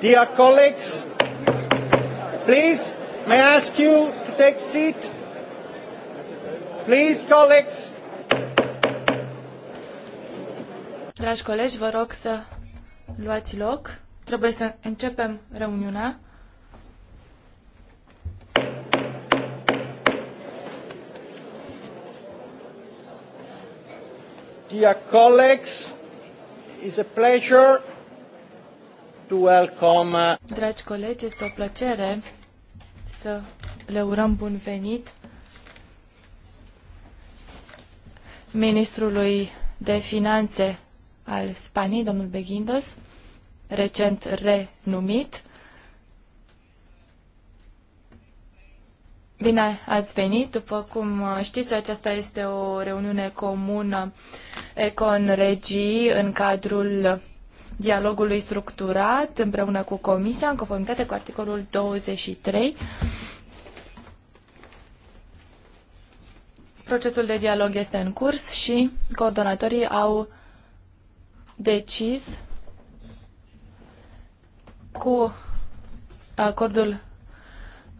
Dear colleagues, please, may I ask you to take seat? Please, colleagues. Dragi colegi, vă rog să luați loc. Trebuie să începem reuniunea. Dear colleagues, it's a pleasure to welcome... Uh, Dragi colegi, este o plăcere să le urăm bun venit ministrului de finanțe al Spaniei, domnul Beghindos, recent renumit. Bine ați venit! După cum uh, știți, aceasta este o reuniune comună Econ Regii în cadrul dialogului structurat împreună cu Comisia, în conformitate cu articolul 23. Procesul de dialog este în curs și coordonatorii au decis cu acordul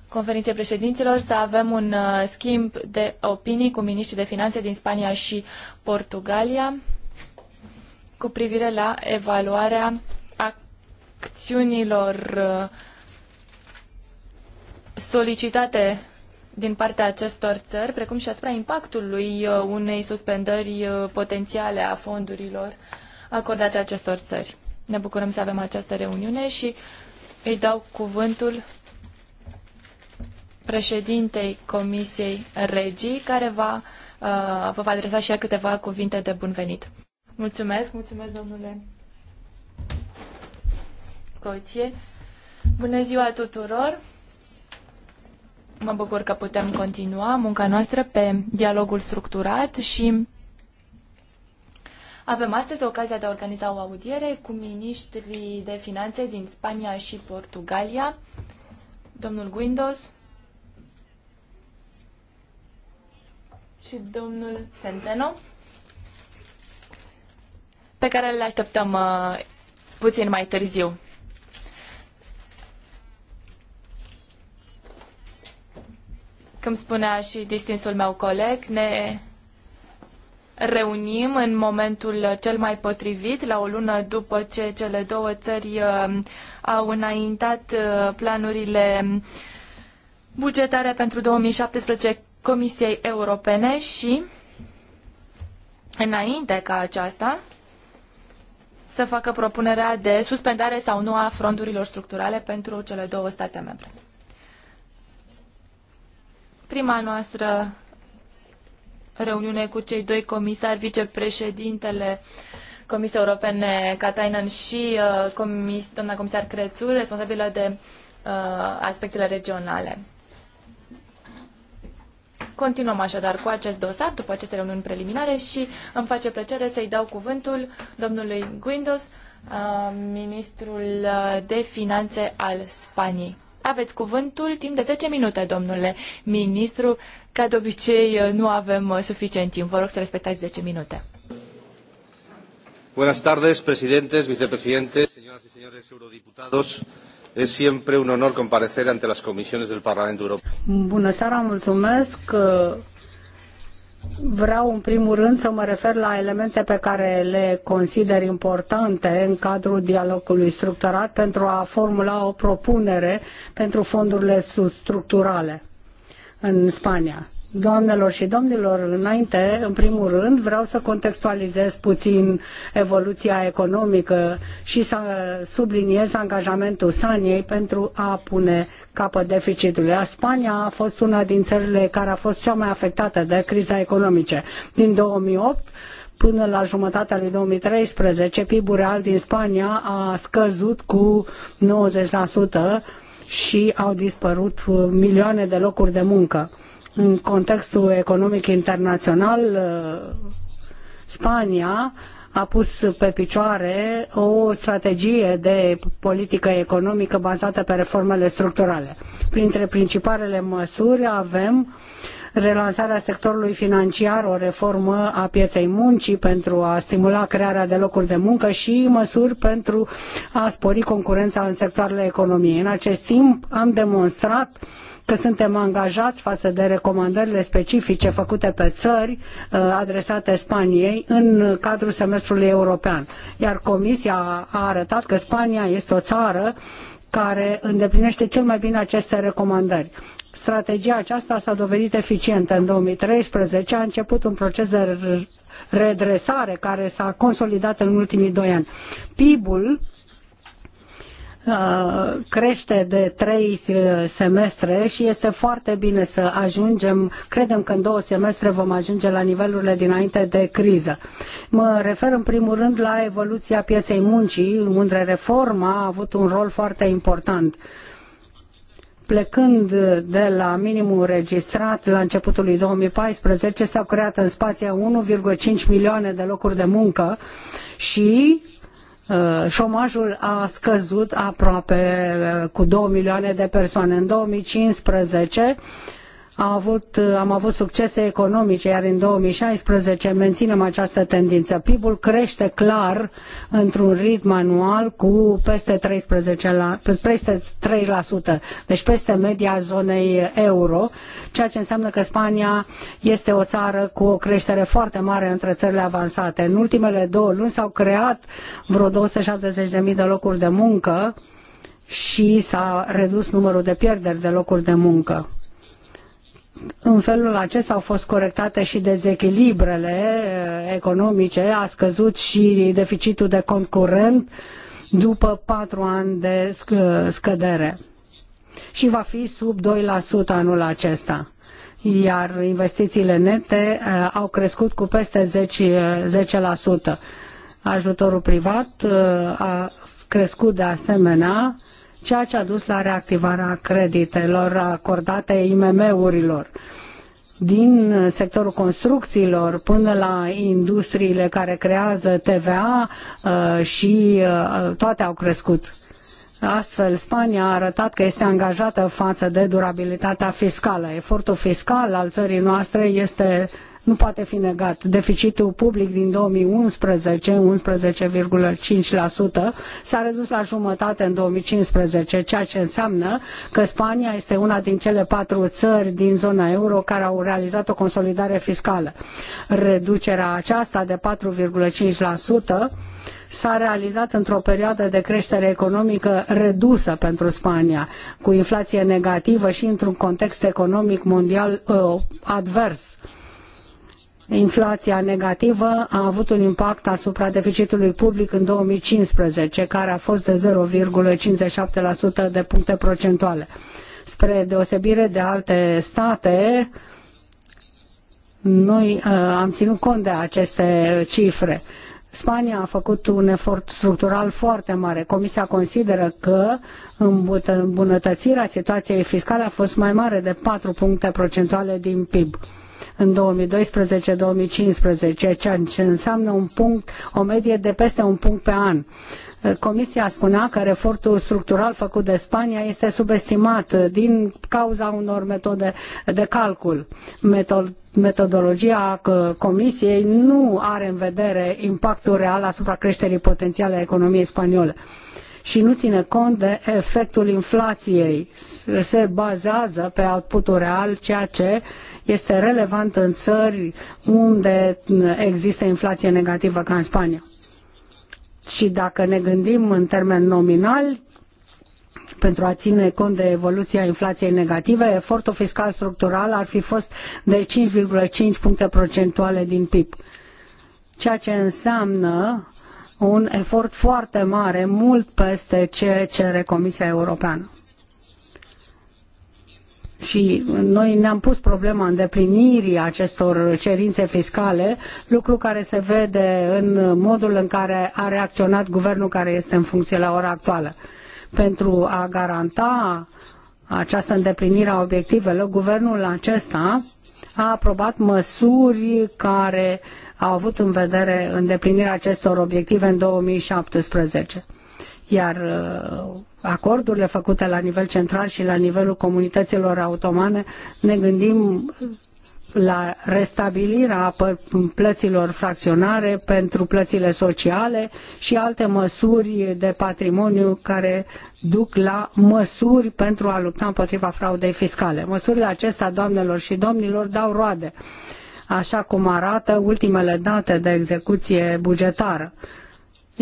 conferinței președinților să avem un uh, schimb de opinii cu miniștrii de finanțe din Spania și Portugalia cu privire la evaluarea acțiunilor uh, solicitate din partea acestor țări, precum și asupra impactului uh, unei suspendări uh, potențiale a fondurilor acordate acestor țări. Ne bucurăm să avem această reuniune și îi dau cuvântul președintei Comisiei Regii, care va, vă va adresa și ea câteva cuvinte de bun venit. Mulțumesc, mulțumesc, domnule Coție. Bună ziua tuturor! Mă bucur că putem continua munca noastră pe dialogul structurat și avem astăzi ocazia de a organiza o audiere cu ministrii de finanțe din Spania și Portugalia, domnul Guindos și domnul Centeno pe care le așteptăm uh, puțin mai târziu. Cum spunea și distinsul meu coleg, ne reunim în momentul cel mai potrivit, la o lună după ce cele două țări uh, au înaintat uh, planurile bugetare pentru 2017 Comisiei Europene și înainte ca aceasta să facă propunerea de suspendare sau nu a fondurilor structurale pentru cele două state membre. Prima noastră reuniune cu cei doi comisari, vicepreședintele Comisiei Europene Katainen și uh, comis, doamna comisar Crețu, responsabilă de uh, aspectele regionale. Continuăm așadar cu acest dosar după aceste reuniuni preliminare și îmi face plăcere să-i dau cuvântul domnului Guindos, uh, ministrul uh, de finanțe al Spaniei. Aveți cuvântul timp de 10 minute, domnule ministru. Ca de obicei, uh, nu avem suficient timp. Vă rog să respectați 10 minute. Buenas tardes, presidentes, vicepresidentes, señoras y señores eurodiputados. Es siempre un honor comparecer ante las comisiones del Bună seara, mulțumesc. Vreau în primul rând să mă refer la elemente pe care le consider importante în cadrul dialogului structurat pentru a formula o propunere pentru fondurile structurale în Spania. Doamnelor și domnilor, înainte, în primul rând, vreau să contextualizez puțin evoluția economică și să subliniez angajamentul Saniei pentru a pune capăt deficitului. Spania a fost una din țările care a fost cea mai afectată de criza economică. Din 2008 până la jumătatea lui 2013, PIB-ul real din Spania a scăzut cu 90% și au dispărut milioane de locuri de muncă în contextul economic internațional, uh, Spania a pus pe picioare o strategie de politică economică bazată pe reformele structurale. Printre principalele măsuri avem relansarea sectorului financiar, o reformă a pieței muncii pentru a stimula crearea de locuri de muncă și măsuri pentru a spori concurența în sectoarele economiei. În acest timp am demonstrat uh, că suntem angajați față de recomandările specifice făcute pe țări uh, adresate Spaniei în cadrul semestrului european. Iar Comisia a arătat că Spania este o țară care îndeplinește cel mai bine aceste recomandări. Strategia aceasta s-a dovedit eficientă. În 2013 a început un proces de redresare care s-a consolidat în ultimii doi ani. PIB-ul Uh, crește de trei uh, semestre și este foarte bine să ajungem, credem că în două semestre vom ajunge la nivelurile dinainte de criză. Mă refer în primul rând la evoluția pieței muncii, unde reforma a avut un rol foarte important plecând de la minimul registrat la începutul lui 2014, s-au creat în spația 1,5 milioane de locuri de muncă și Uh, șomajul a scăzut aproape uh, cu 2 milioane de persoane. În 2015 avut, am avut succese economice, iar în 2016 menținem această tendință. PIB-ul crește clar într-un ritm anual cu peste 13 la, peste 3%, deci peste media zonei euro, ceea ce înseamnă că Spania este o țară cu o creștere foarte mare între țările avansate. În ultimele două luni s-au creat vreo 270.000 de locuri de muncă și s-a redus numărul de pierderi de locuri de muncă în felul acesta au fost corectate și dezechilibrele eh, economice, a scăzut și deficitul de curent după patru ani de scădere și va fi sub 2% anul acesta iar investițiile nete eh, au crescut cu peste 10, 10%. Eh, Ajutorul privat a crescut de asemenea ceea ce a dus la reactivarea creditelor acordate IMM-urilor din sectorul construcțiilor până la industriile care creează TVA uh, și uh, toate au crescut. Astfel, Spania a arătat că este angajată față de durabilitatea fiscală. Efortul fiscal al țării noastre este nu poate fi negat. Deficitul public din 2011, 11,5%, s-a redus la jumătate în 2015, ceea ce înseamnă că Spania este una din cele patru țări din zona euro care au realizat o consolidare fiscală. Reducerea aceasta de 4,5% s-a realizat într-o perioadă de creștere economică redusă pentru Spania, cu inflație negativă și într-un context economic mondial uh, advers. Uh, inflația negativă a avut un impact asupra deficitului public în 2015, care a fost de 0,57% de puncte procentuale. Spre deosebire de alte state, noi uh, am ținut cont de aceste cifre. Spania a făcut un efort structural foarte mare. Comisia consideră că îmbunătățirea situației fiscale a fost mai mare de patru puncte procentuale din PIB în 2012-2015, ceea ce înseamnă un punct, o medie de peste un punct pe an. Comisia spunea că efortul structural făcut de Spania este subestimat din cauza unor metode de calcul. Metodologia Comisiei nu are în vedere impactul real asupra creșterii potențiale a economiei spaniole și nu ține cont de efectul inflației. Se bazează pe outputul real, ceea ce este relevant în țări unde există inflație negativă ca în Spania. Și dacă ne gândim în termen nominal, pentru a ține cont de evoluția inflației negative, efortul fiscal structural ar fi fost de 5,5 puncte procentuale din PIB. Ceea ce înseamnă un efort foarte mare, mult peste ce cere Comisia Europeană. Și noi ne-am pus problema îndeplinirii acestor cerințe fiscale, lucru care se vede în modul în care a reacționat guvernul care este în funcție la ora actuală. Pentru a garanta această îndeplinire a obiectivelor, guvernul acesta a aprobat măsuri care au avut în vedere îndeplinirea acestor obiective în 2017. Iar uh, acordurile făcute la nivel central și la nivelul comunităților autonome ne gândim la restabilirea plăților fracționare pentru plățile sociale și alte măsuri de patrimoniu care duc la măsuri pentru a lupta împotriva fraudei fiscale. Măsurile acestea, doamnelor și domnilor, dau roade, așa cum arată ultimele date de execuție bugetară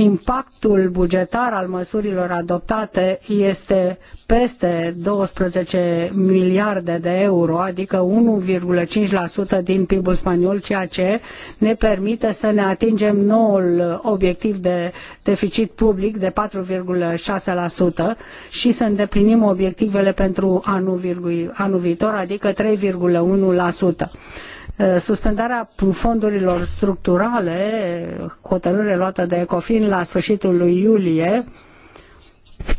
impactul bugetar al măsurilor adoptate este peste 12 miliarde de euro, adică 1,5% din PIB-ul spaniol, ceea ce ne permite să ne atingem noul obiectiv de deficit public de 4,6% și să îndeplinim obiectivele pentru anul, anul viitor, adică 3,1%. Uh, suspendarea fondurilor structurale, hotărâre luată de Ecofin la sfârșitul lui iulie,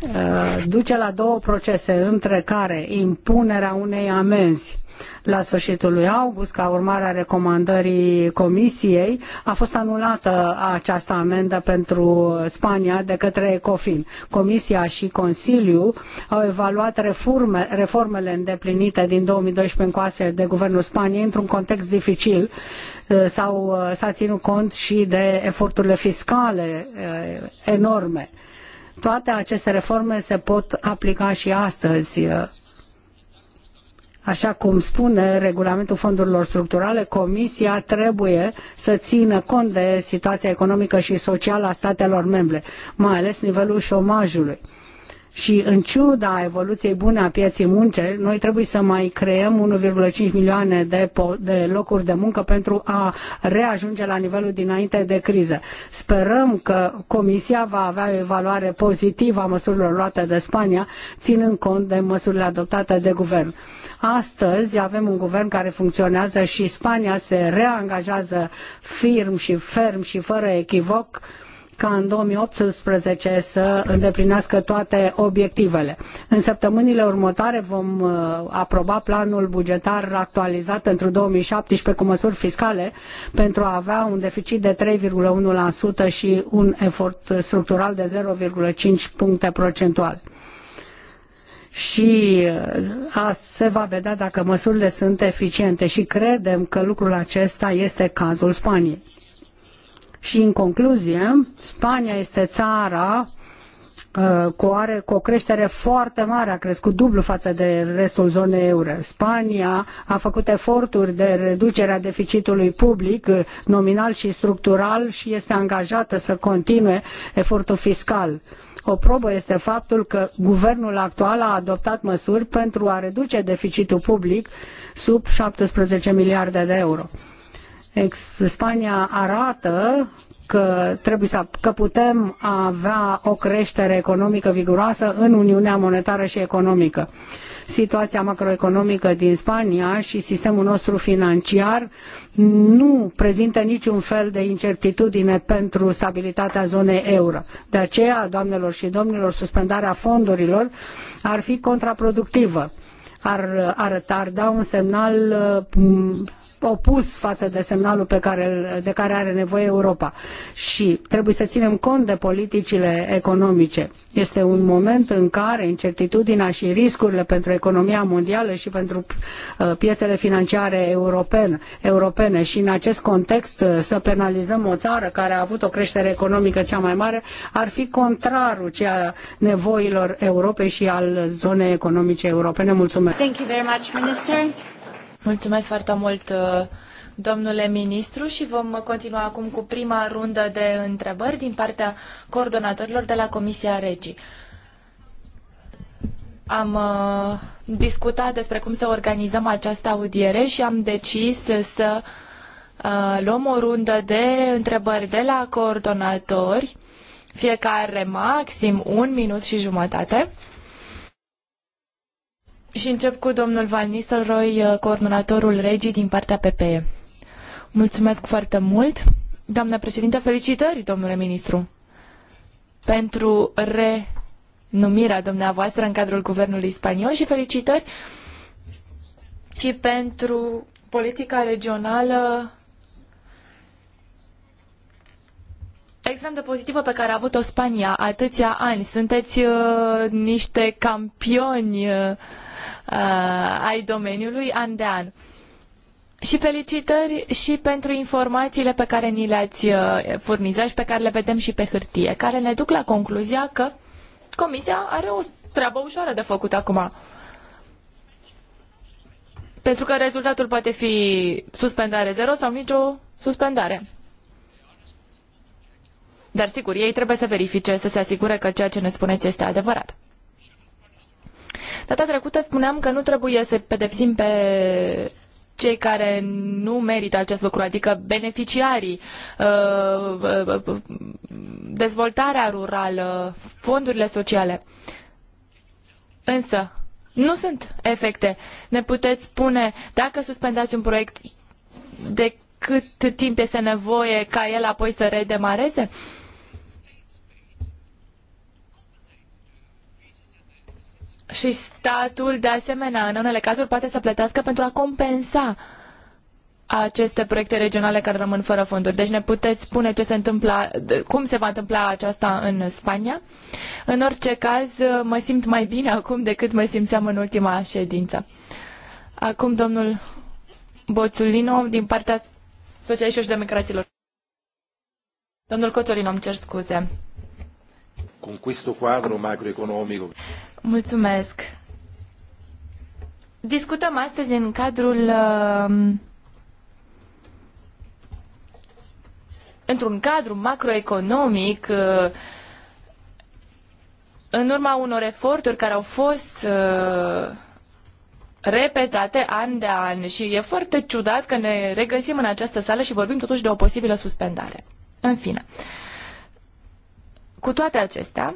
Uh, duce la două procese, între care impunerea unei amenzi la sfârșitul lui august, ca urmare a recomandării comisiei, a fost anulată această amendă pentru Spania de către ECOFIN. Comisia și Consiliul au evaluat reforme, reformele îndeplinite din 2012 încoace de Guvernul Spaniei într-un context dificil. Uh, s uh, s-a ținut cont și de eforturile fiscale enorme toate aceste reforme se pot aplica și astăzi. Așa cum spune regulamentul fondurilor structurale, Comisia trebuie să țină cont de situația economică și socială a statelor membre, mai ales nivelul șomajului și în ciuda evoluției bune a pieței munce, noi trebuie să mai creăm 1,5 milioane de, de locuri de muncă pentru a reajunge la nivelul dinainte de criză. Sperăm că Comisia va avea o evaluare pozitivă a măsurilor luate de Spania, ținând cont de măsurile adoptate de guvern. Astăzi avem un guvern care funcționează și Spania se reangajează firm și ferm și fără echivoc ca în 2018 să îndeplinească toate obiectivele. În săptămânile următoare vom uh, aproba planul bugetar actualizat pentru 2017 cu măsuri fiscale pentru a avea un deficit de 3,1% și un efort structural de 0,5 puncte procentuale și uh, se va vedea dacă măsurile sunt eficiente și credem că lucrul acesta este cazul Spaniei. Și în concluzie, Spania este țara uh, cu, are, cu o creștere foarte mare, a crescut dublu față de restul zonei euro. Spania a făcut eforturi de reducere a deficitului public, uh, nominal și structural, și este angajată să continue efortul fiscal. O probă este faptul că guvernul actual a adoptat măsuri pentru a reduce deficitul public sub 17 miliarde de euro Spania arată că trebuie să că putem avea o creștere economică viguroasă în Uniunea Monetară și Economică. Situația macroeconomică din Spania și sistemul nostru financiar nu prezintă niciun fel de incertitudine pentru stabilitatea zonei euro. De aceea, doamnelor și domnilor, suspendarea fondurilor ar fi contraproductivă ar arăta, ar da un semnal uh, opus față de semnalul pe care, de care are nevoie Europa. Și trebuie să ținem cont de politicile economice. Este un moment în care incertitudinea și riscurile pentru economia mondială și pentru uh, piețele financiare europene, europene și în acest context uh, să penalizăm o țară care a avut o creștere economică cea mai mare ar fi contrarul cea nevoilor Europei și al zonei economice europene. Mulțumesc! Thank you very much, Minister. Mulțumesc foarte mult, uh, domnule ministru, și vom continua acum cu prima rundă de întrebări din partea coordonatorilor de la Comisia Regii. Am uh, discutat despre cum să organizăm această audiere și am decis să uh, luăm o rundă de întrebări de la coordonatori, fiecare maxim un minut și jumătate. Și încep cu domnul Van Nistelrooy, uh, coordonatorul regii din partea PPE. Mulțumesc foarte mult. Doamna președintă, felicitări, domnule ministru, pentru renumirea dumneavoastră în cadrul guvernului spaniol și felicitări și pentru politica regională extrem de pozitivă pe care a avut-o Spania atâția ani. Sunteți uh, niște campioni uh, Uh, ai domeniului an de an. Și felicitări și pentru informațiile pe care ni le-ați uh, furnizat și pe care le vedem și pe hârtie, care ne duc la concluzia că Comisia are o treabă ușoară de făcut acum. Pentru că rezultatul poate fi suspendare zero sau nicio suspendare. Dar sigur, ei trebuie să verifice, să se asigure că ceea ce ne spuneți este adevărat. Data trecută spuneam că nu trebuie să pedepsim pe cei care nu merită acest lucru, adică beneficiarii, uh, uh, dezvoltarea rurală, fondurile sociale. Însă, nu sunt efecte. Ne puteți spune dacă suspendați un proiect de cât timp este nevoie ca el apoi să redemareze? Uh, Și statul, de asemenea, în unele cazuri, poate să plătească pentru a compensa aceste proiecte regionale care rămân fără fonduri. Deci ne puteți spune ce se întâmplă, cum se va întâmpla aceasta în Spania. În orice caz, mă simt mai bine acum decât mă simțeam în ultima ședință. Acum domnul Boțulino din partea Socialiștilor și Democraților. Domnul Cotolino, îmi cer scuze. Con questo quadro macroeconomico. Mulțumesc. Discutăm astăzi în cadrul uh, într-un cadru macroeconomic uh, în urma unor eforturi care au fost uh, repetate an de an și e foarte ciudat că ne regăsim în această sală și vorbim totuși de o posibilă suspendare. În fine, cu toate acestea,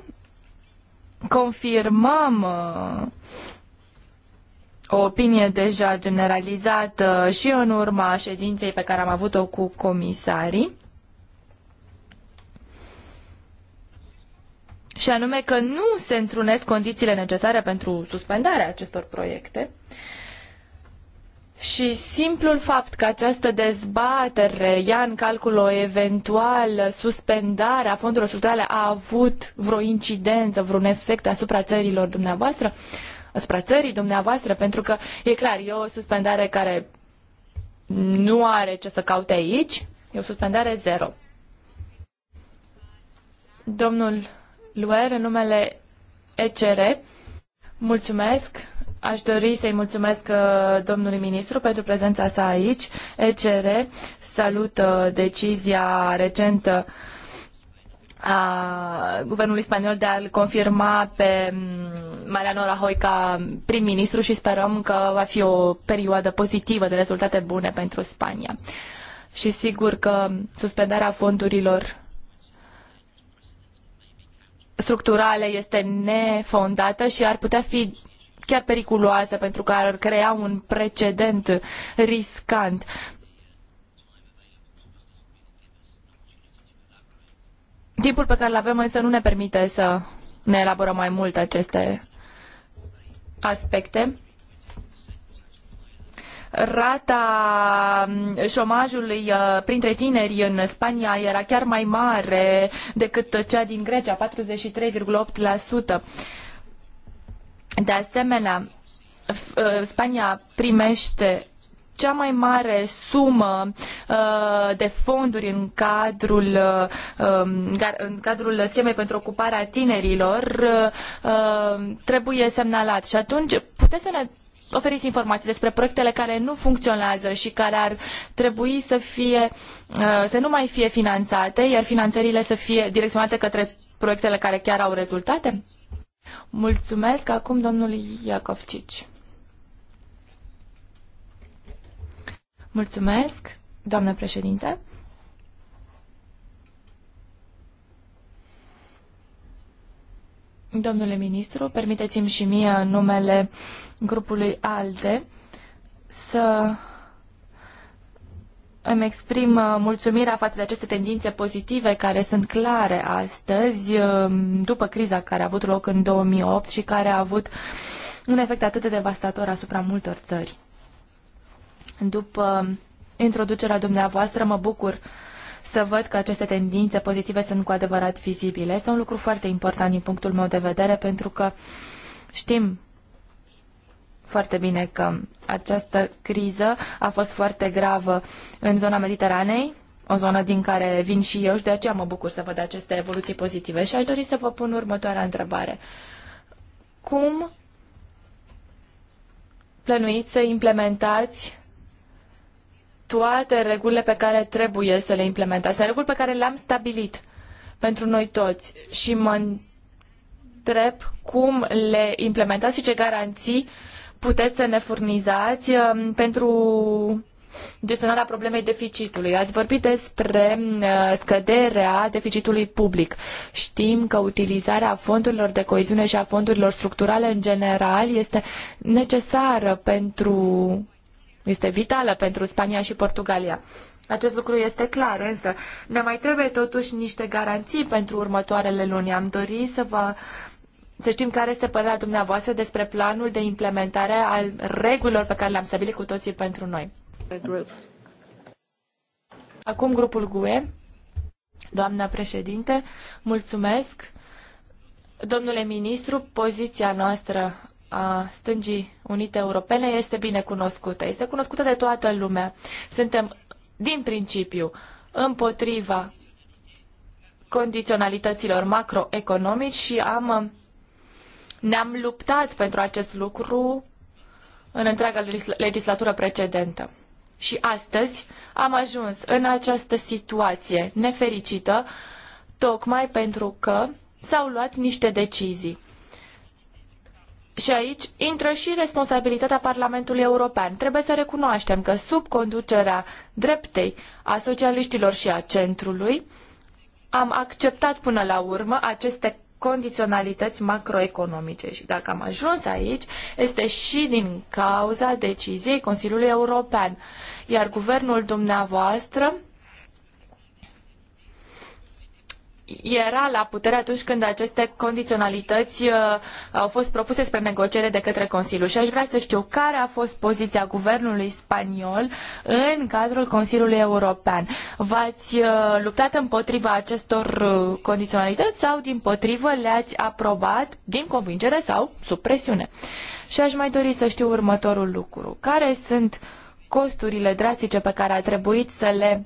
confirmăm uh, o opinie deja generalizată și în urma ședinței pe care am avut-o cu comisarii. Și anume că nu se întrunesc condițiile necesare pentru suspendarea acestor proiecte. Uh, și simplul fapt că această dezbatere ia în calcul o eventuală suspendare a fondurilor structurale a avut vreo incidență, vreun efect asupra țărilor dumneavoastră, asupra țării dumneavoastră, pentru că e clar, e o suspendare care nu are ce să caute aici, e o suspendare zero. Domnul Luer, în numele ECR, mulțumesc. Aș dori să-i mulțumesc uh, domnului ministru pentru prezența sa aici. ECR salută decizia recentă a guvernului spaniol de a-l confirma pe mm, Mariano Rajoy ca prim-ministru și sperăm că va fi o perioadă pozitivă de rezultate bune pentru Spania. Și sigur că suspendarea fondurilor structurale este nefondată și ar putea fi chiar periculoase pentru că ar crea un precedent riscant. Timpul pe care îl avem însă nu ne permite să ne elaborăm mai mult aceste aspecte rata mm, șomajului uh, printre tineri în Spania era chiar mai mare decât cea din Grecia, 43,8%. De asemenea, uh, Spania primește cea mai mare sumă uh, de fonduri în cadrul, uh, um, în cadrul schemei pentru ocuparea tinerilor um, trebuie semnalat. Și atunci puteți să ne oferiți informații despre proiectele care nu funcționează și care ar trebui să fie să nu mai fie finanțate, iar finanțările să fie direcționate către proiectele care chiar au rezultate? Mulțumesc. Acum domnul Iacovcici. Mulțumesc, doamnă președinte. Domnule ministru, permiteți-mi și mie în numele grupului ALDE să îmi exprim uh, mulțumirea față de aceste tendințe pozitive care sunt clare astăzi, uh, după criza care a avut loc în 2008 și care a avut un efect atât de devastator asupra multor țări. După introducerea dumneavoastră, mă bucur să văd că aceste tendințe pozitive sunt cu adevărat vizibile. Este un lucru foarte important din punctul meu de vedere, pentru că știm foarte bine că această criză a fost foarte gravă în zona Mediteranei, o zonă din care vin și eu și de aceea mă bucur să văd aceste evoluții pozitive. Și aș dori să vă pun următoarea întrebare. Cum plănuiți să implementați toate regulile pe care trebuie să le implementați? Sunt reguli pe care le-am stabilit pentru noi toți și mă întreb cum le implementați și ce garanții puteți să ne furnizați um, pentru gestionarea problemei deficitului. Ați vorbit despre uh, scăderea deficitului public. Știm că utilizarea fondurilor de coeziune și a fondurilor structurale în general este necesară pentru este vitală pentru Spania și Portugalia. Acest lucru este clar, însă ne mai trebuie totuși niște garanții pentru următoarele luni. Am dorit să vă să știm care este părerea dumneavoastră despre planul de implementare al regulilor pe care le-am stabilit cu toții pentru noi grup. Acum grupul GUE. Doamna președinte, mulțumesc. Domnule ministru, poziția noastră a Stângii Unite Europene este bine cunoscută. Este cunoscută de toată lumea. Suntem, din principiu, împotriva condiționalităților macroeconomici și am, ne-am luptat pentru acest lucru în întreaga legislatură precedentă și astăzi am ajuns în această situație nefericită, tocmai pentru că s-au luat niște decizii. Și aici intră și responsabilitatea Parlamentului European. Trebuie să recunoaștem că sub conducerea dreptei a socialiștilor și a centrului am acceptat până la urmă aceste condiționalități macroeconomice. Și dacă am ajuns aici, este și din cauza deciziei Consiliului European. Iar guvernul dumneavoastră era la putere atunci când aceste condiționalități uh, au fost propuse spre negociere de către Consiliu. Și aș vrea să știu care a fost poziția guvernului spaniol în cadrul Consiliului European. V-ați uh, luptat împotriva acestor uh, condiționalități sau din potrivă le-ați aprobat din convingere sau sub presiune? Și aș mai dori să știu următorul lucru. Care sunt costurile drastice pe care a trebuit să le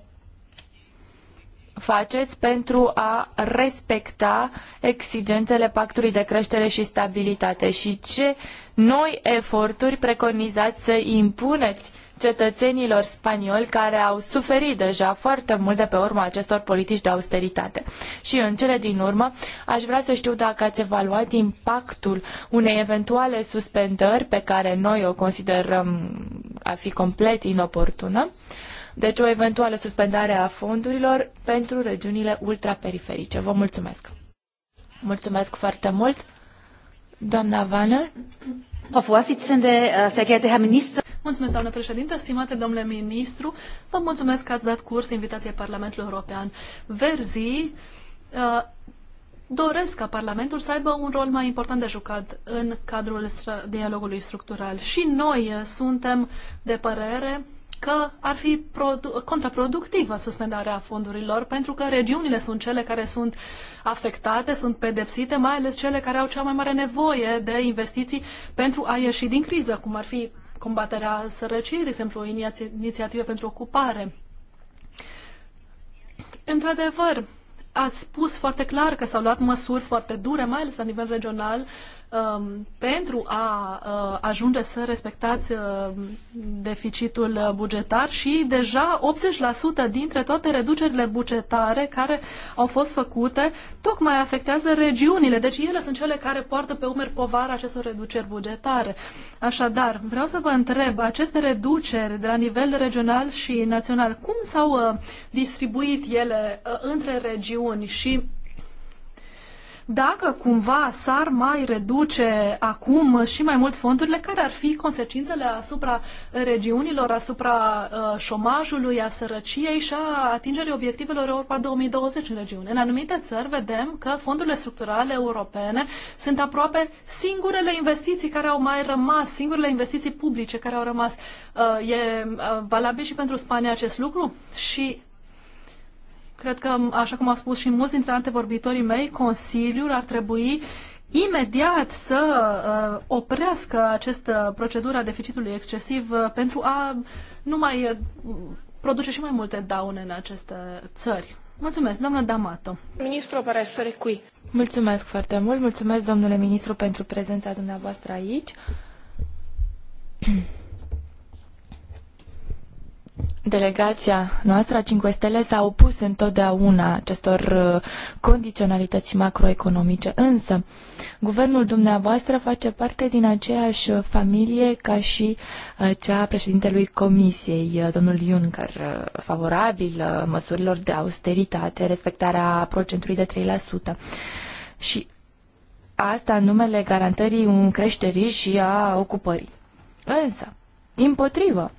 faceți pentru a respecta exigențele pactului de creștere și stabilitate și ce noi eforturi preconizați să impuneți cetățenilor spanioli care au suferit deja foarte mult de pe urma acestor politici de austeritate. Și în cele din urmă, aș vrea să știu dacă ați evaluat impactul unei eventuale suspendări pe care noi o considerăm a fi complet inoportună. Uh, deci o eventuală suspendare a fondurilor pentru regiunile ultraperiferice. Vă mulțumesc! Mulțumesc foarte mult! Doamna Vană? Äh, mulțumesc, doamnă președinte, stimate domnule ministru, vă mulțumesc că ați dat curs invitației Parlamentului European. Verzii uh, doresc ca Parlamentul să aibă un rol mai important de jucat în cadrul dialogului structural și noi uh, suntem de părere că ar fi contraproductivă suspendarea fondurilor, pentru că regiunile sunt cele care sunt afectate, sunt pedepsite, mai ales cele care au cea mai mare nevoie de investiții pentru a ieși din criză, cum ar fi combaterea sărăciei, de exemplu, inițiative pentru ocupare. Într-adevăr, ați spus foarte clar că s-au luat măsuri foarte dure, mai ales la nivel regional, um, pentru a uh, ajunge să respectați uh, deficitul uh, bugetar și deja 80% dintre toate reducerile bugetare care au fost făcute tocmai afectează regiunile. Deci ele sunt cele care poartă pe umeri povara acestor reduceri bugetare. Așadar, vreau să vă întreb, aceste reduceri de la nivel regional și național, cum s-au uh, distribuit ele uh, între regiuni și dacă cumva s-ar mai reduce acum și mai mult fondurile, care ar fi consecințele asupra regiunilor, asupra uh, șomajului, a sărăciei și a atingerii obiectivelor Europa 2020 în regiune. În anumite țări vedem că fondurile structurale europene sunt aproape singurele investiții care au mai rămas, singurele investiții publice care au rămas. Uh, e uh, valabil și pentru Spania acest lucru? Și Cred că, așa cum au spus și mulți dintre antevorbitorii mei, Consiliul ar trebui imediat să uh, oprească această procedură a deficitului excesiv uh, pentru a nu mai uh, produce și mai multe daune în aceste țări. Mulțumesc, doamnă Damato. Ministru, pare să recui. Mulțumesc foarte mult, mulțumesc domnule ministru pentru prezența dumneavoastră aici. Delegația noastră a Cinque stele s-a opus întotdeauna acestor uh, condiționalități macroeconomice, însă guvernul dumneavoastră face parte din aceeași familie ca și uh, cea a președintelui Comisiei, uh, domnul Juncker, favorabil măsurilor de austeritate, respectarea procentului de 3%. Și asta în numele garantării creșterii și a ocupării. Însă, din potrivă,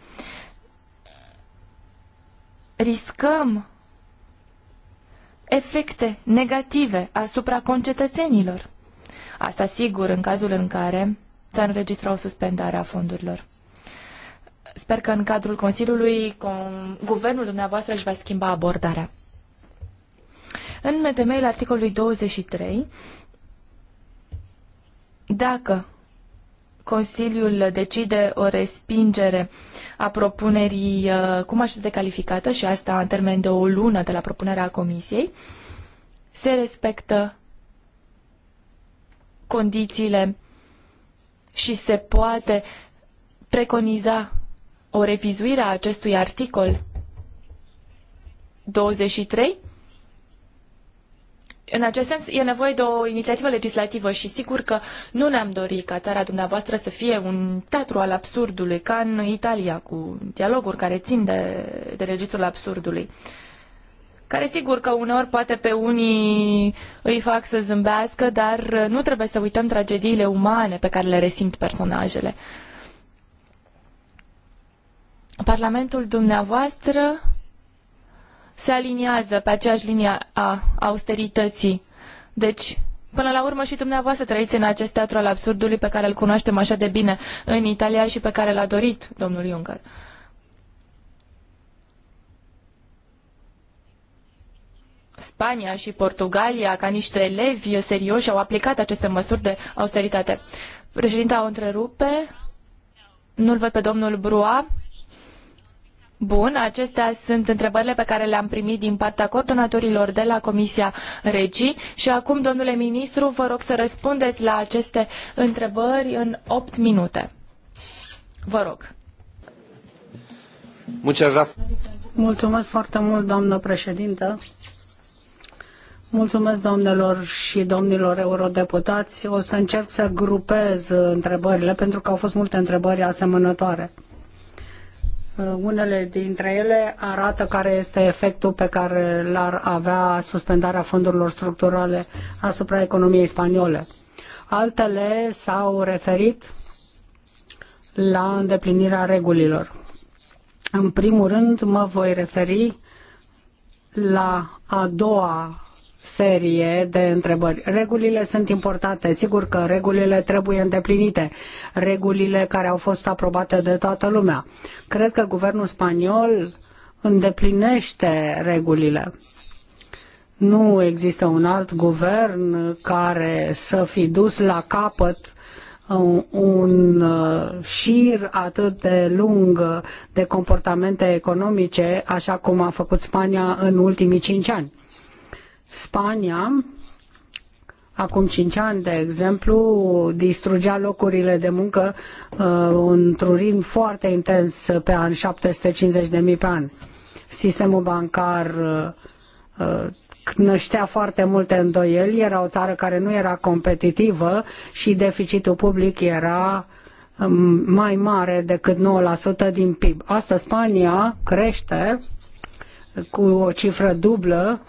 riscăm efecte negative asupra concetățenilor. Asta sigur în cazul în care s-a înregistrat o suspendare a fondurilor. Sper că în cadrul Consiliului guvernul dumneavoastră își va schimba abordarea. În temeiul articolului 23, dacă Consiliul decide o respingere a propunerii uh, cum aș de calificată și asta în termen de o lună de la propunerea Comisiei, se respectă condițiile și se poate preconiza o revizuire a acestui articol 23 în acest sens e nevoie de o inițiativă legislativă și sigur că nu ne-am dorit ca țara dumneavoastră să fie un teatru al absurdului, ca în Italia, cu dialoguri care țin de, de registrul absurdului care sigur că uneori poate pe unii îi fac să zâmbească, dar nu trebuie să uităm tragediile umane pe care le resimt personajele. Parlamentul dumneavoastră se aliniază pe aceeași linie a austerității. Deci, până la urmă și dumneavoastră trăiți în acest teatru al absurdului pe care îl cunoaștem așa de bine în Italia și pe care l-a dorit domnul Juncker. Spania și Portugalia, ca niște elevi serioși, au aplicat aceste măsuri de austeritate. Președinta o întrerupe. Nu-l văd pe domnul Brua. Bun, acestea sunt întrebările pe care le-am primit din partea coordonatorilor de la Comisia Regii și acum, domnule ministru, vă rog să răspundeți la aceste întrebări în opt minute. Vă rog. Mulțumesc foarte mult, doamnă președintă. Mulțumesc domnilor și domnilor eurodeputați. O să încerc să grupez întrebările pentru că au fost multe întrebări asemănătoare. Uh, unele dintre ele arată care este efectul pe care l-ar avea suspendarea fondurilor structurale asupra economiei spaniole. Altele s-au referit la îndeplinirea regulilor. În primul rând mă voi referi la a doua serie de întrebări. Regulile sunt importante, sigur că regulile trebuie îndeplinite, regulile care au fost aprobate de toată lumea. Cred că guvernul spaniol îndeplinește regulile. Nu există un alt guvern care să fi dus la capăt uh, un uh, șir atât de lung de comportamente economice, așa cum a făcut Spania în ultimii cinci ani. Spania, acum 5 ani, de exemplu, distrugea locurile de muncă uh, într-un ritm foarte intens pe an, 750.000 pe an. Sistemul bancar uh, uh, năștea foarte multe îndoieli, era o țară care nu era competitivă și deficitul public era um, mai mare decât 9% din PIB. Asta Spania crește cu o cifră dublă,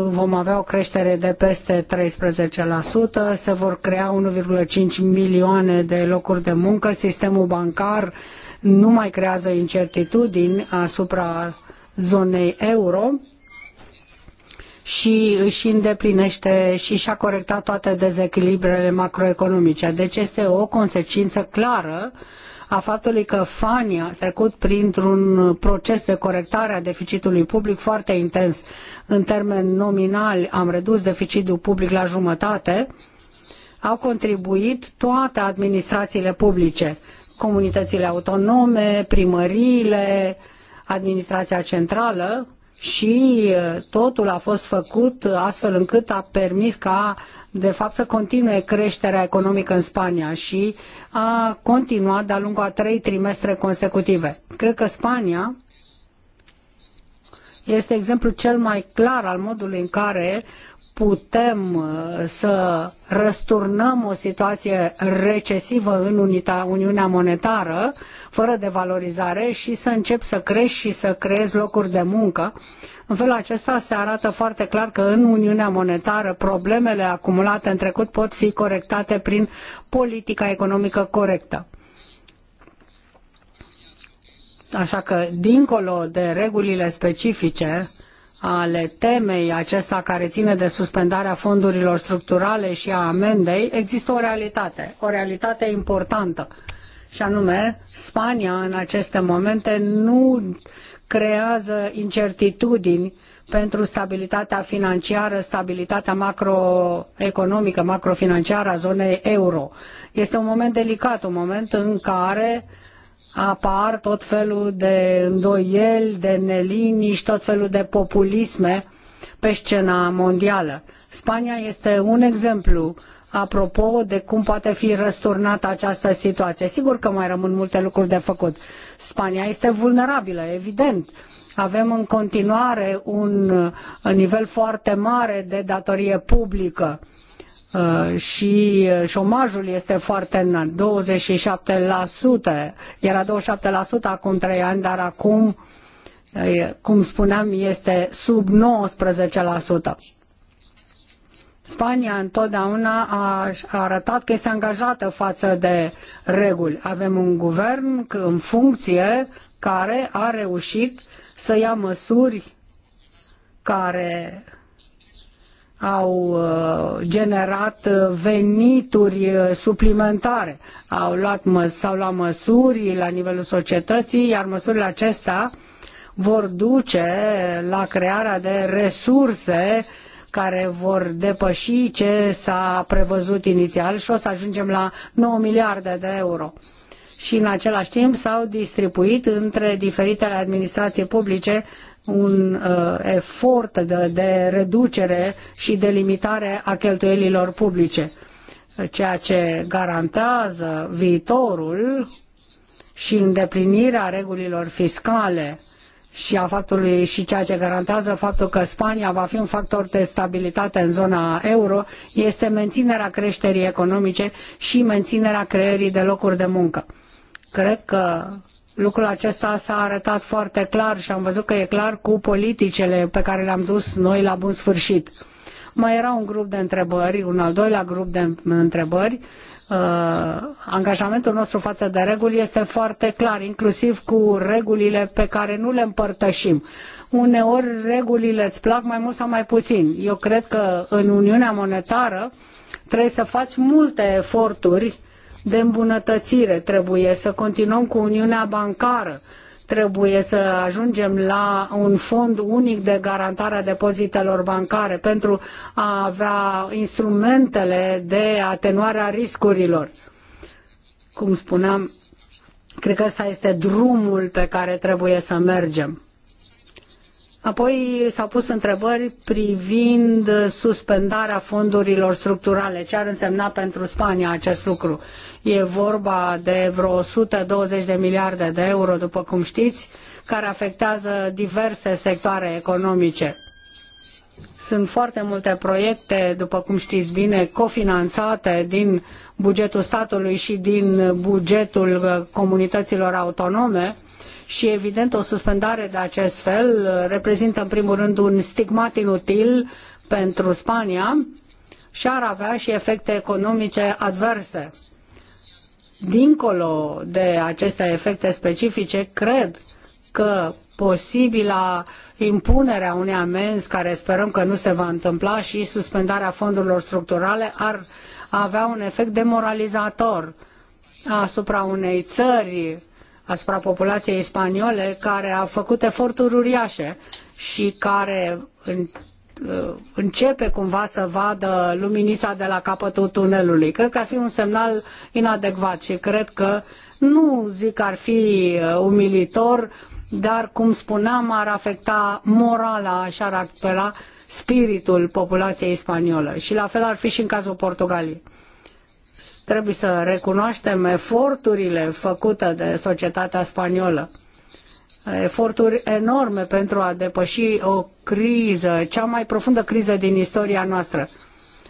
vom avea o creștere de peste 13%, se vor crea 1,5 milioane de locuri de muncă, sistemul bancar nu mai creează incertitudini asupra zonei euro și își îndeplinește și și-a corectat toate dezechilibrele macroeconomice. Deci este o consecință clară uh, a faptului că Fania a trecut printr-un proces de corectare a deficitului public foarte intens. În termeni nominali am redus deficitul public la jumătate, au contribuit toate administrațiile publice, comunitățile autonome, primăriile, administrația centrală, și uh, totul a fost făcut astfel încât a permis ca, de fapt, să continue creșterea economică în Spania și a continuat de-a lungul a trei trimestre consecutive. Cred că Spania este exemplul cel mai clar al modului în care putem uh, să răsturnăm o situație recesivă în unita, Uniunea Monetară, fără devalorizare, și să încep să crești și să creezi locuri de muncă. În felul acesta se arată foarte clar că în Uniunea Monetară problemele acumulate în trecut pot fi corectate prin politica economică corectă. Așa că, dincolo de regulile specifice ale temei acesta care ține de suspendarea fondurilor structurale și a amendei, există o realitate, o realitate importantă. Și anume, Spania în aceste momente nu creează incertitudini pentru stabilitatea financiară, stabilitatea macroeconomică, macrofinanciară a zonei euro. Este un moment delicat, un moment în care uh, apar tot felul de îndoieli, de neliniști, tot felul de populisme pe scena mondială. Spania este un exemplu apropo de cum poate fi răsturnată această situație. Sigur că mai rămân multe lucruri de făcut. Spania este vulnerabilă, evident. Avem în continuare un nivel foarte mare de datorie publică Uh, și uh, șomajul este foarte înalt, 27%, era 27% acum 3 ani, dar acum, uh, cum spuneam, este sub 19%. Spania întotdeauna a arătat că este angajată față de reguli. Avem un guvern în funcție care a reușit să ia măsuri care au uh, generat uh, venituri uh, suplimentare, au luat mă, au luat măsuri la nivelul societății, iar măsurile acestea vor duce la crearea de resurse care vor depăși ce s-a prevăzut inițial și o să ajungem la 9 miliarde de euro. Și în același timp s-au distribuit între diferitele administrații publice un uh, efort de, de reducere și de limitare a cheltuielilor publice, ceea ce garantează viitorul și îndeplinirea regulilor fiscale și a faptului și ceea ce garantează faptul că Spania va fi un factor de stabilitate în zona euro este menținerea creșterii economice și menținerea creării de locuri de muncă. Cred că Lucrul acesta s-a arătat foarte clar și am văzut că e clar cu politicele pe care le-am dus noi la bun sfârșit. Mai era un grup de întrebări, un al doilea grup de întrebări. Uh, angajamentul nostru față de reguli este foarte clar, inclusiv cu regulile pe care nu le împărtășim. Uneori regulile îți plac mai mult sau mai puțin. Eu cred că în Uniunea Monetară trebuie să faci multe eforturi uh, de îmbunătățire. Trebuie să continuăm cu Uniunea Bancară. Trebuie să ajungem la un fond unic de garantare a depozitelor bancare pentru a avea instrumentele de atenuare a riscurilor. Cum spuneam, cred că ăsta este drumul pe care trebuie să mergem Apoi s-au pus întrebări privind suspendarea fondurilor structurale. Ce ar însemna pentru Spania acest lucru? E vorba de vreo 120 de miliarde de euro, după cum știți, care afectează diverse sectoare economice. Sunt foarte multe proiecte, după cum știți bine, cofinanțate din bugetul statului și din bugetul comunităților autonome și evident o suspendare de acest fel uh, reprezintă în primul rând un stigmat inutil pentru Spania și ar avea și efecte economice adverse. Dincolo de aceste efecte specifice, cred că posibila impunerea unei amenzi care sperăm că nu se va întâmpla și suspendarea fondurilor structurale ar avea un efect demoralizator asupra unei țări asupra populației spaniole care a făcut eforturi uriașe și care în, uh, începe cumva să vadă luminița de la capătul tunelului. Cred că ar fi un semnal inadecvat și cred că nu zic ar fi uh, umilitor, dar cum spuneam ar afecta morala și ar apela spiritul populației spaniole. Și la fel ar fi și în cazul Portugaliei. Trebuie să recunoaștem eforturile făcute de societatea spaniolă. Eforturi enorme pentru a depăși o criză, cea mai profundă criză din istoria noastră.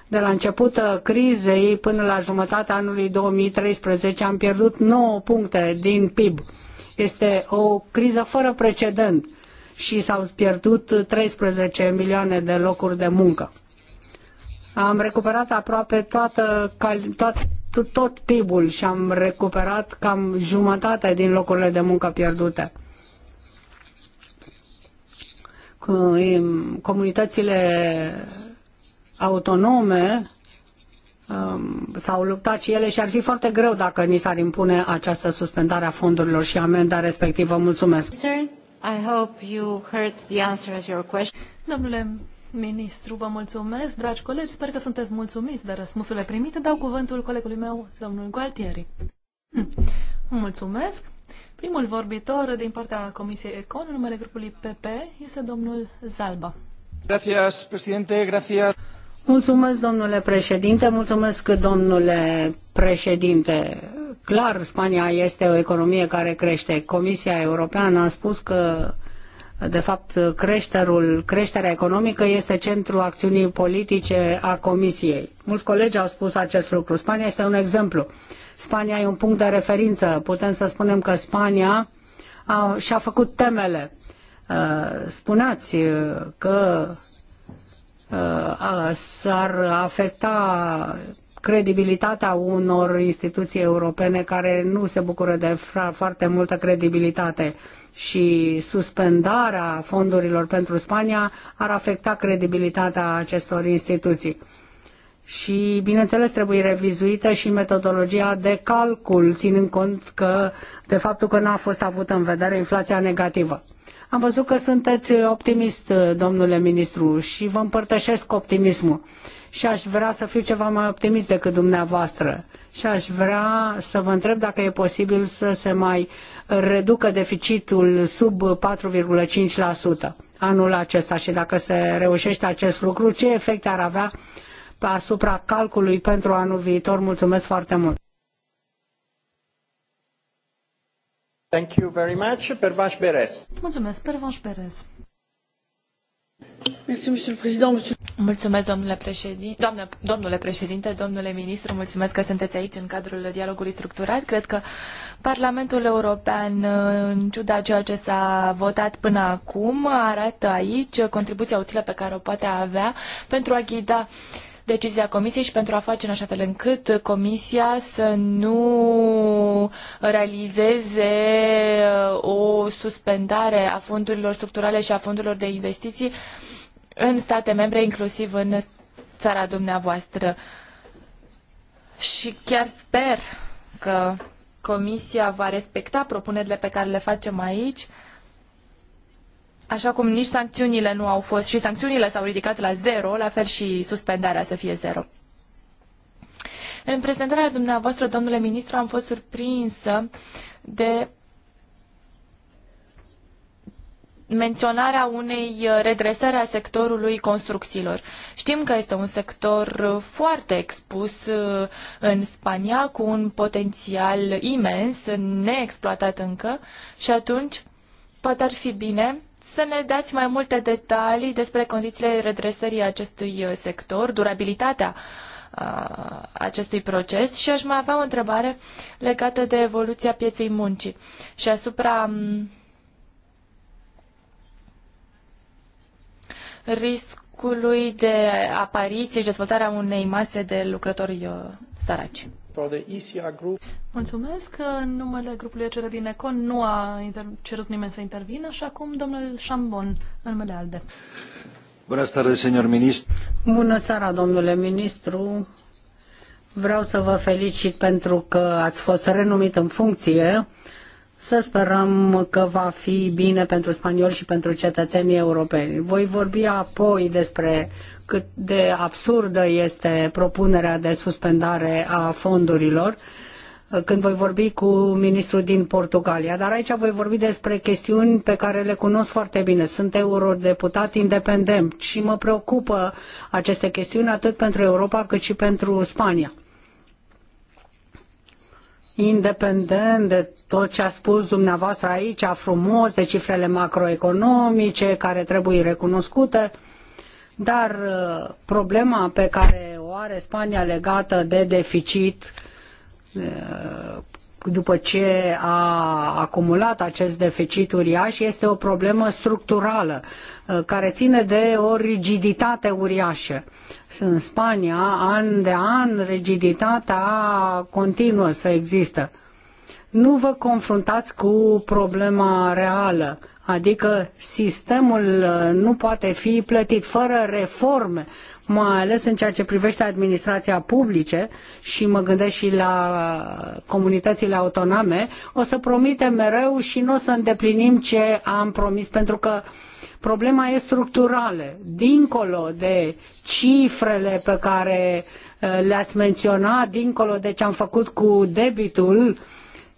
De la începutul crizei până la jumătatea anului 2013 am pierdut 9 puncte din PIB. Este o criză fără precedent și s-au pierdut 13 milioane de locuri de muncă. Am recuperat aproape toată, toate tot PIB-ul și am recuperat cam jumătate din locurile de muncă pierdute. Comunitățile autonome um, s-au luptat și ele și ar fi foarte greu dacă ni s-ar impune această suspendare a fondurilor și amenda respectivă. Mulțumesc! Domnule ministru, vă mulțumesc. Dragi colegi, sper că sunteți mulțumiți de răspunsurile primite. Dau cuvântul colegului meu, domnul Gualtieri. Hm. Mulțumesc. Primul vorbitor din partea Comisiei Econ, numele grupului PP, este domnul Zalba. Gracias, presidente, gracias. Mulțumesc, domnule președinte, mulțumesc, domnule președinte. Clar, Spania este o economie care crește. Comisia Europeană a spus că de fapt, creșterul, creșterea economică este centrul acțiunii politice a Comisiei. Mulți colegi au spus acest lucru. Spania este un exemplu. Spania e un punct de referință. Putem să spunem că Spania a, și-a făcut temele. Uh, spuneați uh, că uh, s-ar afecta credibilitatea unor instituții europene care nu se bucură de foarte multă credibilitate și suspendarea fondurilor pentru Spania ar afecta credibilitatea acestor instituții. Și, bineînțeles, trebuie revizuită și metodologia de calcul, ținând cont că, de faptul că n-a fost avută în vedere inflația negativă. Am văzut că sunteți optimist, domnule ministru, și vă împărtășesc optimismul și aș vrea să fiu ceva mai optimist decât dumneavoastră și aș vrea să vă întreb dacă e posibil să se mai reducă deficitul sub 4,5% anul acesta și dacă se reușește acest lucru, ce efecte ar avea asupra calculului pentru anul viitor? Mulțumesc foarte mult! Thank you very much. Pervaș Berez. Mulțumesc, Pervaș Beres. Mulțumesc, domnule președinte, doamne, domnule președinte, domnule ministru, mulțumesc că sunteți aici în cadrul dialogului structurat. Cred că Parlamentul European, în ciuda ceea ce s-a votat până acum, arată aici contribuția utilă pe care o poate avea pentru a ghida decizia Comisiei și pentru a face în așa fel încât Comisia să nu realizeze uh, o suspendare a fondurilor structurale și a fondurilor de investiții în state membre, inclusiv în țara dumneavoastră. Și chiar sper că Comisia va respecta propunerile pe care le facem aici, așa cum nici sancțiunile nu au fost și sancțiunile s-au ridicat la zero, la fel și suspendarea să fie zero. În prezentarea dumneavoastră, domnule ministru, am fost surprinsă de menționarea unei redresări a sectorului construcțiilor. Știm că este un sector foarte expus uh, în Spania, cu un potențial imens, neexploatat încă, și atunci poate ar fi bine să ne dați mai multe detalii despre condițiile redresării acestui uh, sector, durabilitatea uh, acestui proces și aș mai avea o întrebare legată de evoluția pieței muncii și asupra mm, riscului de apariție și dezvoltarea unei mase de lucrători uh, săraci. Mulțumesc. În numele grupului acela din Econ nu a inter- cerut nimeni să intervină și acum domnul Șambon, în numele ALDE. Bună seara, senior ministru. Bună seara, domnule ministru. Vreau să vă felicit pentru că ați fost renumit în funcție să sperăm că va fi bine pentru spanioli și pentru cetățenii europeni. Voi vorbi apoi despre cât de absurdă este propunerea de suspendare a fondurilor când voi vorbi cu ministrul din Portugalia, dar aici voi vorbi despre chestiuni pe care le cunosc foarte bine. Sunt eurodeputat independent și mă preocupă aceste chestiuni atât pentru Europa cât și pentru Spania independent de tot ce a spus dumneavoastră aici, frumos, de cifrele macroeconomice care trebuie recunoscute, dar uh, problema pe care o are Spania legată de deficit uh, după ce a acumulat acest deficit uriaș, este o problemă structurală uh, care ține de o rigiditate uriașă. În Spania, an de an, rigiditatea continuă să există. Nu vă confruntați cu problema reală, adică sistemul uh, nu poate fi plătit fără reforme, mai ales în ceea ce privește administrația publice și mă gândesc și la comunitățile autonome, o să promitem mereu și nu o să îndeplinim ce am promis, pentru că problema e structurală, dincolo de cifrele pe care uh, le-ați menționat, dincolo de ce am făcut cu debitul,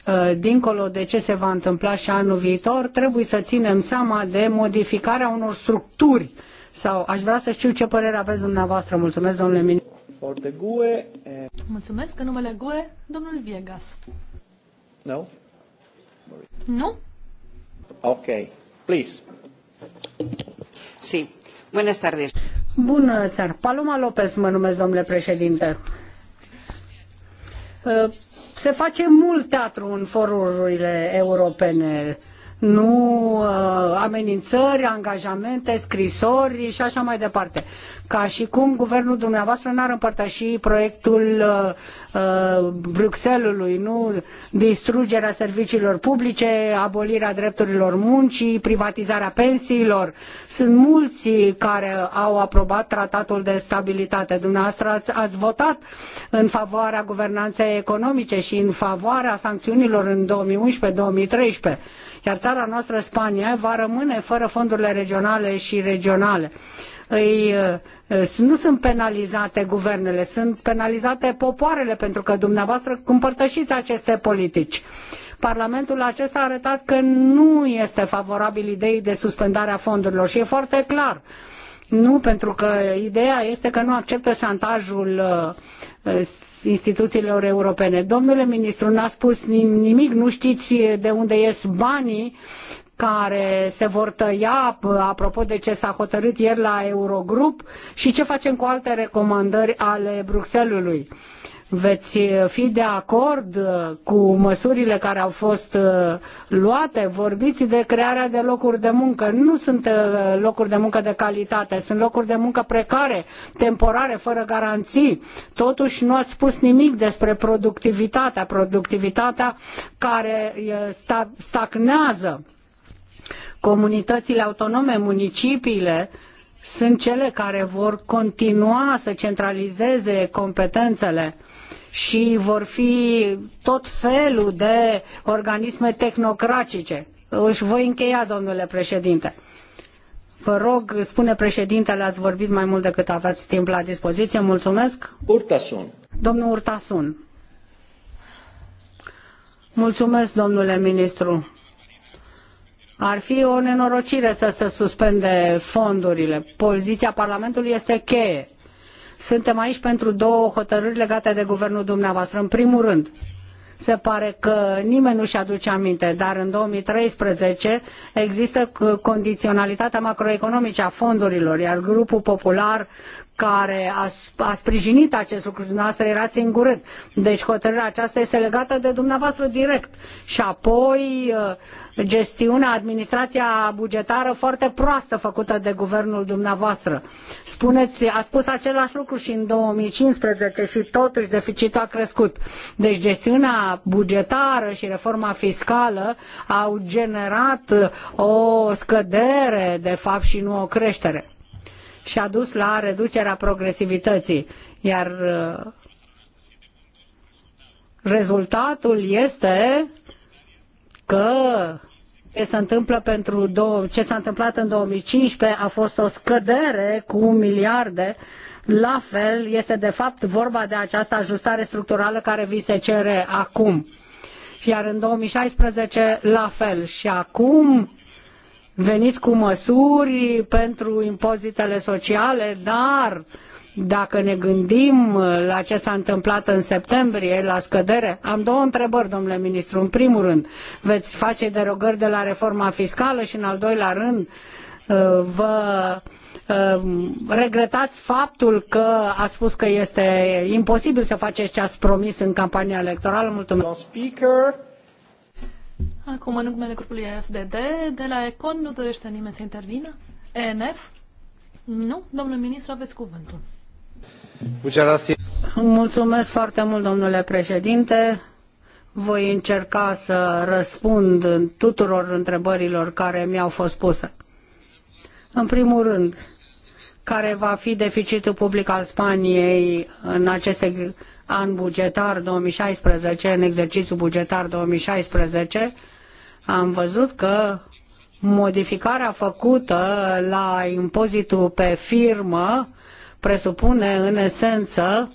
uh, dincolo de ce se va întâmpla și anul viitor, trebuie să ținem seama de modificarea unor structuri sau aș vrea să știu ce părere aveți dumneavoastră. Mulțumesc, domnule ministru. Eh, Mulțumesc. În numele GUE, domnul Viegas. No? Nu? Ok. Please. Sí. Buenas tardes. Bună seara. Paloma Lopez mă numesc, domnule președinte. Eh, se face mult teatru în forurile europene nu uh, amenințări, angajamente, scrisori și așa mai departe. Ca și cum guvernul dumneavoastră n-ar împărtăși proiectul uh, uh, Bruxellesului, nu distrugerea serviciilor publice, abolirea drepturilor muncii, privatizarea pensiilor. Sunt mulți care au aprobat tratatul de stabilitate. Dumneavoastră ați, ați votat în favoarea guvernanței economice și în favoarea sancțiunilor în 2011-2013. Iar țara noastră, Spania, va rămâne fără fondurile regionale și regionale. Îi, uh, nu sunt penalizate guvernele, sunt penalizate popoarele, pentru că dumneavoastră împărtășiți aceste politici. Parlamentul acesta a arătat că nu este favorabil ideii de suspendare a fondurilor și e foarte clar. Uh, nu, pentru că ideea este că nu acceptă șantajul uh, instituțiilor europene. Domnule ministru, n-a spus nimic, nu știți de unde ies banii care se vor tăia, apropo de ce s-a hotărât ieri la Eurogrup, și ce facem cu alte recomandări ale Bruxellesului veți fi de acord cu măsurile care au fost uh, luate? Vorbiți de crearea de locuri de muncă. Nu sunt uh, locuri de muncă de calitate, sunt locuri de muncă precare, temporare, fără garanții. Totuși nu ați spus nimic despre productivitatea, productivitatea care uh, stagnează. Comunitățile autonome, municipiile, sunt cele care vor continua să centralizeze competențele și vor fi tot felul de organisme tehnocratice. Își voi încheia, domnule președinte. Vă rog, spune președintele, ați vorbit mai mult decât aveați timp la dispoziție. Mulțumesc. Urtasun. Domnul Urtasun. Mulțumesc, domnule ministru. Ar fi o nenorocire să se suspende fondurile. Poziția Parlamentului este cheie suntem aici pentru două hotărâri legate de guvernul dumneavoastră. În primul rând, se pare că nimeni nu-și aduce aminte, dar în 2013 există condiționalitatea macroeconomică a fondurilor, iar grupul popular care a, a sprijinit acest lucru și dumneavoastră erați în curând. Deci hotărârea aceasta este legată de dumneavoastră direct. Și apoi uh, gestiunea, administrația bugetară foarte proastă făcută de guvernul dumneavoastră. Spuneți, a spus același lucru și în 2015 și totuși deficitul a crescut. Deci gestiunea bugetară și reforma fiscală au generat uh, o scădere, de fapt, și nu o creștere și a dus la reducerea progresivității. Iar uh, rezultatul este că ce se întâmplă pentru două, ce s-a întâmplat în 2015 a fost o scădere cu miliarde la fel, este de fapt vorba de această ajustare structurală care vi se cere acum. Iar în 2016, la fel. Și acum veniți cu măsuri pentru impozitele sociale, dar dacă ne gândim la ce s-a întâmplat în septembrie, la scădere, am două întrebări, domnule ministru. În primul rând, veți face derogări de la reforma fiscală și, în al doilea rând, uh, vă uh, regretați faptul că ați spus că este imposibil să faceți ce ați promis în campania electorală. Mulțumesc. Acum, în numele grupului FDD, de la Econ nu dorește nimeni să intervină? ENF? Nu? Domnul ministru, aveți cuvântul. Mulțumesc foarte mult, domnule președinte. Voi încerca să răspund tuturor întrebărilor care mi-au fost puse. În primul rând, care va fi deficitul public al Spaniei în acest an bugetar 2016, în exercițiul bugetar 2016, am văzut că modificarea făcută la impozitul pe firmă presupune în esență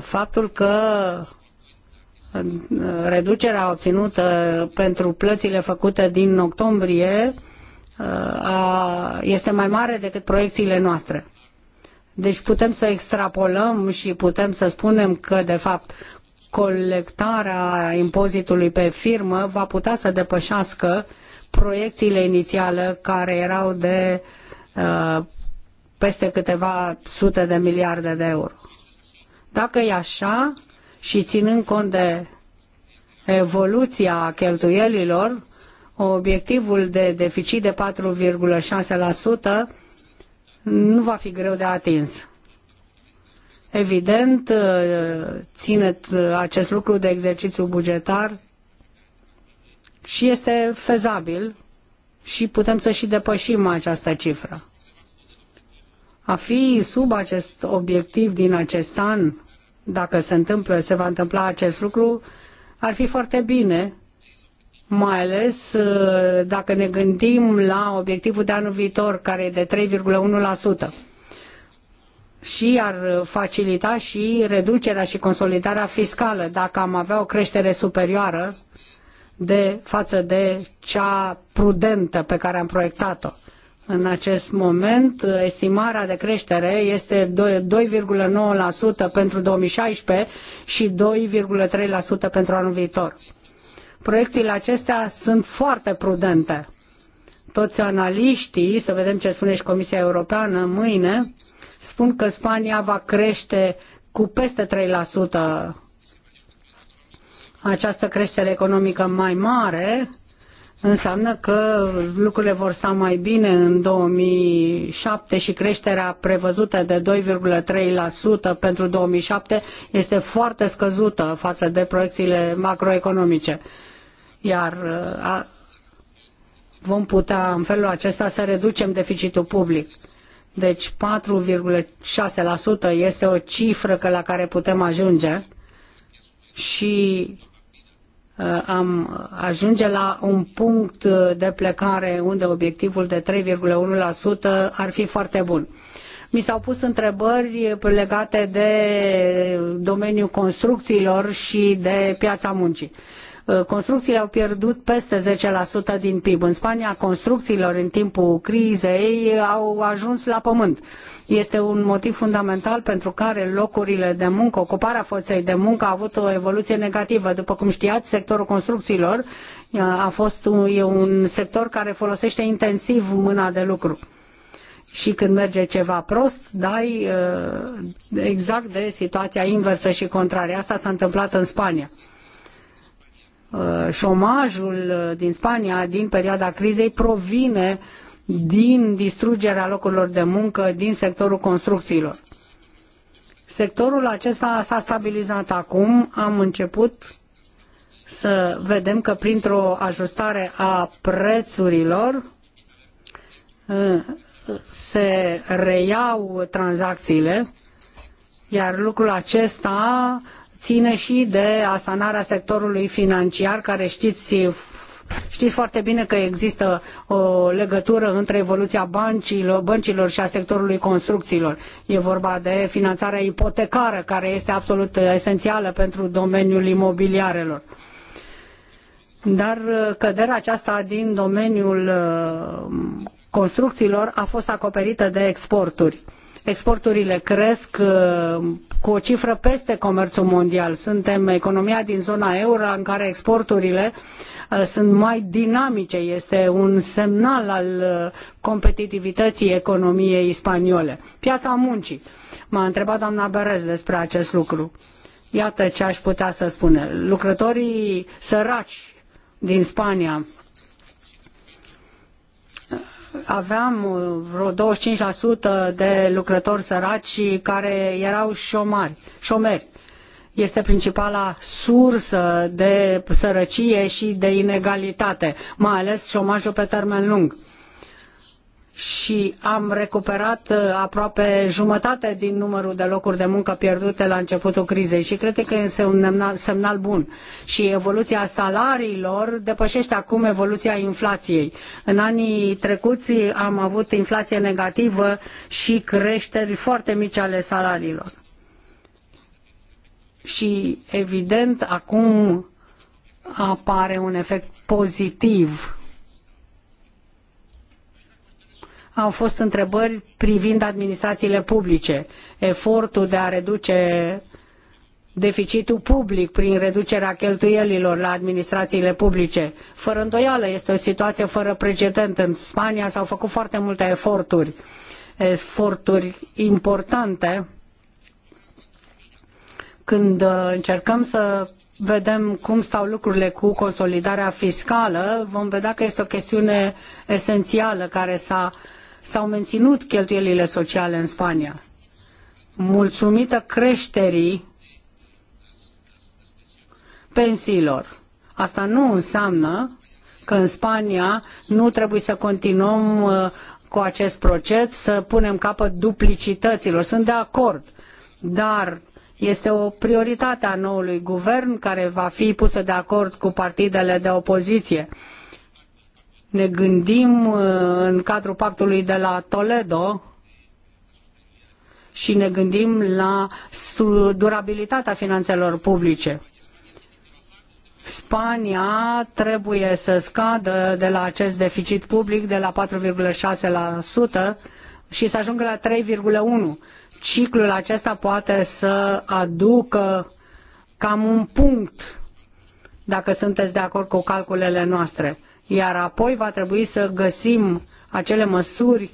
faptul că reducerea obținută pentru plățile făcute din octombrie uh, este mai mare decât proiecțiile noastre. Deci putem să extrapolăm și putem să spunem că, de fapt, colectarea impozitului pe firmă va putea să depășească proiecțiile inițiale care erau de uh, peste câteva sute de miliarde de euro. Dacă e așa și ținând cont de evoluția cheltuielilor, obiectivul de deficit de 4,6% nu va fi greu de atins. Evident, uh, ține uh, acest lucru de exercițiu bugetar și este fezabil și putem să și depășim această cifră. A fi sub acest obiectiv din acest an, dacă se întâmplă, se va întâmpla acest lucru, ar fi foarte bine, mai ales uh, dacă ne gândim la obiectivul de anul viitor, care e de 3,1% și ar facilita și reducerea și consolidarea fiscală dacă am avea o creștere superioară de față de cea prudentă pe care am proiectat-o. În acest moment, estimarea de creștere este 2,9% pentru 2016 și 2,3% pentru anul viitor. Proiecțiile acestea sunt foarte prudente toți analiștii, să vedem ce spune și Comisia Europeană mâine, spun că Spania va crește cu peste 3%. Această creștere economică mai mare înseamnă că lucrurile vor sta mai bine în 2007 și creșterea prevăzută de 2,3% pentru 2007 este foarte scăzută față de proiecțiile macroeconomice. Iar vom putea în felul acesta să reducem deficitul public. Deci 4,6% este o cifră că la care putem ajunge și uh, am ajunge la un punct de plecare unde obiectivul de 3,1% ar fi foarte bun. Mi s-au pus întrebări legate de domeniul construcțiilor și de piața muncii. Uh, construcțiile au pierdut peste 10% din PIB. În Spania, construcțiilor în timpul crizei au ajuns la pământ. Este un motiv fundamental pentru care locurile de muncă, ocuparea forței de muncă a avut o evoluție negativă. După cum știați, sectorul construcțiilor uh, a fost un, un sector care folosește intensiv mâna de lucru și când merge ceva prost, dai uh, exact de situația inversă și contrară. Asta s-a întâmplat în Spania. Uh, șomajul uh, din Spania din perioada crizei provine din distrugerea locurilor de muncă din sectorul construcțiilor. Sectorul acesta s-a stabilizat acum, am început să vedem că printr-o ajustare a prețurilor uh, se reiau tranzacțiile, iar lucrul acesta ține și de asanarea sectorului financiar, care știți Știți foarte bine că există o legătură între evoluția băncilor, băncilor și a sectorului construcțiilor. E vorba de finanțarea ipotecară, care este absolut esențială pentru domeniul imobiliarelor. Dar căderea aceasta din domeniul uh, construcțiilor a fost acoperită de exporturi Exporturile cresc uh, cu o cifră peste comerțul mondial. Suntem economia din zona euro în care exporturile uh, sunt mai dinamice. Este un semnal al uh, competitivității economiei spaniole. Piața muncii. M-a întrebat doamna Berez despre acest lucru. Iată ce aș putea să spun. Lucrătorii săraci din Spania aveam uh, vreo 25% de lucrători săraci care erau șomari, șomeri. Este principala sursă de sărăcie și de inegalitate, mai ales șomajul pe termen lung și am recuperat uh, aproape jumătate din numărul de locuri de muncă pierdute la începutul crizei și cred că este un semnal, bun. Și evoluția salariilor depășește acum evoluția inflației. În anii trecuți am avut inflație negativă și creșteri foarte mici ale salariilor. Și evident acum apare un efect pozitiv au fost întrebări privind administrațiile publice, efortul de a reduce deficitul public prin reducerea cheltuielilor la administrațiile publice. Fără îndoială, este o situație fără precedent. În Spania s-au făcut foarte multe eforturi, eforturi importante. Când uh, încercăm să vedem cum stau lucrurile cu consolidarea fiscală, vom vedea că este o chestiune esențială care s-a uh, s-au menținut cheltuielile sociale în Spania, mulțumită creșterii pensiilor. Asta nu înseamnă că în Spania nu trebuie să continuăm uh, cu acest proces, să punem capăt duplicităților. Sunt de acord, dar este o prioritate a noului guvern care va fi pusă de acord cu partidele de opoziție ne gândim uh, în cadrul pactului de la Toledo și ne gândim la durabilitatea finanțelor publice. Spania trebuie să scadă de la acest deficit public de la 4,6% și să ajungă la 3,1%. Ciclul acesta poate să aducă cam un punct, dacă sunteți de acord cu calculele noastre iar apoi va trebui să găsim acele măsuri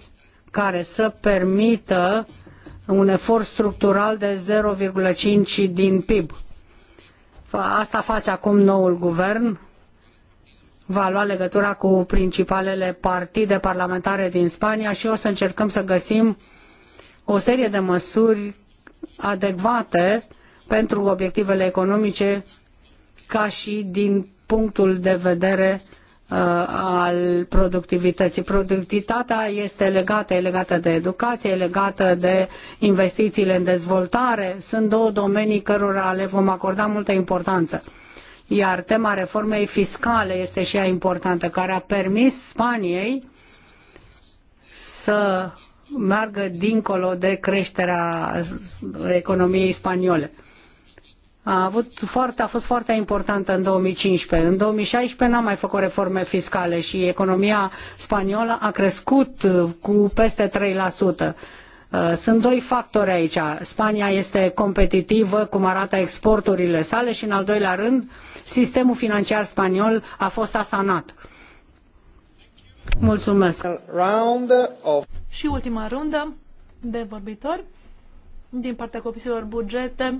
care să permită un efort structural de 0,5 din PIB. Asta face acum noul guvern, va lua legătura cu principalele partide parlamentare din Spania și o să încercăm să găsim o serie de măsuri adecvate pentru obiectivele economice ca și din punctul de vedere Uh, al productivității. Productivitatea este legată, e legată de educație, e legată de investițiile în dezvoltare. Sunt două domenii cărora le vom acorda multă importanță. Iar tema reformei fiscale este și ea importantă, care a permis Spaniei să meargă dincolo de creșterea economiei spaniole a, avut foarte, a fost foarte importantă în 2015. În 2016 n am mai făcut reforme fiscale și economia spaniolă a crescut uh, cu peste 3%. Uh, sunt doi factori aici. Spania este competitivă, cum arată exporturile sale și, în al doilea rând, sistemul financiar spaniol a fost asanat. Mulțumesc. Și ultima rundă de vorbitori din partea Comisiilor Bugete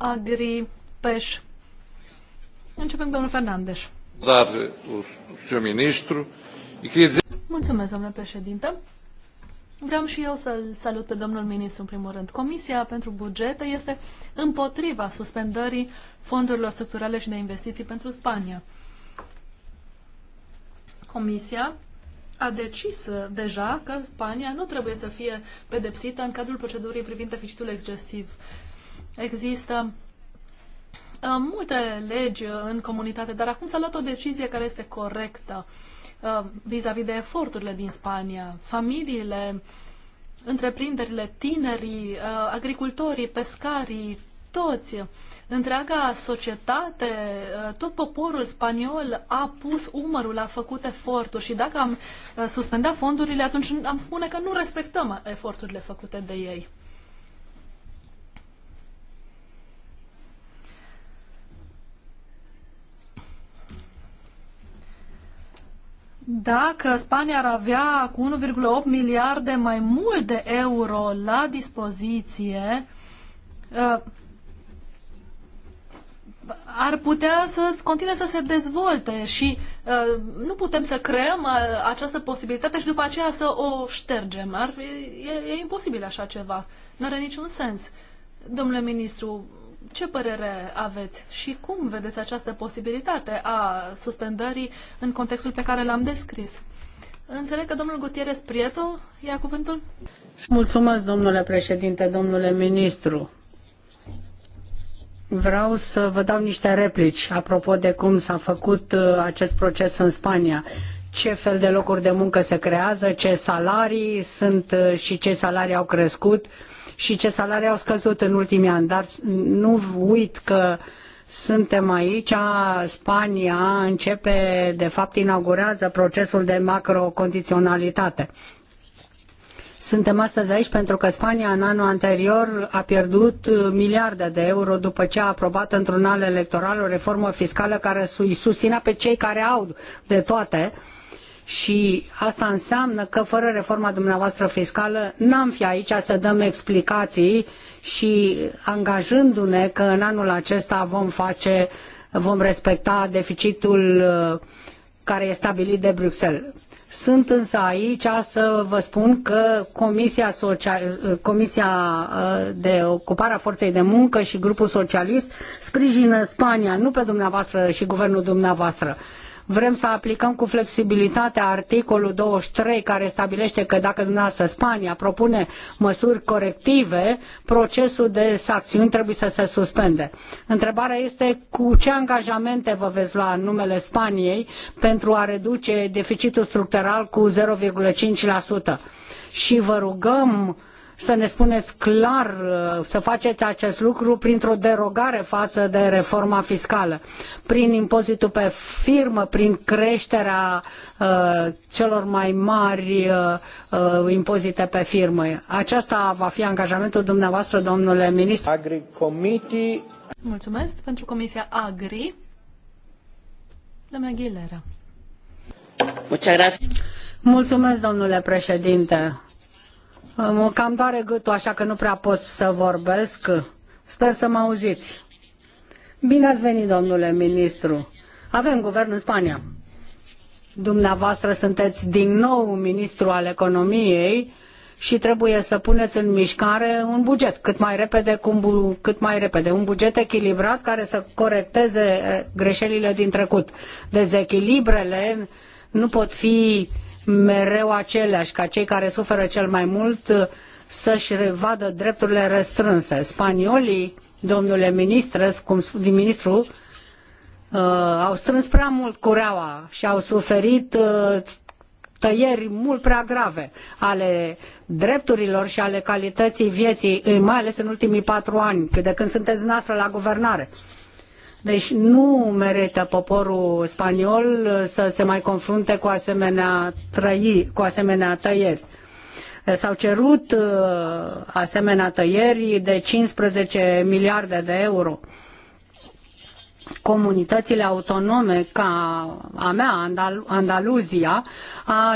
Agri, PEș. Începem, domnul Fernandes. Dar, uh, domnul ministru, Mulțumesc, domnule președinte. Vreau și eu să-l salut pe domnul ministru, în primul rând. Comisia pentru bugete este împotriva suspendării fondurilor structurale și de investiții pentru Spania. Comisia a decis uh, deja că Spania nu trebuie să fie pedepsită în cadrul procedurii privind deficitul excesiv. Există uh, multe legi în comunitate, dar acum s-a luat o decizie care este corectă uh, vis-a-vis -vis de eforturile din Spania. Familiile, întreprinderile, tinerii, uh, agricultorii, pescarii, toți, întreaga societate, tot poporul spaniol a pus umărul, a făcut eforturi și dacă am suspendat fondurile, atunci am spune că nu respectăm eforturile făcute de ei. dacă Spania ar avea cu 1,8 miliarde mai mult de euro la dispoziție, uh, ar putea să continue să se dezvolte și uh, nu putem să creăm uh, această posibilitate și după aceea să o ștergem. Ar, e, e imposibil așa ceva. Nu are niciun sens. Domnule ministru, ce părere aveți și cum vedeți această posibilitate a suspendării în contextul pe care l-am descris? Înțeleg că domnul Gutierrez Prieto ia cuvântul. Mulțumesc, domnule președinte, domnule ministru. Vreau să vă dau niște replici apropo de cum s-a făcut uh, acest proces în Spania. Ce fel de locuri de muncă se creează, ce salarii sunt uh, și ce salarii au crescut și ce salarii au scăzut în ultimii ani, dar nu uit că suntem aici, Spania începe, de fapt inaugurează procesul de macrocondiționalitate. Suntem astăzi aici pentru că Spania în anul anterior a pierdut miliarde de euro după ce a aprobat într-un an electoral o reformă fiscală care îi susținea pe cei care au de toate uh, și asta înseamnă că fără reforma dumneavoastră fiscală n-am fi aici să dăm explicații și angajându-ne că în anul acesta vom face, vom respecta deficitul uh, care e stabilit de Bruxelles. Sunt însă aici să vă spun că Comisia, Comisia uh, de Ocupare a Forței de Muncă și Grupul Socialist sprijină Spania, nu pe dumneavoastră și guvernul dumneavoastră. Uh, Vrem să aplicăm cu flexibilitate articolul 23 care stabilește că dacă dumneavoastră Spania propune măsuri corective, procesul de sancțiuni trebuie să se suspende. Întrebarea este cu ce angajamente vă veți lua în numele Spaniei pentru a reduce deficitul structural cu 0,5% și vă rugăm să ne spuneți clar, să faceți acest lucru printr-o derogare față de reforma fiscală, prin impozitul pe firmă, prin creșterea uh, celor mai mari uh, uh impozite pe firmă. Aceasta va fi angajamentul dumneavoastră, domnule ministru. Agri Committee. Mulțumesc pentru Comisia Agri. Doamna Aguilera. Mulțumesc, domnule președinte. Mă cam doare gâtul, așa că nu prea pot să vorbesc. Sper să mă auziți. Bine ați venit, domnule ministru. Avem guvern în Spania. Dumneavoastră sunteți din nou ministru al economiei și trebuie să puneți în mișcare un buget cât mai repede, cum, cât mai repede un buget echilibrat care să corecteze eh, greșelile din trecut. Dezechilibrele nu pot fi uh, mereu aceleași, ca cei care suferă cel mai mult uh, să-și revadă drepturile restrânse. Spaniolii, domnule ministru, cum din ministru, uh, au strâns prea mult cureaua și au suferit uh, tăieri mult prea grave ale drepturilor și ale calității vieții, mai ales în ultimii patru ani, de când sunteți noastră la guvernare. Uh, deci nu merită poporul spaniol uh, să se mai confrunte cu asemenea, trăi, cu asemenea tăieri. Uh, s-au cerut uh, asemenea tăieri de 15 miliarde de euro comunitățile autonome ca a mea, Andal- Andaluzia,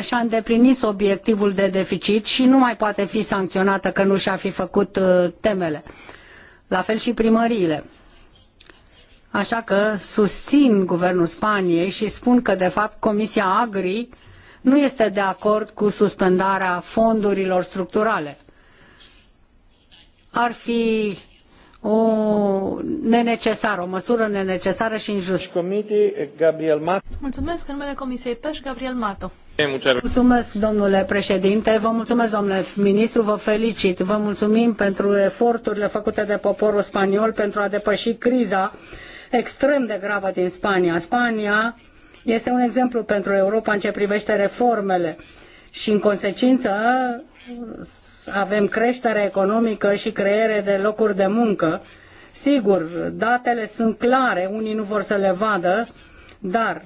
și-a îndeplinit obiectivul de deficit și nu mai poate fi sancționată că nu și-a fi făcut temele. La fel și primăriile. Așa că susțin guvernul Spaniei și spun că, de fapt, Comisia Agri nu este de acord cu suspendarea fondurilor structurale. Ar fi o nenecesară, o măsură nenecesară și injustă. Mulțumesc în numele Comisiei Peș, Gabriel Mato. Mulțumesc, domnule președinte, vă mulțumesc, domnule ministru, vă felicit, vă mulțumim pentru eforturile făcute de poporul spaniol pentru a depăși criza extrem de gravă din Spania. Spania este un exemplu pentru Europa în ce privește reformele și în consecință avem creștere economică și creere de locuri de muncă. Sigur, datele sunt clare, unii nu vor să le vadă, dar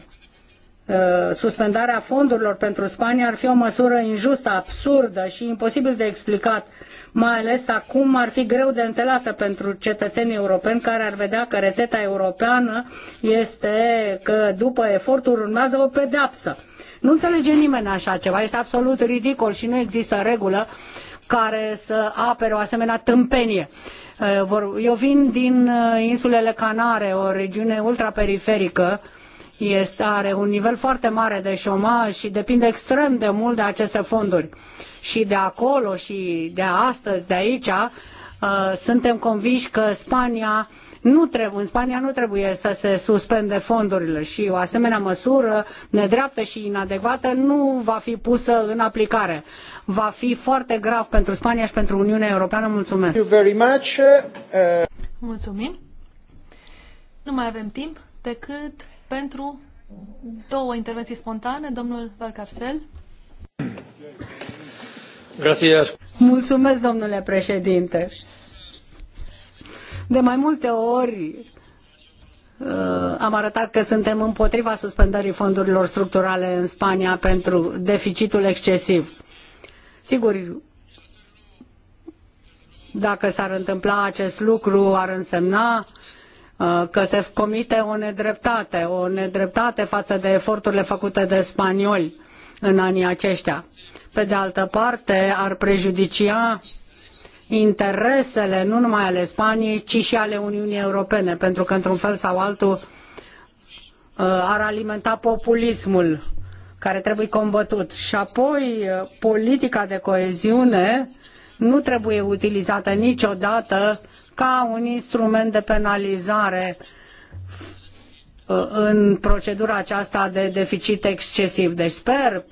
Uh, suspendarea fondurilor pentru Spania ar fi o măsură injustă, absurdă și imposibil de explicat, mai ales acum ar fi greu de înțeleasă pentru cetățenii europeni care ar vedea că rețeta europeană este că după eforturi urmează o pedeapsă. Nu înțelege nimeni așa ceva, este absolut ridicol și nu există regulă care să apere o asemenea tâmpenie. Uh, eu vin din uh, insulele Canare, o regiune ultraperiferică, este, are un nivel foarte mare de șomaj și depinde extrem de mult de aceste fonduri. Și de acolo și de astăzi, de aici, uh, suntem convinși că Spania nu trebuie, în Spania nu trebuie să se suspende fondurile și o asemenea măsură nedreaptă și inadecvată nu va fi pusă în aplicare. Va fi foarte grav pentru Spania și pentru Uniunea Europeană. Mulțumesc! Thank you very much. Uh, Mulțumim! Nu mai avem timp decât pentru două intervenții spontane. Domnul Valcarcel. Gracias. Mulțumesc, domnule președinte. De mai multe ori uh, am arătat că suntem împotriva suspendării fondurilor structurale în Spania pentru deficitul excesiv. Sigur, dacă s-ar întâmpla acest lucru, ar însemna Uh, că se comite o nedreptate, o nedreptate față de eforturile făcute de spanioli în anii aceștia. Pe de altă parte, ar prejudicia interesele nu numai ale Spaniei, ci și ale Uniunii Europene, pentru că într-un fel sau altul uh, ar alimenta populismul care trebuie combătut. Și apoi uh, politica de coeziune nu trebuie utilizată niciodată ca un instrument de penalizare uh, în procedura aceasta de deficit excesiv. Deci sper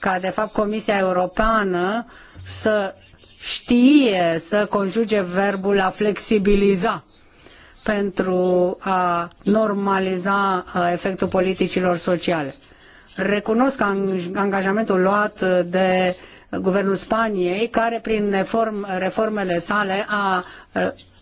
ca de fapt Comisia Europeană să știe să conjuge verbul a flexibiliza pentru a normaliza uh, efectul politicilor sociale. Recunosc angajamentul luat de guvernul Spaniei, care prin reform, reformele sale a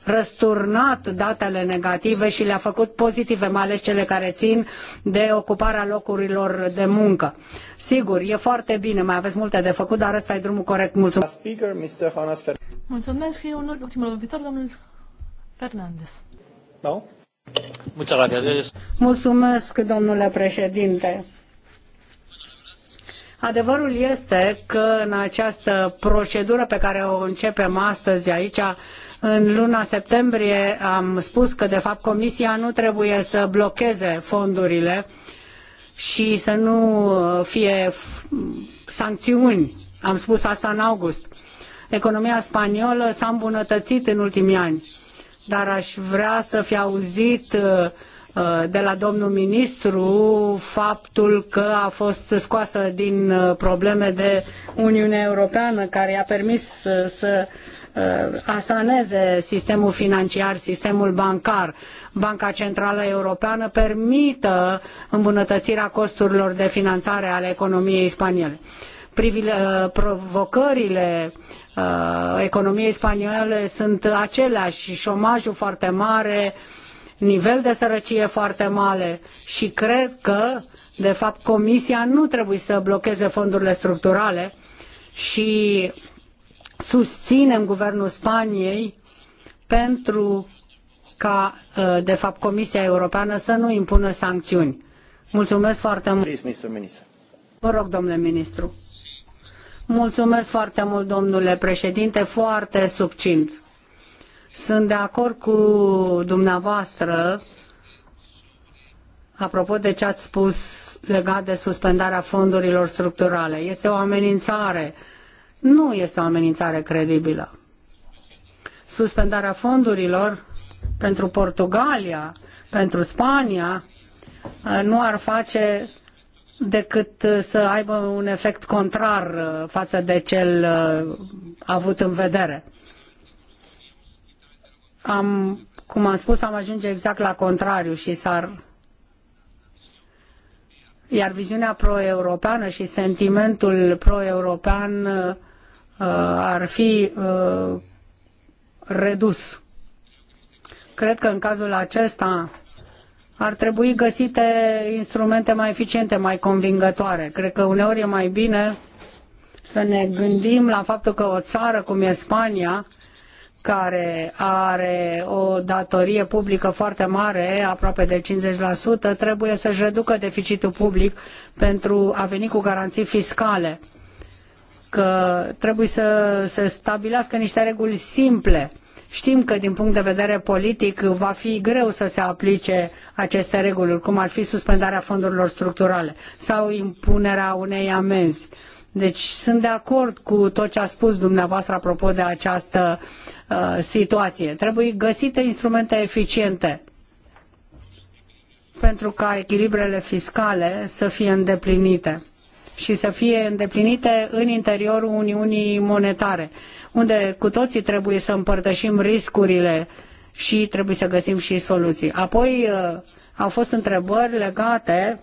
răsturnat datele negative și le-a făcut pozitive, mai ales cele care țin de ocuparea locurilor de muncă. Sigur, e foarte bine, mai aveți multe de făcut, dar ăsta e drumul corect. Mulțumesc. Mulțumesc și eu, ultimul vorbitor, domnul Fernandez. No? Mulțumesc, domnule președinte. Adevărul este că în această procedură pe care o începem astăzi aici, în luna septembrie, am spus că de fapt Comisia nu trebuie să blocheze fondurile și să nu fie sancțiuni. Am spus asta în august. Economia spaniolă s-a îmbunătățit în ultimii ani, dar aș vrea să fi auzit uh, Uh, de la domnul ministru faptul că a fost scoasă din uh, probleme de Uniunea Europeană care i-a permis uh, să, să asaneze sistemul financiar, sistemul bancar. Banca Centrală Europeană permită îmbunătățirea costurilor de finanțare ale economiei spaniole. Provocările economiei spaniole sunt aceleași, șomajul foarte mare, nivel de sărăcie foarte mare și cred că, de fapt, Comisia nu trebuie să blocheze fondurile structurale și susținem guvernul Spaniei pentru ca, ă, de fapt, Comisia Europeană să nu impună sancțiuni. Mulțumesc foarte mult. Vă rog, domnule ministru. Mulțumesc foarte mult, domnule președinte, foarte subcint. Sunt de acord cu dumneavoastră apropo de ce ați spus legat de suspendarea fondurilor structurale. Este o amenințare. Nu este o amenințare credibilă. Suspendarea fondurilor pentru Portugalia, pentru Spania, uh, nu ar face decât uh, să aibă un efect contrar uh, față de cel avut în vedere am, cum am spus, am ajunge exact la contrariu și s-ar iar viziunea pro-europeană și sentimentul pro-european uh, ar fi uh, redus. Cred că în cazul acesta ar trebui găsite instrumente mai eficiente, mai convingătoare. Cred că uneori e mai bine să ne gândim la faptul că o țară cum e Spania care are o datorie publică foarte mare, aproape de 50%, trebuie să-și reducă deficitul public pentru a veni cu garanții fiscale. Că trebuie să se stabilească niște reguli simple. Știm că din punct de vedere politic va fi greu să se aplice aceste reguli, cum ar fi suspendarea fondurilor structurale sau impunerea unei amenzi. Uh, deci sunt de acord cu tot ce a spus dumneavoastră apropo de această uh, situație. Trebuie găsite instrumente eficiente pentru ca echilibrele fiscale să fie îndeplinite și să fie îndeplinite în interiorul Uniunii Monetare, unde cu toții trebuie să împărtășim riscurile și trebuie să găsim și soluții. Apoi uh, au fost întrebări legate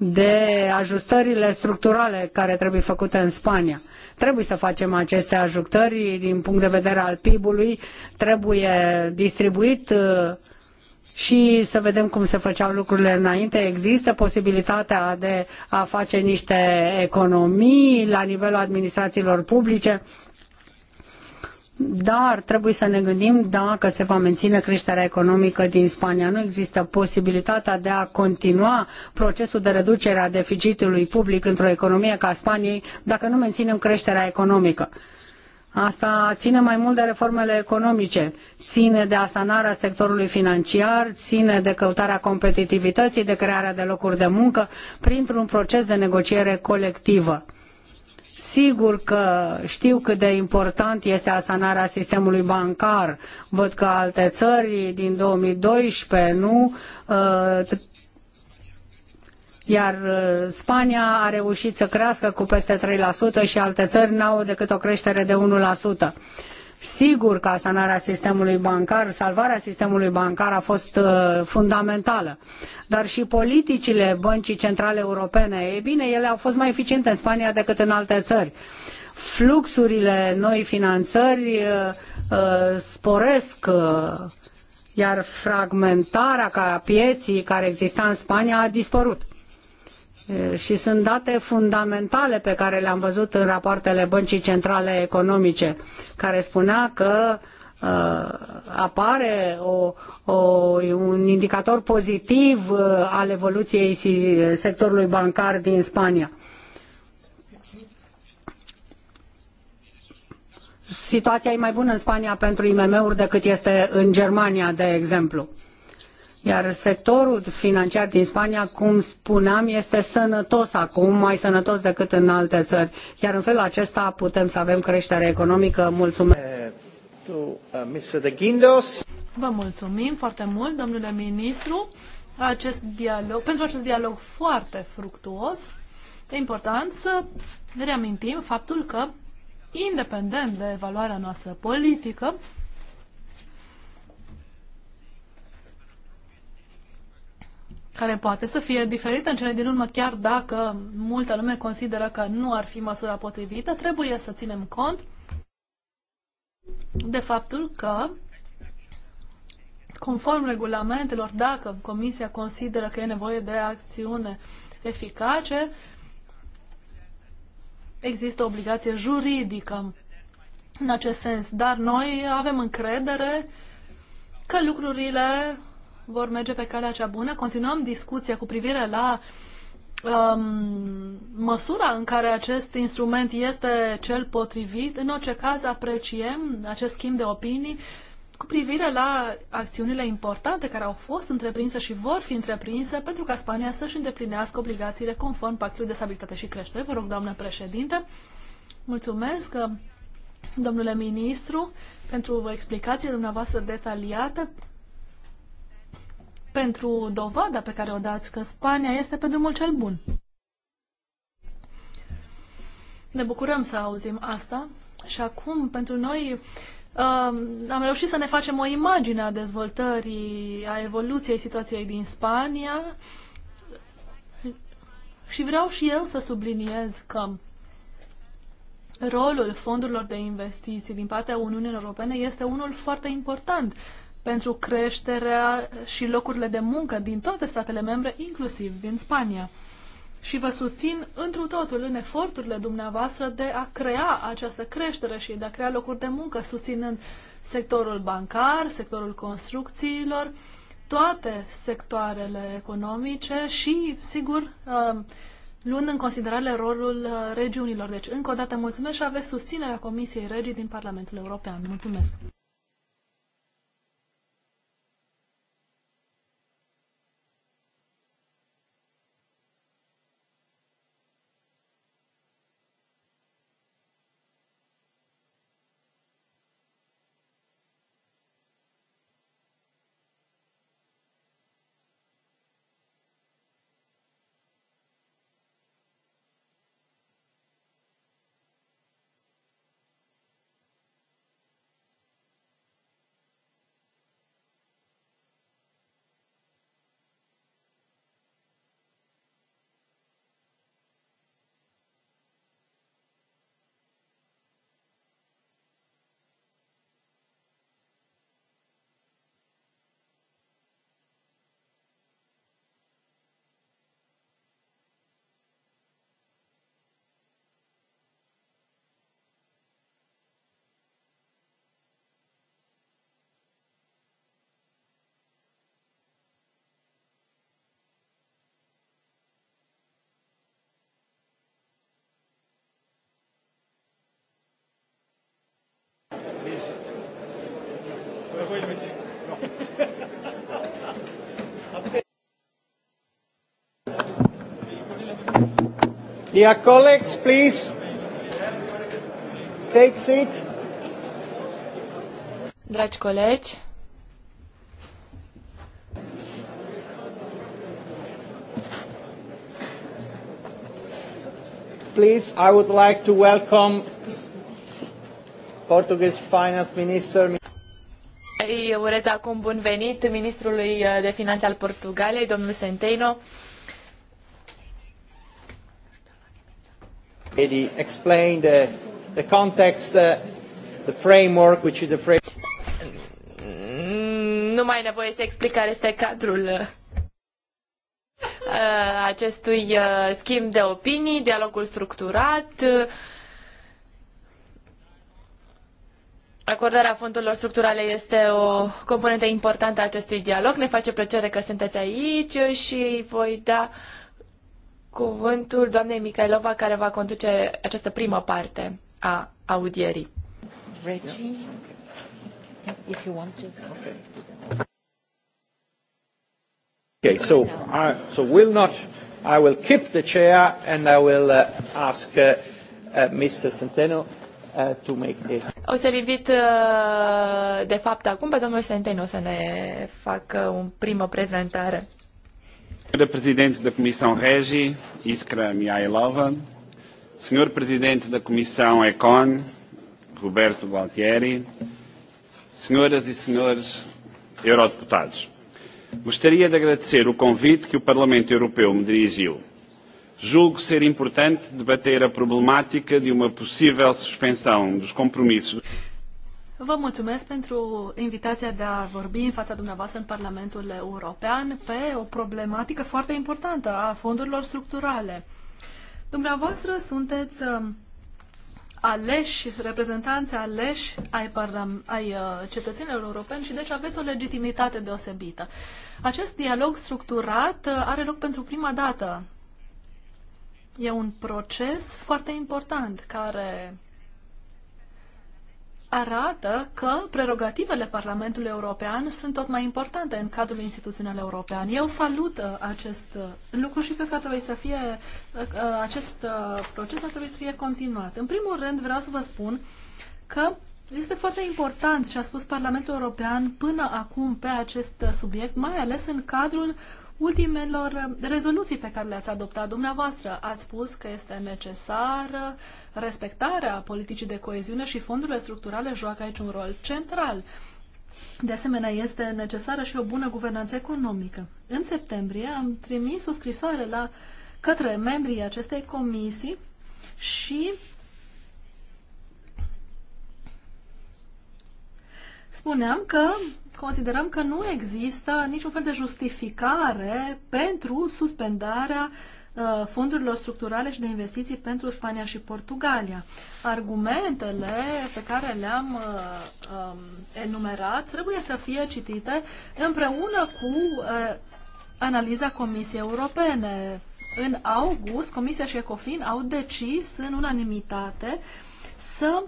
de ajustările structurale care trebuie făcute în Spania. Trebuie să facem aceste ajustări din punct de vedere al PIB-ului, trebuie distribuit uh, și să vedem cum se făceau lucrurile înainte. Există posibilitatea de a face niște economii la nivelul administrațiilor publice, dar trebuie să ne gândim dacă se va menține creșterea economică din Spania. Nu există posibilitatea de a continua procesul de reducere a deficitului public într-o economie ca Spaniei dacă nu menținem creșterea economică. Asta ține mai mult de reformele economice, ține de asanarea sectorului financiar, ține de căutarea competitivității, de crearea de locuri de muncă printr-un proces de negociere colectivă Sigur că știu cât de important este asanarea sistemului bancar. Văd că alte țări din 2012, nu? Uh, iar uh, Spania a reușit să crească cu peste 3% și alte țări n-au decât o creștere de 1%. Sigur că asanarea sistemului bancar, salvarea sistemului bancar a fost uh, fundamentală, dar și politicile Băncii Centrale Europene, e bine, ele au fost mai eficiente în Spania decât în alte țări. Fluxurile noi finanțări uh, uh, sporesc iar fragmentarea ca pieții care exista în Spania a dispărut. Eh, și sunt date fundamentale pe care le-am văzut în rapoartele Băncii Centrale Economice, care spunea că eh, apare o, o, un indicator pozitiv eh, al evoluției sectorului bancar din Spania. Situația e mai bună în Spania pentru IMM-uri decât este în Germania, de exemplu. Iar sectorul financiar din Spania, cum spuneam, este sănătos acum, mai sănătos decât în alte țări. Iar în felul acesta putem să avem creștere economică. Mulțumesc! Vă mulțumim foarte mult, domnule ministru, acest dialog, pentru acest dialog foarte fructuos. E important să reamintim faptul că, independent de evaluarea noastră politică, care poate să fie diferită în cele din urmă, chiar dacă multă lume consideră că nu ar fi măsura potrivită, trebuie să ținem cont de faptul că, conform regulamentelor, dacă Comisia consideră că e nevoie de acțiune eficace, există obligație juridică în acest sens, dar noi avem încredere că lucrurile vor merge pe calea cea bună. Continuăm discuția cu privire la um, măsura în care acest instrument este cel potrivit. În orice caz, apreciem acest schimb de opinii cu privire la acțiunile importante care au fost întreprinse și vor fi întreprinse pentru ca Spania să-și îndeplinească obligațiile conform Pactului de Stabilitate și Creștere. Vă rog, doamnă președinte, mulțumesc, domnule ministru, pentru explicații dumneavoastră detaliate pentru dovada pe care o dați că Spania este pe drumul cel bun. Ne bucurăm să auzim asta și acum pentru noi um, am reușit să ne facem o imagine a dezvoltării, a evoluției situației din Spania și vreau și eu să subliniez că rolul fondurilor de investiții din partea Uniunii Europene este unul foarte important pentru creșterea și locurile de muncă din toate statele membre, inclusiv din Spania. Și vă susțin întru totul în eforturile dumneavoastră de a crea această creștere și de a crea locuri de muncă, susținând sectorul bancar, sectorul construcțiilor, toate sectoarele economice și, sigur, um, luând în considerare rolul uh, regiunilor. Deci, încă o dată, mulțumesc și aveți susținerea Comisiei Regii din Parlamentul European. Mulțumesc! Dear colleagues, please take seat. Dragi colegi, please, I would like to welcome Portuguese Finance Minister. Îi urez acum bun venit ministrului de finanțe al Portugaliei, domnul Centeno. already explained the, the context, uh, the framework, which is the framework. Nu mai nevoie să explic care este cadrul uh, acestui uh, schimb de opinii, dialogul structurat, uh, Acordarea fondurilor structurale este o componentă importantă a acestui dialog. Ne face plăcere că sunteți aici și voi da uh, cuvântul doamnei Micailova, care va conduce această primă parte a audierii. Okay. so I, so will not, I will keep the chair and I will uh, ask uh, uh, Mr. Centeno uh, to make this. O să-l invit uh, de fapt acum pe domnul Centeno să ne facă o primă prezentare. Senhora Presidente da Comissão Regi, Iskra Mihailova, Senhor Presidente da Comissão Econ, Roberto Gualtieri, Senhoras e Senhores Eurodeputados, gostaria de agradecer o convite que o Parlamento Europeu me dirigiu. Julgo ser importante debater a problemática de uma possível suspensão dos compromissos. Vă mulțumesc pentru invitația de a vorbi în fața dumneavoastră în Parlamentul European pe o problematică foarte importantă a fondurilor structurale. Dumneavoastră sunteți um, aleși, reprezentanți aleși ai, parlam, ai uh, cetățenilor europeni și deci aveți o legitimitate deosebită. Acest dialog structurat uh, are loc pentru prima dată. E un proces foarte important care arată că prerogativele Parlamentului European sunt tot mai importante în cadrul instituțional european. Eu salut uh, acest uh, lucru și cred că trebuie să fie, uh, acest proces ar trebui să fie continuat. În primul rând vreau să vă spun că este foarte important ce a spus Parlamentul European până acum pe acest subiect, mai ales în cadrul ultimelor um, rezoluții pe care le-ați adoptat dumneavoastră. Ați spus că este necesară respectarea politicii de coeziune și fondurile structurale joacă aici un rol central. De asemenea, este necesară și o bună guvernanță economică. În septembrie am trimis o scrisoare la, către membrii acestei comisii și spuneam că considerăm că nu există niciun fel de justificare pentru suspendarea uh, fondurilor structurale și de investiții pentru Spania și Portugalia. Argumentele pe care le-am uh, um, enumerat trebuie să fie citite împreună cu uh, analiza Comisiei Europene. În august, Comisia și Ecofin au decis în unanimitate să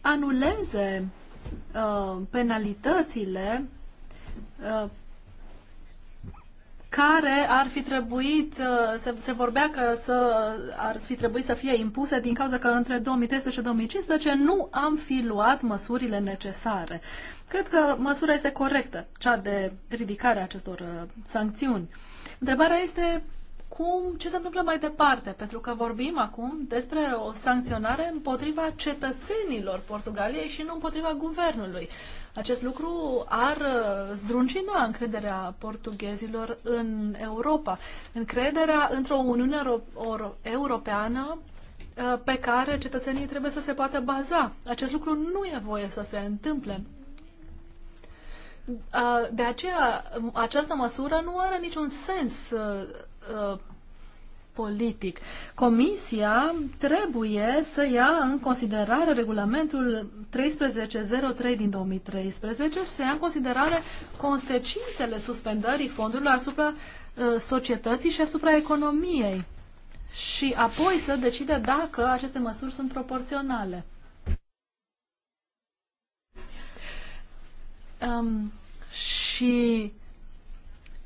anuleze Uh, penalitățile uh, care ar fi trebuit, uh, se, se vorbea că să, ar fi trebuit să fie impuse din cauza că între 2013-2015 nu am fi luat măsurile necesare. Cred că măsura este corectă, cea de ridicare a acestor sancțiuni. Întrebarea este acum ce se întâmplă mai departe, pentru că vorbim acum despre o sancționare împotriva cetățenilor Portugaliei și nu împotriva guvernului. Acest lucru ar uh, zdruncina încrederea portughezilor în Europa, încrederea într-o Uniune Europeană uh, pe care cetățenii trebuie să se poată baza. Acest lucru nu e voie să se întâmple. Uh, de aceea, această măsură nu are niciun sens Uh, politic. Comisia trebuie să ia în considerare regulamentul 1303 din 2013 și să ia în considerare consecințele suspendării fondurilor asupra uh, societății și asupra economiei și apoi să decide dacă aceste măsuri sunt proporționale. Um, și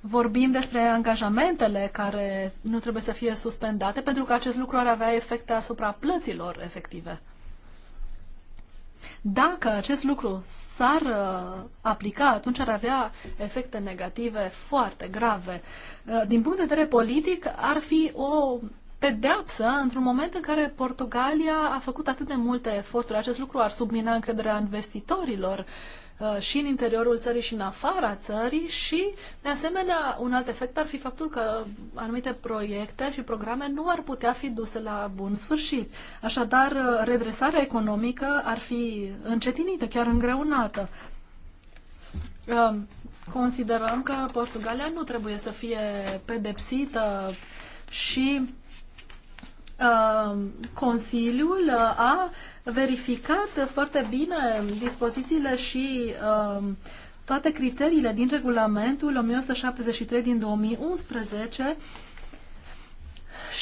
vorbim despre angajamentele care nu trebuie să fie suspendate, pentru că acest lucru ar avea efecte asupra plăților efective. Dacă acest lucru s-ar uh, aplica, atunci ar avea efecte negative foarte grave. Uh, din punct de vedere politic, ar fi o pedeapsă într-un moment în care Portugalia a făcut atât de multe eforturi. Acest lucru ar submina încrederea investitorilor Uh, și în interiorul țării și în afara țării și, de asemenea, un alt efect ar fi faptul că anumite proiecte și programe nu ar putea fi duse la bun sfârșit. Așadar, uh, redresarea economică ar fi încetinită, chiar îngreunată. Um, considerăm că Portugalia nu trebuie să fie pedepsită și Ehm, Consiliul uh, a verificat foarte bine dispozițiile și ehm, toate criteriile din regulamentul 1173 din 2011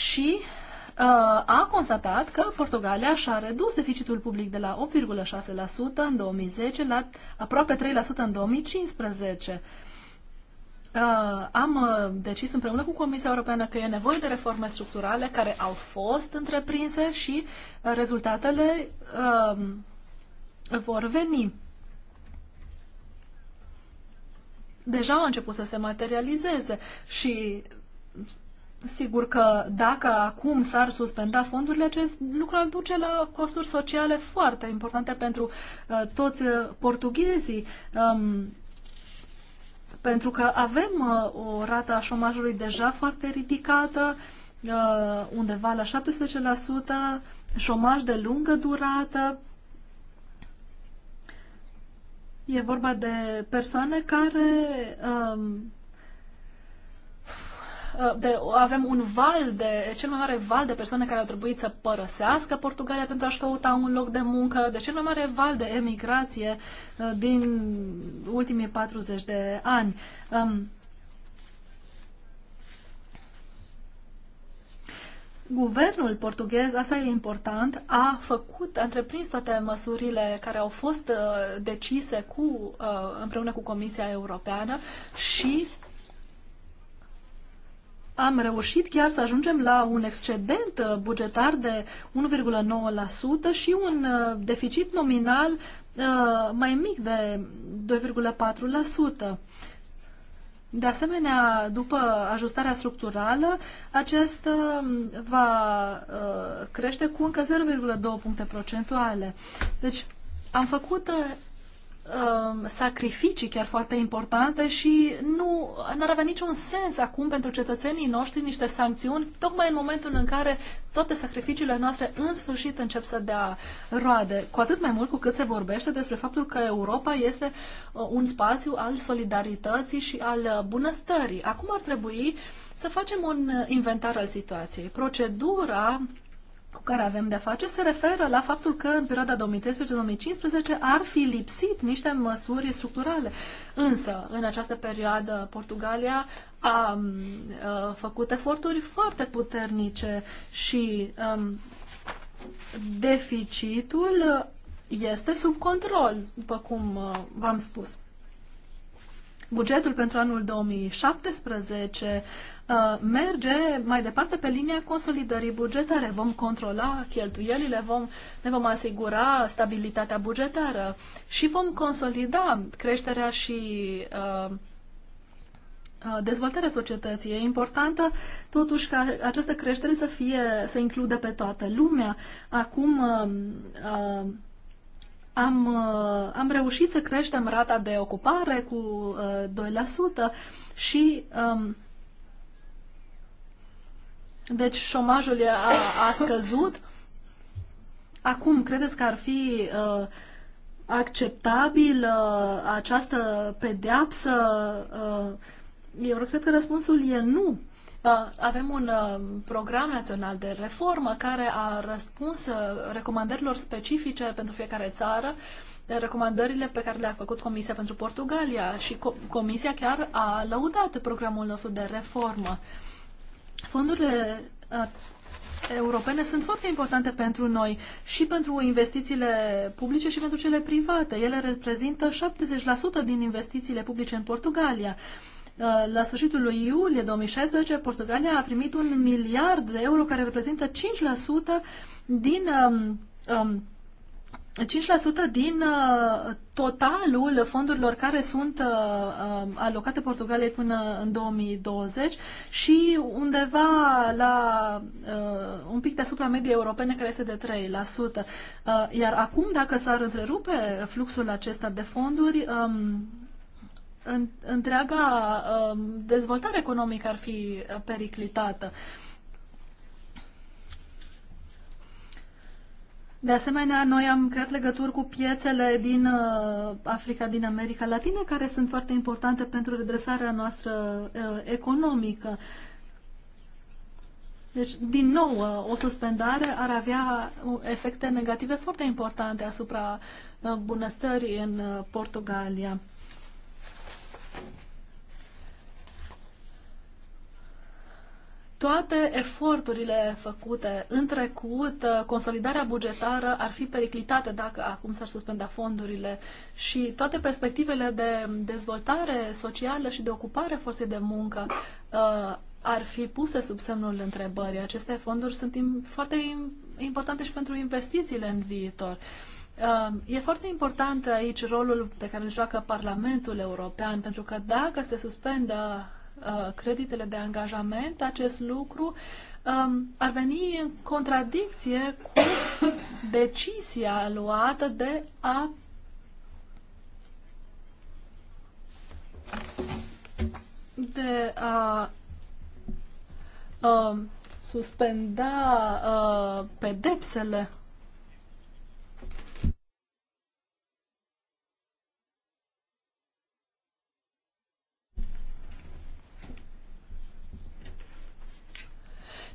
și uh, a constatat că Portugalia și-a redus deficitul public de la 8,6% în 2010 la aproape 3% în 2015. Uh, am uh, decis împreună cu Comisia Europeană că e nevoie de reforme structurale care au fost întreprinse și uh, rezultatele um, vor veni. Deja au început să se materializeze și sigur că dacă acum s-ar suspenda fondurile, acest lucru ar duce la costuri sociale foarte importante pentru uh, toți uh, portughezii. Um, pentru că avem uh, o rată a șomajului deja foarte ridicată, uh, undeva la 17%, șomaj de lungă durată. E vorba de persoane care um, Uh, de, avem un val de, cel mai mare val de persoane care au trebuit să părăsească Portugalia pentru a-și căuta un loc de muncă, de cel mai mare val de emigrație uh, din ultimii 40 de ani. Um, guvernul portughez, asta e important, a făcut, a întreprins toate măsurile care au fost uh, decise cu, uh, împreună cu Comisia Europeană și am reușit chiar să ajungem la un excedent uh, bugetar de 1,9% și un uh, deficit nominal uh, mai mic de 2,4%. De asemenea, după ajustarea structurală, acest va crește cu încă 0,2 puncte procentuale. Deci, am făcut Um, sacrificii chiar foarte importante și nu ar avea niciun sens acum pentru cetățenii noștri niște sancțiuni, tocmai în momentul în care toate sacrificiile noastre în sfârșit încep să dea roade. Cu atât mai mult cu cât se vorbește despre faptul că Europa este uh, un spațiu al solidarității și al uh, bunăstării. Acum ar trebui să facem un uh, inventar al situației. Procedura cu care avem de face se referă la faptul că în perioada 2013-2015 ar fi lipsit niște măsuri structurale. Însă, în această perioadă, Portugalia a, a făcut eforturi foarte puternice și a, um, deficitul este sub control, după cum uh, v-am spus. Bugetul pentru anul 2017 Uh, merge mai departe pe linia consolidării bugetare. Vom controla cheltuielile, vom, ne vom asigura stabilitatea bugetară și vom consolida creșterea și uh, uh dezvoltarea societății. E importantă totuși ca această creștere să fie, să includă pe toată lumea. Acum uh, uh, am, uh, am reușit să creștem rata de ocupare cu uh, 2% și um, deci șomajul a, a scăzut. Acum, credeți că ar fi uh, acceptabil uh, această pedeapsă? Uh, eu cred că răspunsul e nu. Uh, avem un uh, program național de reformă care a răspuns uh, recomandărilor specifice pentru fiecare țară, recomandările pe care le-a făcut Comisia pentru Portugalia și co Comisia chiar a lăudat programul nostru de reformă. Uh, Fondurile uh, europene sunt foarte importante pentru noi și pentru investițiile publice și pentru cele private. Ele reprezintă 70% din investițiile publice în Portugalia. Uh, la sfârșitul lui iulie 2016, Portugalia a primit un miliard de euro care reprezintă 5% din um, um, 5% din uh, totalul fondurilor care sunt uh, uh, alocate Portugaliei până în 2020 și undeva la un pic deasupra mediei europene care este de 3%. Iar acum, dacă s-ar întrerupe fluxul acesta de fonduri, um, întreaga um, dezvoltare economică ar fi periclitată. De asemenea, noi am creat legături cu piețele din uh, Africa, din America Latină, care sunt foarte importante pentru redresarea noastră uh, economică. Deci, din nou, uh, o suspendare ar avea efecte negative foarte importante asupra bunăstării în Portugalia. toate eforturile făcute în trecut, uh, consolidarea bugetară ar fi periclitate dacă acum s-ar suspenda fondurile și toate perspectivele de dezvoltare socială și de ocupare a forței de muncă uh, ar fi puse sub semnul întrebării. Aceste fonduri sunt foarte importante și pentru investițiile în viitor. Uh, e foarte important aici rolul pe care îl joacă Parlamentul European, pentru că dacă se suspendă Uh, creditele de angajament, acest lucru um, ar veni în contradicție cu decizia luată de a de a, uh, suspenda uh, pedepsele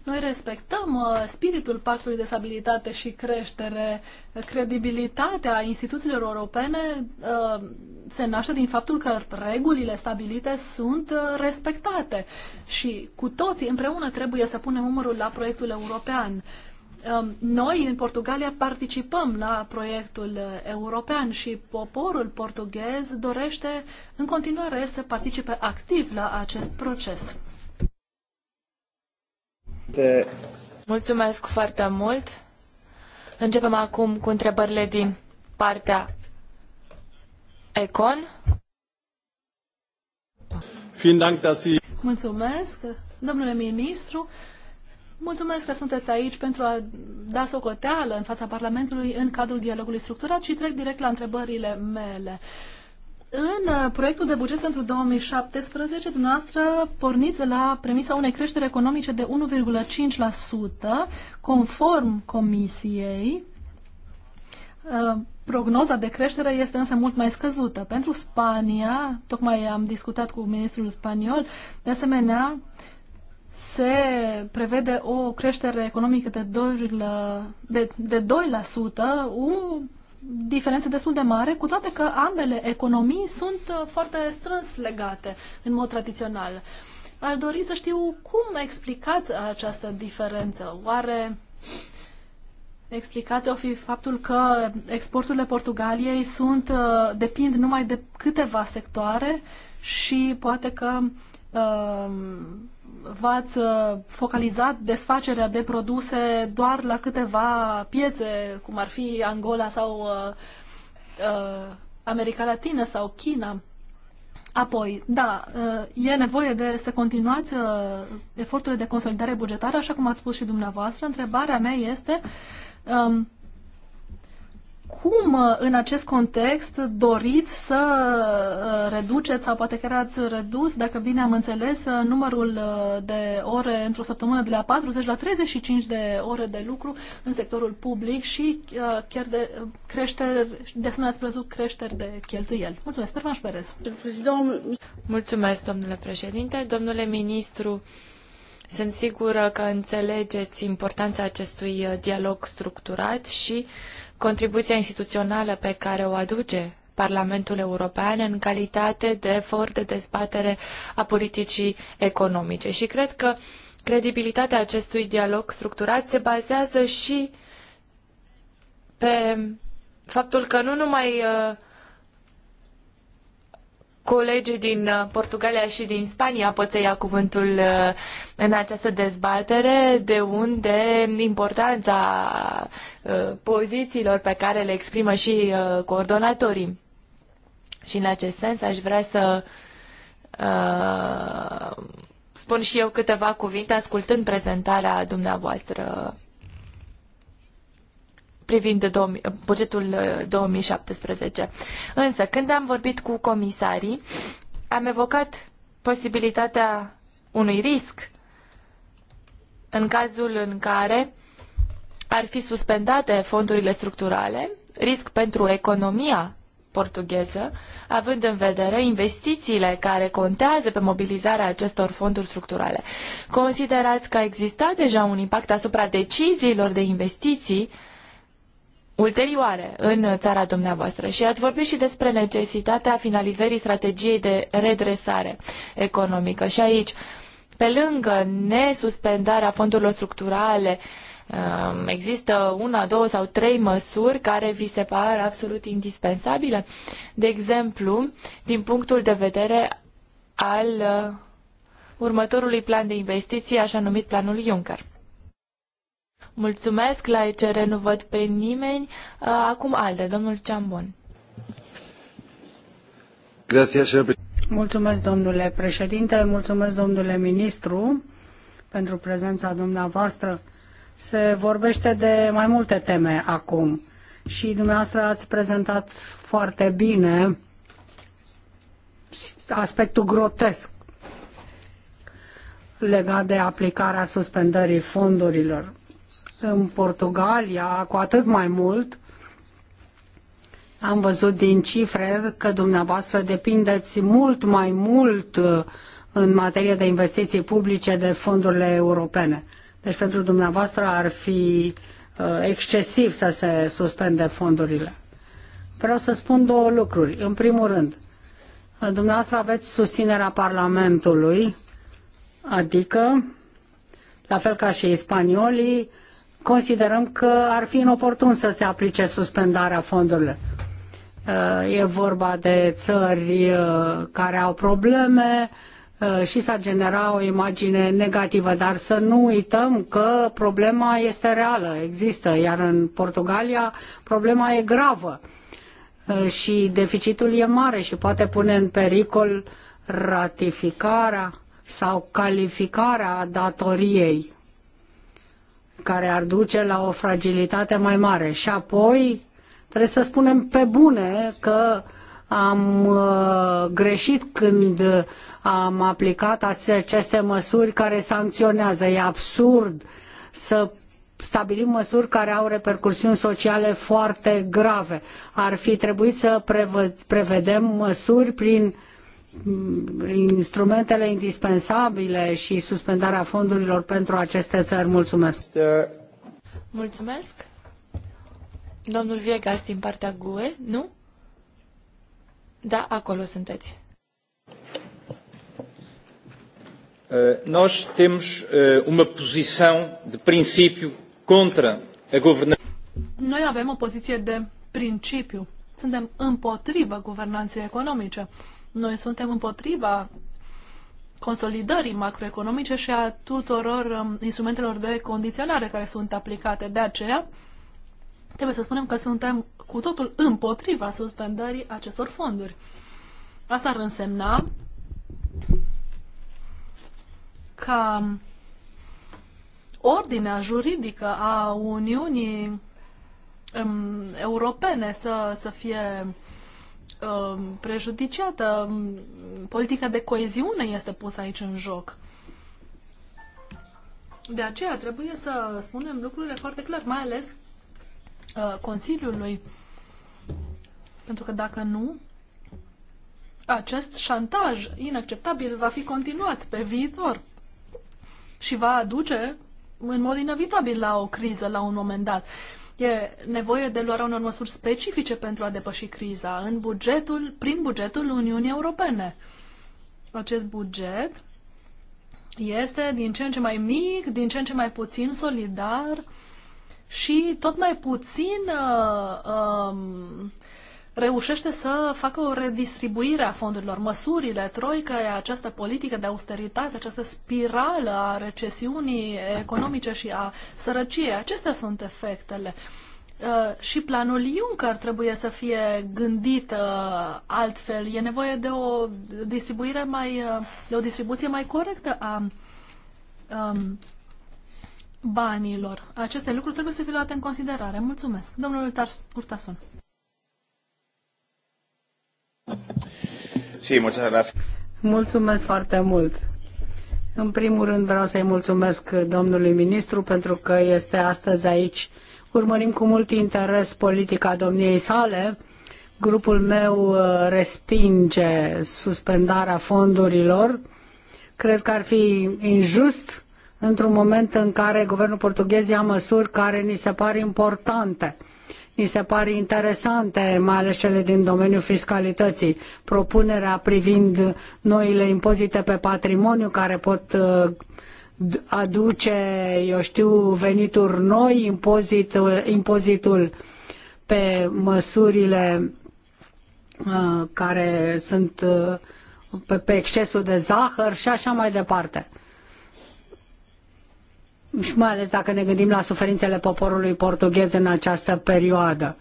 Noi respectăm uh, spiritul Pactului de Stabilitate și Creștere. Credibilitatea instituțiilor europene uh, se naște din faptul că regulile stabilite sunt uh, respectate și cu toții împreună trebuie să punem umărul la proiectul european. Um, noi, în Portugalia, participăm la proiectul uh, european și poporul portughez dorește în continuare să participe activ la acest proces. De... Mulțumesc foarte mult. Începem acum cu întrebările din partea Econ. Mulțumesc, domnule ministru. Mulțumesc că sunteți aici pentru a da socoteală în fața Parlamentului în cadrul dialogului structurat și trec direct la întrebările mele. Uh, în uh, proiectul de buget pentru 2017, dumneavoastră porniți de la premisa unei creșteri economice de 1,5% conform Comisiei. Uh, prognoza de creștere este însă mult mai scăzută. Pentru Spania, tocmai am discutat cu ministrul spaniol, de asemenea, se prevede o creștere economică de 2, de, de 2% diferențe destul de mare, cu toate că ambele economii sunt uh, foarte strâns legate în mod tradițional. Aș dori să știu cum explicați această diferență. Oare explicați o fi faptul că exporturile Portugaliei sunt, uh, depind numai de câteva sectoare și poate că uh, v-ați uh, focalizat desfacerea de produse doar la câteva piețe, cum ar fi Angola sau uh, uh, America Latină sau China. Apoi, da, uh, e nevoie de să continuați uh, eforturile de consolidare bugetară, așa cum ați spus și dumneavoastră. Întrebarea mea este um, cum uh, în acest context doriți să uh, reduceți sau poate chiar ați redus, dacă bine am înțeles, uh, numărul de ore într-o săptămână de la 40 la 35 de ore de lucru în sectorul public și chiar de creșteri, de asemenea ați văzut creșteri de cheltuieli. Mulțumesc, Pervanș Perez. Mulțumesc, domnule președinte. Domnule ministru, sunt sigură că înțelegeți importanța acestui dialog structurat și uh, contribuția instituțională pe care o aduce Parlamentul European în calitate de for de dezbatere a politicii economice. Și cred că credibilitatea acestui dialog structurat se bazează și pe faptul că nu numai uh, colegii din uh, Portugalia și din Spania pot să ia cuvântul uh, în această dezbatere, de unde importanța uh, pozițiilor pe care le exprimă și coordonatorii. Și în acest sens aș vrea să spun și eu câteva cuvinte ascultând prezentarea dumneavoastră privind 2000, bugetul 2017. Uh, Însă, când am vorbit cu comisarii, am evocat posibilitatea unui risc în cazul în care ar fi suspendate fondurile structurale, risc pentru economia portugheză, având în vedere investițiile care contează pe mobilizarea acestor fonduri structurale. Considerați că a existat deja un impact asupra deciziilor de investiții uh, ulterioare în țara dumneavoastră și ați vorbit și despre necesitatea finalizării strategiei de redresare economică. Și aici, pe lângă nesuspendarea fondurilor structurale, um, există una, două sau trei măsuri care vi se par absolut indispensabile. De exemplu, din punctul de vedere al uh, următorului plan de investiții, așa numit planul Juncker. Mulțumesc, la ECR nu văd pe nimeni. Uh, acum alde, domnul Ciambon. Mulțumesc, domnule președinte, mulțumesc, domnule ministru, pentru prezența dumneavoastră. Se vorbește de mai multe teme acum și dumneavoastră ați prezentat foarte bine aspectul grotesc legat de aplicarea suspendării fondurilor în Portugalia cu atât mai mult. Am văzut din cifre că dumneavoastră depindeți mult mai mult uh, în materie de investiții publice de fondurile europene. Deci pentru dumneavoastră ar fi uh, excesiv să se suspende fondurile. Vreau să spun două lucruri. În primul rând, uh, dumneavoastră aveți susținerea Parlamentului, adică, la fel ca și spaniolii, considerăm că ar fi inoportun să se aplice suspendarea fondurilor. Uh, e vorba de țări uh, care au probleme uh, și s a genera o imagine negativă, dar să nu uităm că problema este reală, există, iar în Portugalia problema e gravă și deficitul e mare și poate pune în pericol ratificarea sau calificarea datoriei care ar duce la o fragilitate mai mare. Și apoi trebuie să spunem pe bune că am uh, greșit când am aplicat aceste măsuri care sancționează. E absurd să stabilim măsuri care au repercursiuni sociale foarte grave. Ar fi trebuit să prevedem măsuri prin instrumentele indispensabile și suspendarea fondurilor pentru aceste țări. Mulțumesc! Mulțumesc! Domnul Viegas din partea GUE, nu? Da, acolo sunteți. Uh, nós temos uh, uma posição de princípio contra a governança. Noi avem o poziție de principiu. Suntem împotriva guvernanței economice. Noi suntem împotriva consolidării macroeconomice și a tuturor um, instrumentelor de condiționare care sunt aplicate. De aceea, trebuie să spunem că suntem cu totul împotriva suspendării acestor fonduri. Asta ar însemna ca ordinea juridică a Uniunii um, Europene să, să fie Um, prejudiciată. Um, politica de coeziune este pusă aici în joc. De aceea trebuie să spunem lucrurile foarte clar, mai ales uh, Consiliului. Pentru că dacă nu, acest șantaj inacceptabil va fi continuat pe viitor și va aduce în mod inevitabil la o criză la un moment dat. Uh, E nevoie de luarea unor măsuri specifice pentru a depăși criza în bugetul, prin bugetul Uniunii Europene. Acest buget este din ce în ce mai mic, din ce în ce mai puțin solidar și tot mai puțin uh, uh, reușește să facă o redistribuire a fondurilor. Măsurile, troica, această politică de austeritate, această spirală a recesiunii economice și a sărăciei, acestea sunt efectele. Uh, și planul Juncker trebuie să fie gândit uh, altfel. E nevoie de o distribuire mai, uh, de o distribuție mai corectă a um, banilor. Aceste lucruri trebuie să fie luate în considerare. Mulțumesc. Domnul Urtasun mulțumesc. mulțumesc foarte mult. În primul rând vreau să-i mulțumesc domnului ministru pentru că este astăzi aici. Urmărim cu mult interes politica domniei sale. Grupul meu uh, respinge suspendarea fondurilor. Cred că ar fi injust într-un moment în care guvernul portughez ia măsuri care ni se par importante ni se par interesante, mai ales cele din domeniul fiscalității. Propunerea privind noile impozite pe patrimoniu care pot uh, aduce, eu știu, venituri noi, impozitul, impozitul pe măsurile uh, care sunt uh, pe, pe excesul de zahăr și așa mai departe și mai ales dacă ne gândim la suferințele poporului portughez în această perioadă.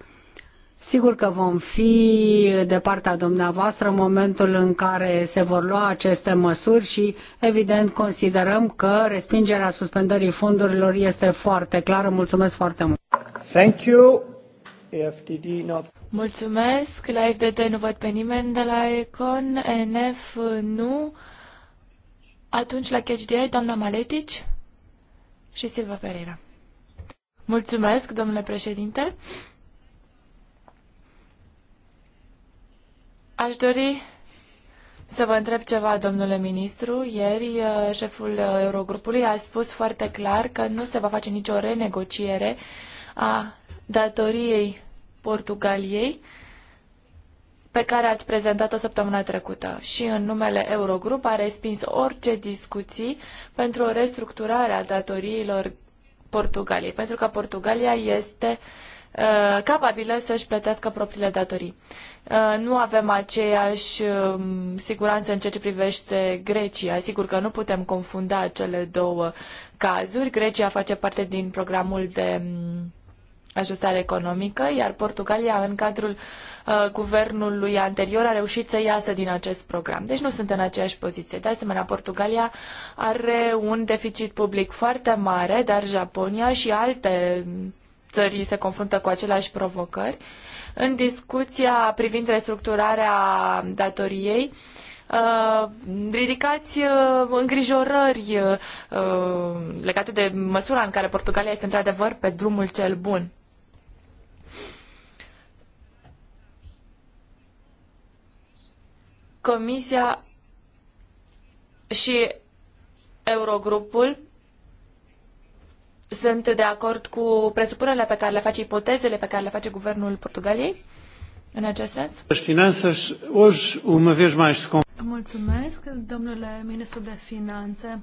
Sigur că vom fi de partea dumneavoastră în momentul în care se vor lua aceste măsuri și evident considerăm că respingerea suspendării fondurilor este foarte clară. Mulțumesc foarte mult! Thank you. FTD not... Mulțumesc! La FDD nu văd pe nimeni de la Econ, NF nu. Atunci la CHDI, doamna Maletici? și Silva Pereira. Mulțumesc, domnule președinte. Aș dori să vă întreb ceva, domnule ministru. Ieri, uh, șeful Eurogrupului a spus foarte clar că nu se va face nicio renegociere a datoriei Portugaliei pe care ați prezentat-o săptămâna trecută și în numele Eurogrup a respins orice discuții pentru o restructurare a datoriilor Portugaliei, pentru că Portugalia este uh, capabilă să-și plătească propriile datorii. Uh, nu avem aceeași um, siguranță în ceea ce privește Grecia. Sigur că nu putem confunda cele două cazuri. Grecia face parte din programul de um, ajustare economică, iar Portugalia, în cadrul uh, guvernului anterior, a reușit să iasă din acest program. Deci nu sunt în aceeași poziție. De asemenea, Portugalia are un deficit public foarte mare, dar Japonia și alte țări se confruntă cu aceleași provocări. În discuția privind restructurarea datoriei, Uh, ridicați uh, îngrijorări uh, legate de măsura în care Portugalia este într-adevăr pe drumul cel bun. Comisia și Eurogrupul sunt de acord cu presupunerile pe care le face, ipotezele pe care le face guvernul Portugaliei în acest sens? Mulțumesc, domnule ministru de finanțe.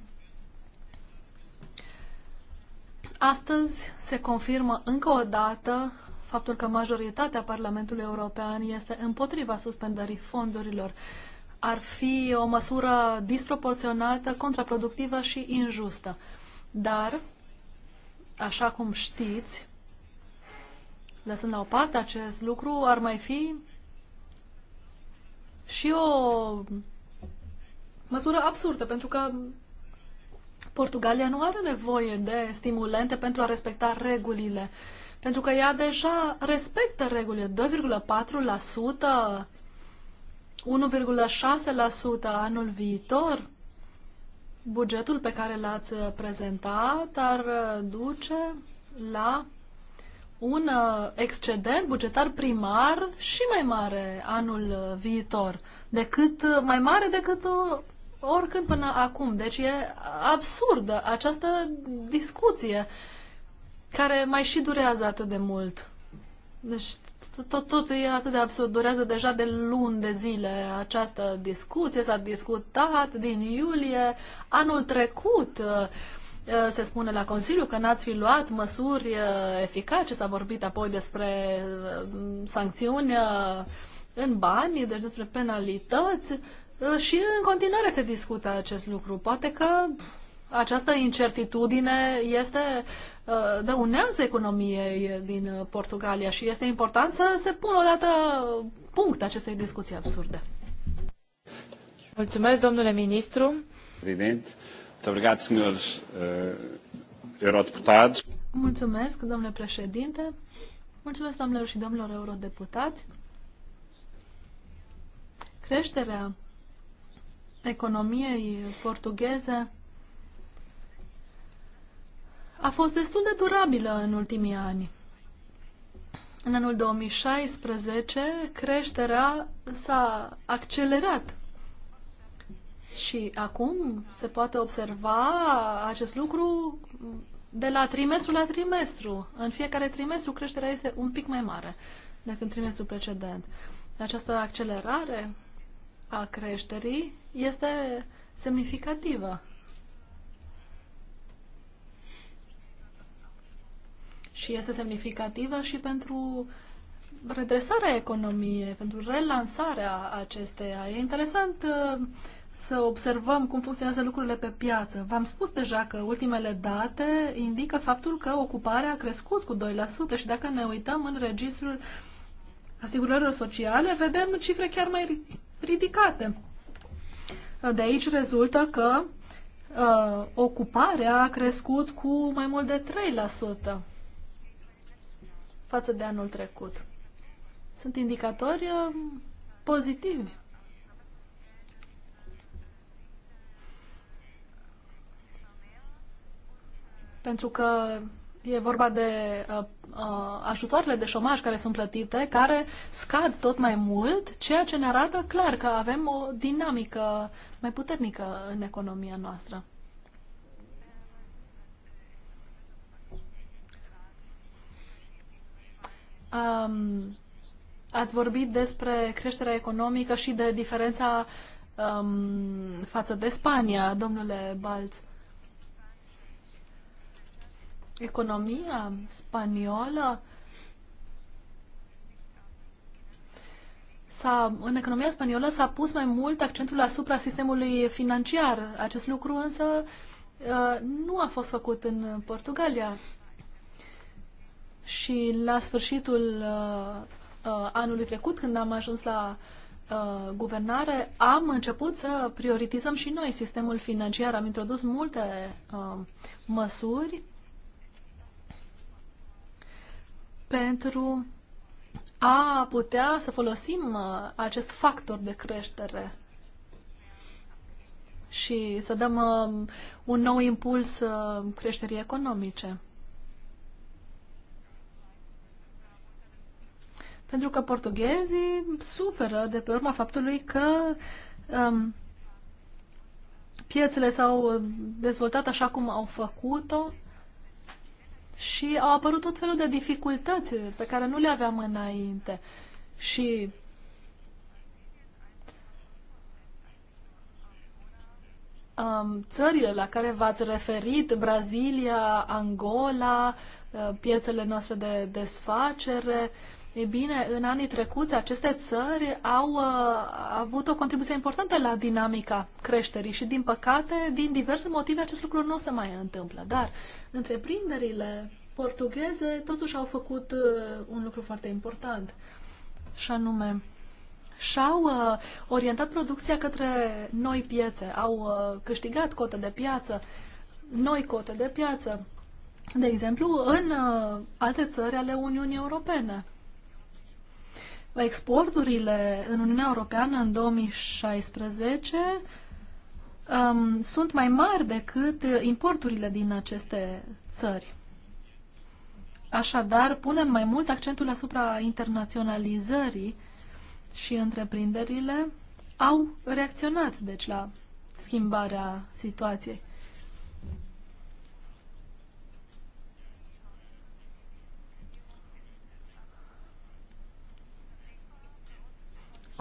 Astăzi se confirmă încă o dată faptul că majoritatea Parlamentului European este împotriva suspendării fondurilor ar fi o măsură disproporționată, contraproductivă și injustă. Dar, așa cum știți, lăsând la o parte acest lucru, ar mai fi și o măsură absurdă, pentru că Portugalia nu are nevoie de stimulente pentru a respecta regulile, pentru că ea deja respectă regulile. 2,4% 1,6% anul viitor, bugetul pe care l-ați prezentat ar uh, duce la un uh, excedent bugetar primar și mai mare anul uh, viitor, decât, mai mare decât oricând până acum. Deci e absurdă această discuție care mai și durează atât de mult. Deci tot, tot e atât de absurd. Durează deja de luni de zile această discuție. S-a discutat din iulie anul trecut. Uh, se spune la Consiliu că n-ați fi luat măsuri uh, eficace. S-a vorbit apoi despre uh, sancțiuni în bani, deci despre penalități. Și în continuare se discută acest lucru. Poate că această incertitudine este uh, dăunează economiei din Portugalia și este important să se pună odată punct acestei discuții absurde. Mulțumesc, domnule ministru. Evident. Obrigado, senhores uh, eurodeputados. Mulțumesc, domnule președinte. Mulțumesc, domnilor și domnilor eurodeputați. Creșterea economiei portugheze a fost destul de durabilă în ultimii ani. În anul 2016, creșterea s-a accelerat și acum se poate observa acest lucru de la trimestru la trimestru. În fiecare trimestru creșterea este un pic mai mare decât în trimestrul precedent. Această accelerare a creșterii este semnificativă. și este semnificativă și pentru redresarea economiei, pentru relansarea acesteia. E interesant uh, să observăm cum funcționează lucrurile pe piață. V-am spus deja că ultimele date indică faptul că ocuparea a crescut cu 2% și dacă ne uităm în registrul asigurărilor sociale, vedem cifre chiar mai ridicate. De aici rezultă că uh, ocuparea a crescut cu mai mult de 3% față de anul trecut. Sunt indicatori uh, pozitivi. Pentru că e vorba de uh, uh, ajutoarele de șomaj care sunt plătite, care scad tot mai mult, ceea ce ne arată clar că avem o dinamică mai puternică în economia noastră. Um, ați vorbit despre creșterea economică și de diferența um, față de Spania, domnule Balț. Economia spaniolă S-a, în economia spaniolă s-a pus mai mult accentul asupra sistemului financiar. Acest lucru însă uh, nu a fost făcut în Portugalia. Și la sfârșitul uh, uh, anului trecut, când am ajuns la uh, guvernare, am început să prioritizăm și noi sistemul financiar. Am introdus multe măsuri pentru a putea să folosim acest factor de creștere și să dăm um, un nou impuls creșterii economice. Pentru că portughezii suferă de pe urma faptului că um, piețele s-au uh, dezvoltat așa cum au făcut-o și au apărut tot felul de dificultăți pe care nu le aveam înainte. Și um, țările la care v-ați referit, Brazilia, Angola, uh, piețele noastre de desfacere, uh, ei bine, în anii trecuți, aceste țări au uh, avut o contribuție importantă la dinamica creșterii și, din păcate, din diverse motive, acest lucru nu se mai întâmplă. Dar întreprinderile portugheze totuși au făcut uh, un lucru foarte important, și anume și-au uh, orientat producția către noi piețe, au uh, câștigat cote de piață, noi cote de piață, de exemplu, în uh, alte țări ale Uniunii Europene exporturile în Uniunea Europeană în 2016 um, sunt mai mari decât importurile din aceste țări. Așadar, punem mai mult accentul asupra internaționalizării și întreprinderile au reacționat, deci, la schimbarea situației.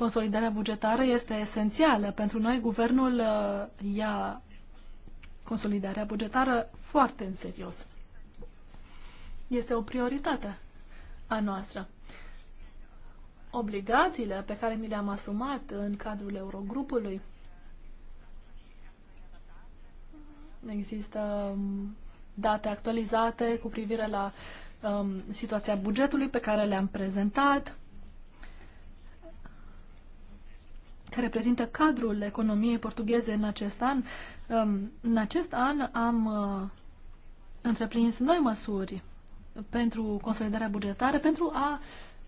Consolidarea bugetară este esențială. Pentru noi, guvernul uh, ia consolidarea bugetară foarte în serios. Este o prioritate a noastră. Obligațiile pe care mi le-am asumat în cadrul Eurogrupului există um, date actualizate cu privire la um, situația bugetului pe care le-am prezentat. care reprezintă cadrul economiei portugheze în acest an. Um, în acest an am uh, întreprins noi măsuri pentru consolidarea bugetară, pentru a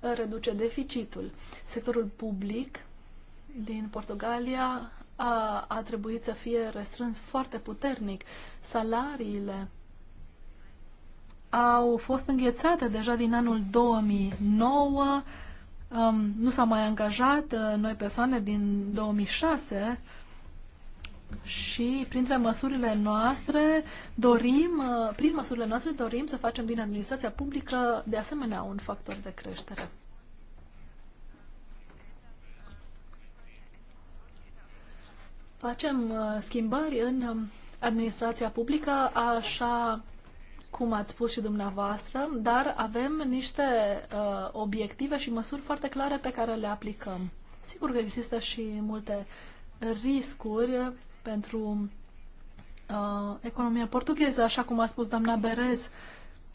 uh, reduce deficitul. Sectorul public din Portugalia a, a trebuit să fie restrâns foarte puternic. Salariile au fost înghețate deja din anul 2009 um, nu s-au mai angajat uh, noi persoane din 2006 și printre măsurile noastre dorim, uh, prin măsurile noastre dorim să facem din administrația publică de asemenea un factor de creștere. Facem uh, schimbări în um, administrația publică, așa cum ați spus și dumneavoastră, dar avem niște uh, obiective și măsuri foarte clare pe care le aplicăm. Sigur că există și multe riscuri pentru uh, economia portugheză, așa cum a spus doamna Berez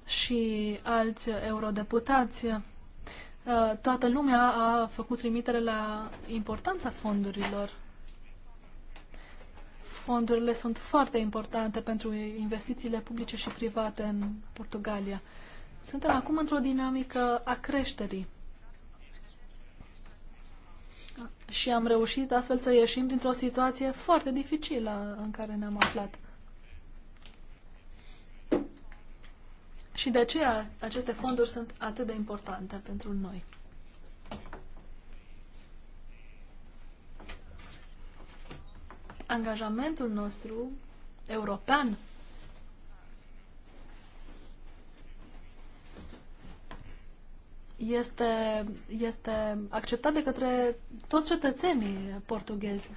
și alți eurodeputați. Uh, toată lumea a făcut trimitere la importanța fondurilor fondurile sunt foarte importante pentru investițiile publice și private în Portugalia. Suntem acum într-o dinamică a creșterii și am reușit astfel să ieșim dintr-o situație foarte dificilă în care ne-am aflat. Și de aceea aceste fonduri sunt atât de importante pentru noi. angajamentul nostru european este, este acceptat de către toți cetățenii portughezi.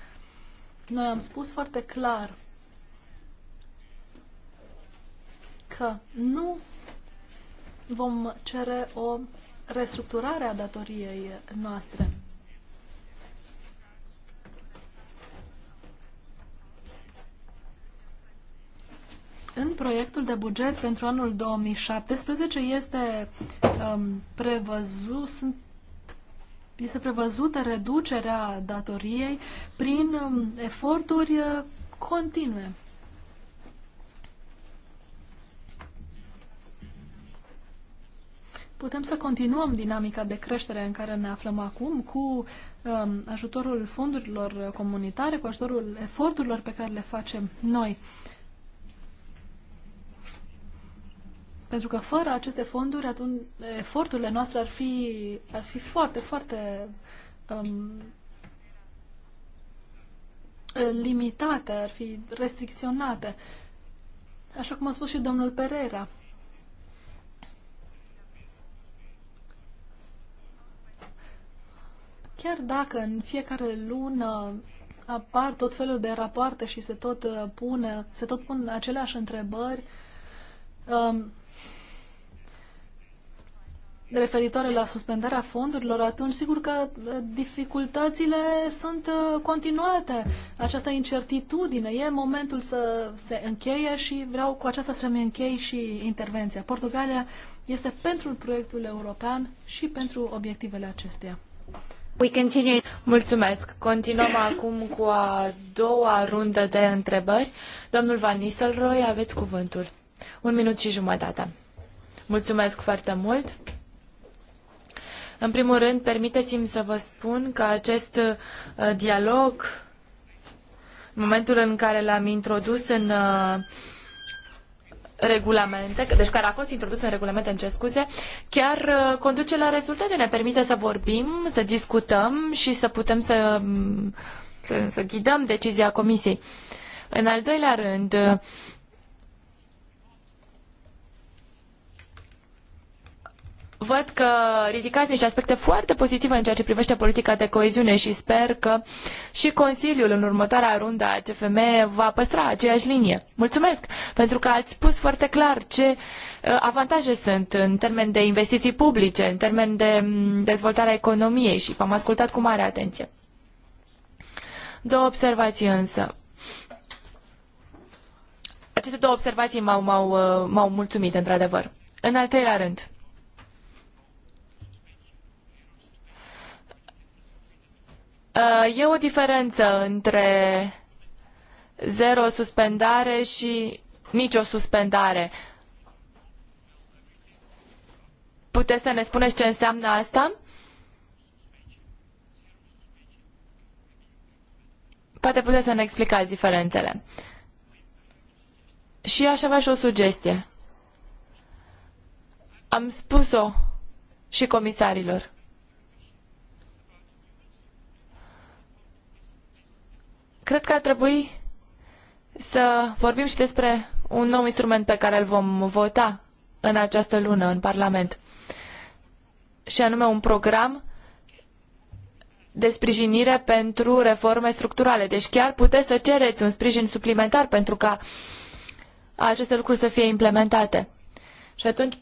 Noi am spus foarte clar că nu vom cere o restructurare a datoriei noastre. În proiectul de buget pentru anul 2017 este um, prevăzut, sunt este prevăzută reducerea datoriei prin um, eforturi uh, continue. Putem să continuăm dinamica de creștere în care ne aflăm acum cu um, ajutorul fondurilor comunitare, cu ajutorul eforturilor pe care le facem noi. Uh, Pentru că fără aceste fonduri, atunci eforturile noastre ar fi, ar fi foarte, foarte um, limitate, ar fi restricționate. Așa cum a spus și domnul Pereira. Chiar dacă în fiecare lună apar tot felul de rapoarte și se tot uh, pune, se tot pun aceleași întrebări, um, referitoare la suspendarea fondurilor, atunci sigur că eh, dificultățile sunt eh, continuate. Această incertitudine e momentul să se încheie și vreau cu aceasta să-mi închei și intervenția. Portugalia este pentru proiectul european și pentru obiectivele acesteia. We continue. Mulțumesc. Continuăm acum cu a doua rundă de întrebări. Domnul Van Nistelrooy, aveți cuvântul. Un minut și jumătate. Mulțumesc foarte mult. În primul rând, permiteți-mi să vă spun că acest uh, dialog, în momentul în care l-am introdus în uh, regulamente, deci care a fost introdus în regulamente, în ce scuze, chiar uh, conduce la rezultate, ne permite să vorbim, să discutăm și să putem să, mm, să, să ghidăm decizia Comisiei. În al doilea rând, văd că ridicați niște aspecte foarte pozitive în ceea ce privește politica de coeziune și sper că și Consiliul în următoarea rundă a CFM va păstra aceeași linie. Mulțumesc pentru că ați spus foarte clar ce uh, avantaje sunt în termen de investiții publice, în termen de mm, dezvoltarea economiei și v-am ascultat cu mare atenție. Două observații însă. Aceste două observații m-au, m-au, uh, m-au mulțumit, într-adevăr. În al treilea rând, Uh, e o diferență între zero suspendare și nicio suspendare. Puteți să ne spuneți ce înseamnă asta? Poate puteți să ne explicați diferențele. Și aș avea și o sugestie. Am spus-o și comisarilor. cred că ar trebui să vorbim și despre un nou instrument pe care îl vom vota în această lună în Parlament, și anume un program de sprijinire pentru reforme structurale. Deci chiar puteți să cereți un sprijin suplimentar pentru ca aceste lucruri să fie implementate. Și atunci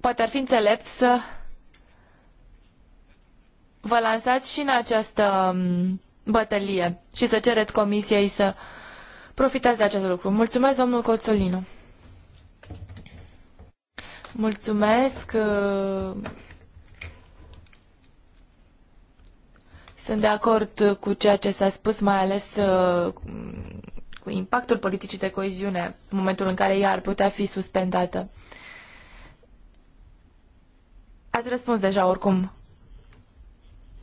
poate ar fi înțelept să vă lansați și în această bătălie și să cereți comisiei să profitați de acest lucru. Mulțumesc, domnul Coțolinu. Mulțumesc. Uh, sunt de acord cu ceea ce s-a spus, mai ales uh, cu impactul politicii de coeziune în momentul în care ea ar putea fi suspendată. Ați răspuns deja oricum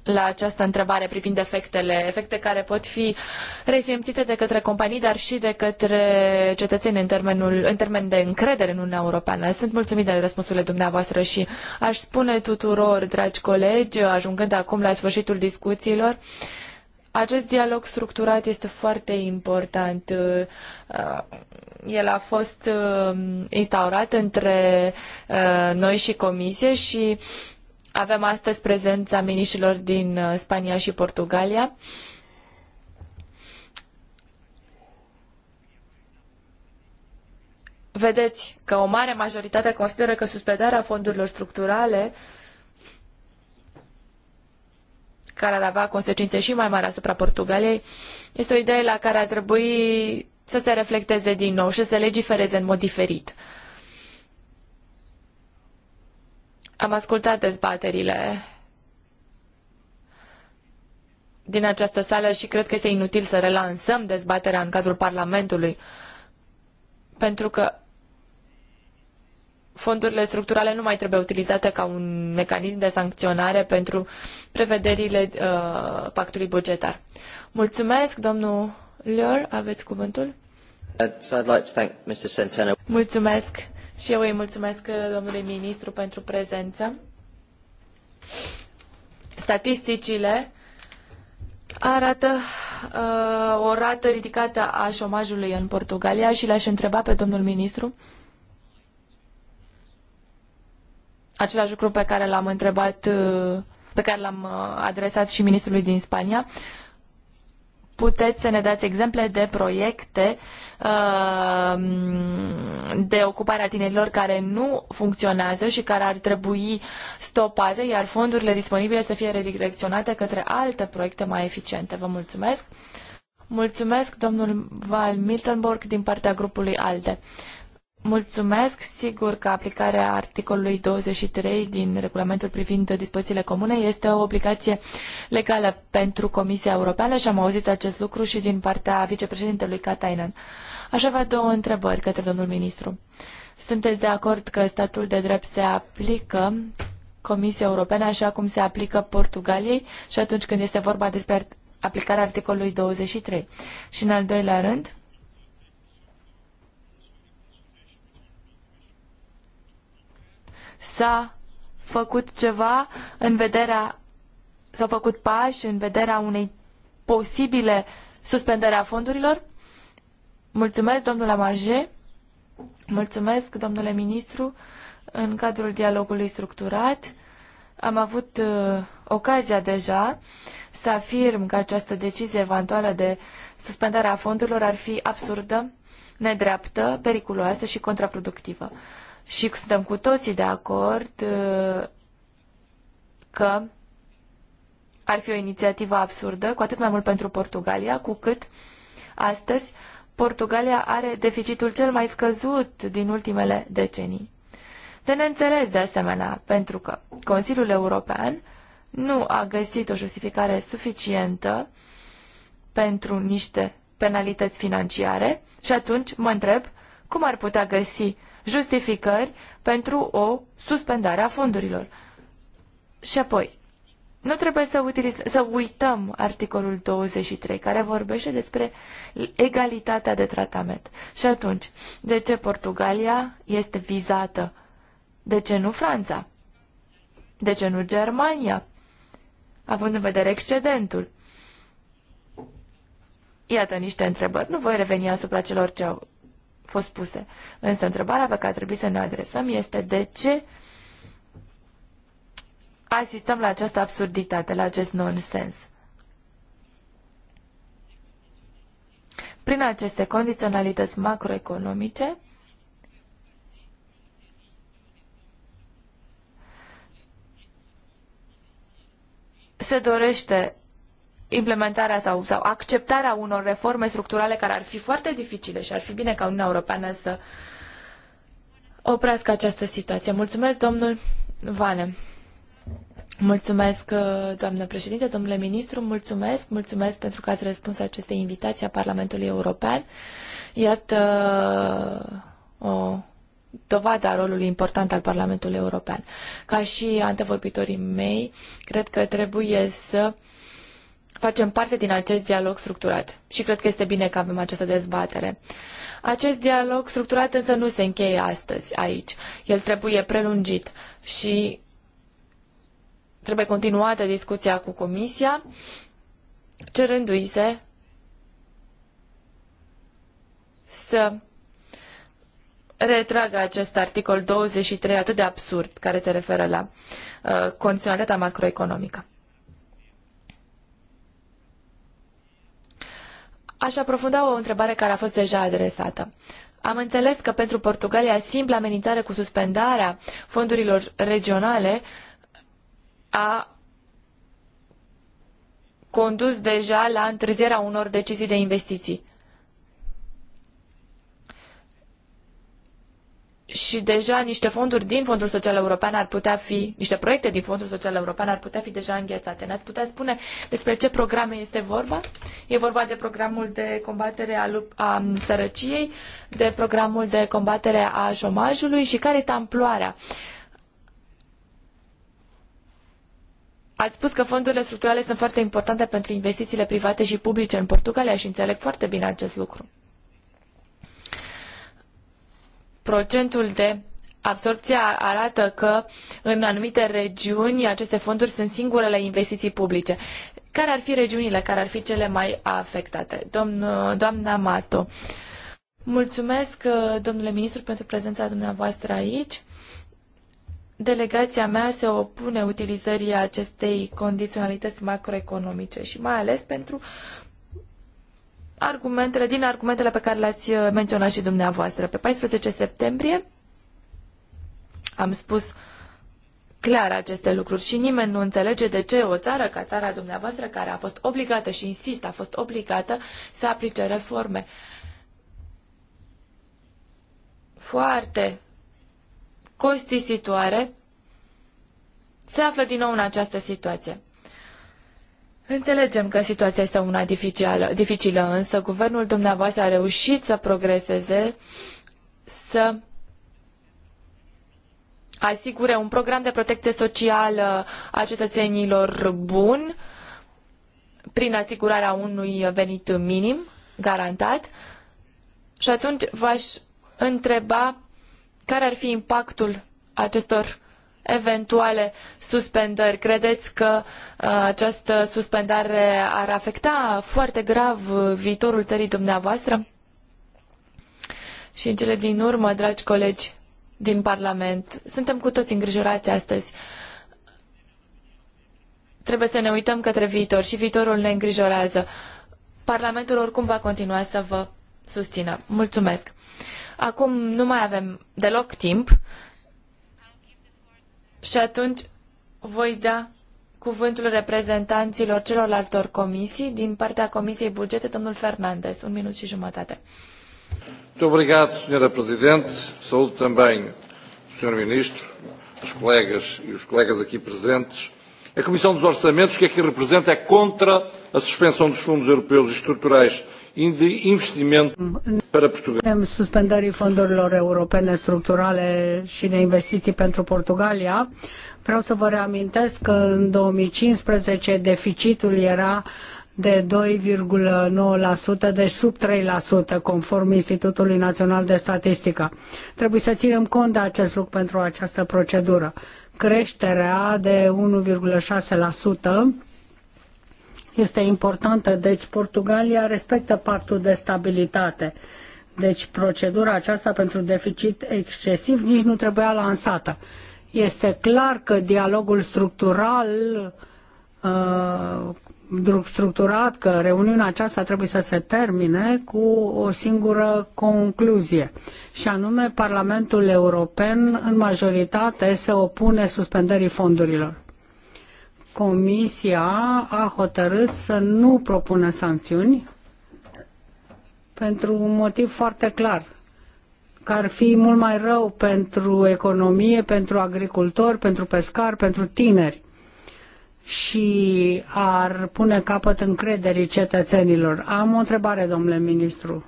la această întrebare privind efectele, efecte care pot fi resimțite de către companii, dar și de către cetățeni în, termenul, în termen de încredere în Uniunea Europeană. Sunt mulțumit de răspunsurile dumneavoastră și aș spune tuturor, dragi colegi, ajungând acum la sfârșitul discuțiilor, acest dialog structurat este foarte important. Uh, el a fost uh, instaurat între uh, noi și Comisie și avem astăzi prezența miniștilor din uh, Spania și Portugalia. Vedeți că o mare majoritate consideră că suspendarea fondurilor structurale care ar avea consecințe și mai mari asupra Portugaliei, este o idee la care ar trebui să se reflecteze din nou și să se legifereze în mod diferit. Am ascultat dezbaterile din această sală și cred că este inutil să relansăm dezbaterea în cadrul Parlamentului, pentru că fondurile structurale nu mai trebuie utilizate ca un mecanism de sancționare pentru prevederile uh, pactului bugetar. Mulțumesc, domnul Lior, aveți cuvântul. Mulțumesc. Și eu îi mulțumesc uh, domnului ministru pentru prezență. Statisticile arată uh, o rată ridicată a șomajului în Portugalia și le aș întreba pe domnul ministru același lucru pe care l-am întrebat, uh, pe care l-am uh, adresat și ministrului din Spania. Uh, puteți să ne dați exemple de proiecte uh, de ocupare a tinerilor care nu funcționează și care ar trebui stopate, iar fondurile disponibile să fie redirecționate către alte proiecte mai eficiente. Vă mulțumesc! Mulțumesc, domnul Val Miltenborg, din partea grupului ALDE. Mulțumesc. Sigur că aplicarea articolului 23 din regulamentul privind dispozițiile comune este o obligație legală pentru Comisia Europeană și am auzit acest lucru și din partea vicepreședintelui Katainen. Aș avea două întrebări către domnul ministru. Sunteți de acord că statul de drept se aplică Comisiei Europene așa cum se aplică Portugaliei și atunci când este vorba despre aplicarea articolului 23? Și în al doilea rând, s-a făcut ceva în vederea, s-au făcut pași în vederea unei posibile suspendări a fondurilor? Mulțumesc, domnule Marge. Mulțumesc, domnule ministru, în cadrul dialogului structurat. Am avut uh, ocazia deja să afirm că această decizie eventuală de suspendare a fondurilor ar fi absurdă, nedreaptă, periculoasă și contraproductivă și suntem cu toții de acord uh, că ar fi o inițiativă absurdă, cu atât mai mult pentru Portugalia, cu cât astăzi Portugalia are deficitul cel mai scăzut din ultimele decenii. De neînțeles, de asemenea, pentru că Consiliul European nu a găsit o justificare suficientă pentru niște penalități financiare și atunci mă întreb cum ar putea găsi justificări pentru o suspendare a fondurilor. Și apoi, nu trebuie să, utiliz- să uităm articolul 23, care vorbește despre egalitatea de tratament. Și atunci, de ce Portugalia este vizată? De ce nu Franța? De ce nu Germania? Având în vedere excedentul. Iată niște întrebări. Nu voi reveni asupra celor ce au fost puse. Însă întrebarea pe care trebuie să ne adresăm este de ce asistăm la această absurditate, la acest nonsens. Prin aceste condiționalități macroeconomice, se dorește implementarea sau, sau acceptarea unor reforme structurale care ar fi foarte dificile și ar fi bine ca Uniunea Europeană să oprească această situație. Mulțumesc, domnul Vane. Mulțumesc, uh, doamnă președinte, domnule ministru, mulțumesc, mulțumesc pentru că ați răspuns acestei invitații a Parlamentului European. Iată uh, o dovadă a rolului important al Parlamentului European. Ca și antevorbitorii mei, cred că trebuie să uh, facem parte din acest dialog structurat. Și cred că este bine că avem această dezbatere. Acest dialog structurat însă nu se încheie astăzi aici. El trebuie prelungit și trebuie continuată discuția cu Comisia, cerându-i se să retragă acest articol 23 atât de absurd care se referă la uh, condiționalitatea macroeconomică. Aș aprofunda o întrebare care a fost deja adresată. Am înțeles că pentru Portugalia simpla amenințare cu suspendarea fondurilor regionale a condus deja la întârzierea unor decizii de investiții. și deja niște fonduri din Fondul Social European ar putea fi, niște proiecte din Fondul Social European ar putea fi deja înghețate. Ne-ați putea spune despre ce programe este vorba? E vorba de programul de combatere a, lup- a mm, sărăciei, de programul de combatere a șomajului și care este amploarea. Ați spus că fondurile structurale sunt foarte importante pentru investițiile private și publice în Portugalia și înțeleg foarte bine acest lucru. Procentul de absorpția arată că în anumite regiuni aceste fonduri sunt singurele investiții publice care ar fi regiunile care ar fi cele mai afectate? Domn, doamna Mato, mulțumesc, domnule ministru, pentru prezența dumneavoastră aici. Delegația mea se opune utilizării acestei condiționalități macroeconomice și mai ales pentru argumentele, din argumentele pe care le-ați menționat și dumneavoastră. Pe 14 septembrie am spus uh, clar aceste lucruri și nimeni nu înțelege de ce o țară ca țara dumneavoastră care a fost obligată și insist a fost obligată să aplice reforme foarte costisitoare se află din nou în această situație. Înțelegem că situația este una dificilă, dificilă însă guvernul dumneavoastră a reușit să progreseze, să asigure un program de protecție socială a cetățenilor bun prin asigurarea unui venit minim garantat. Și atunci v-aș întreba care ar fi impactul acestor eventuale suspendări. Credeți că uh, această suspendare ar afecta foarte grav viitorul țării dumneavoastră? Și în cele din urmă, dragi colegi, din Parlament. Suntem cu toți îngrijorați astăzi. Trebuie să ne uităm către viitor și viitorul ne îngrijorează. Parlamentul oricum va continua să vă susțină. Mulțumesc. Acum nu mai avem deloc timp și atunci voi da cuvântul reprezentanților celorlalte comisii din partea Comisiei Bugete, domnul Fernandez. Un minut și jumătate. Muito obrigado, Sra. Presidente. Saúdo também o Sr. Ministro, os colegas e os colegas aqui presentes. A Comissão dos Orçamentos, que aqui representa, é contra a suspensão dos fundos europeus estruturais e de investimento para Portugal. Vrem suspendării fondurilor europene structurale și de investiții pentru Portugalia. Vreau să vă reamintesc că în 2015 deficitul era de 2,9%, deci sub 3%, conform Institutului Național de Statistică. Trebuie să ținem cont de acest lucru pentru această procedură. Creșterea de 1,6% este importantă, deci Portugalia respectă pactul de stabilitate. Deci procedura aceasta pentru deficit excesiv nici nu trebuia lansată. Este clar că dialogul structural uh, structurat că reuniunea aceasta trebuie să se termine cu o singură concluzie, și anume Parlamentul European în majoritate se opune suspendării fondurilor. Comisia a hotărât să nu propună sancțiuni pentru un motiv foarte clar că ar fi mult mai rău pentru economie, pentru agricultori, pentru pescari, pentru tineri și ar pune capăt încrederii cetățenilor. Am o întrebare, domnule ministru.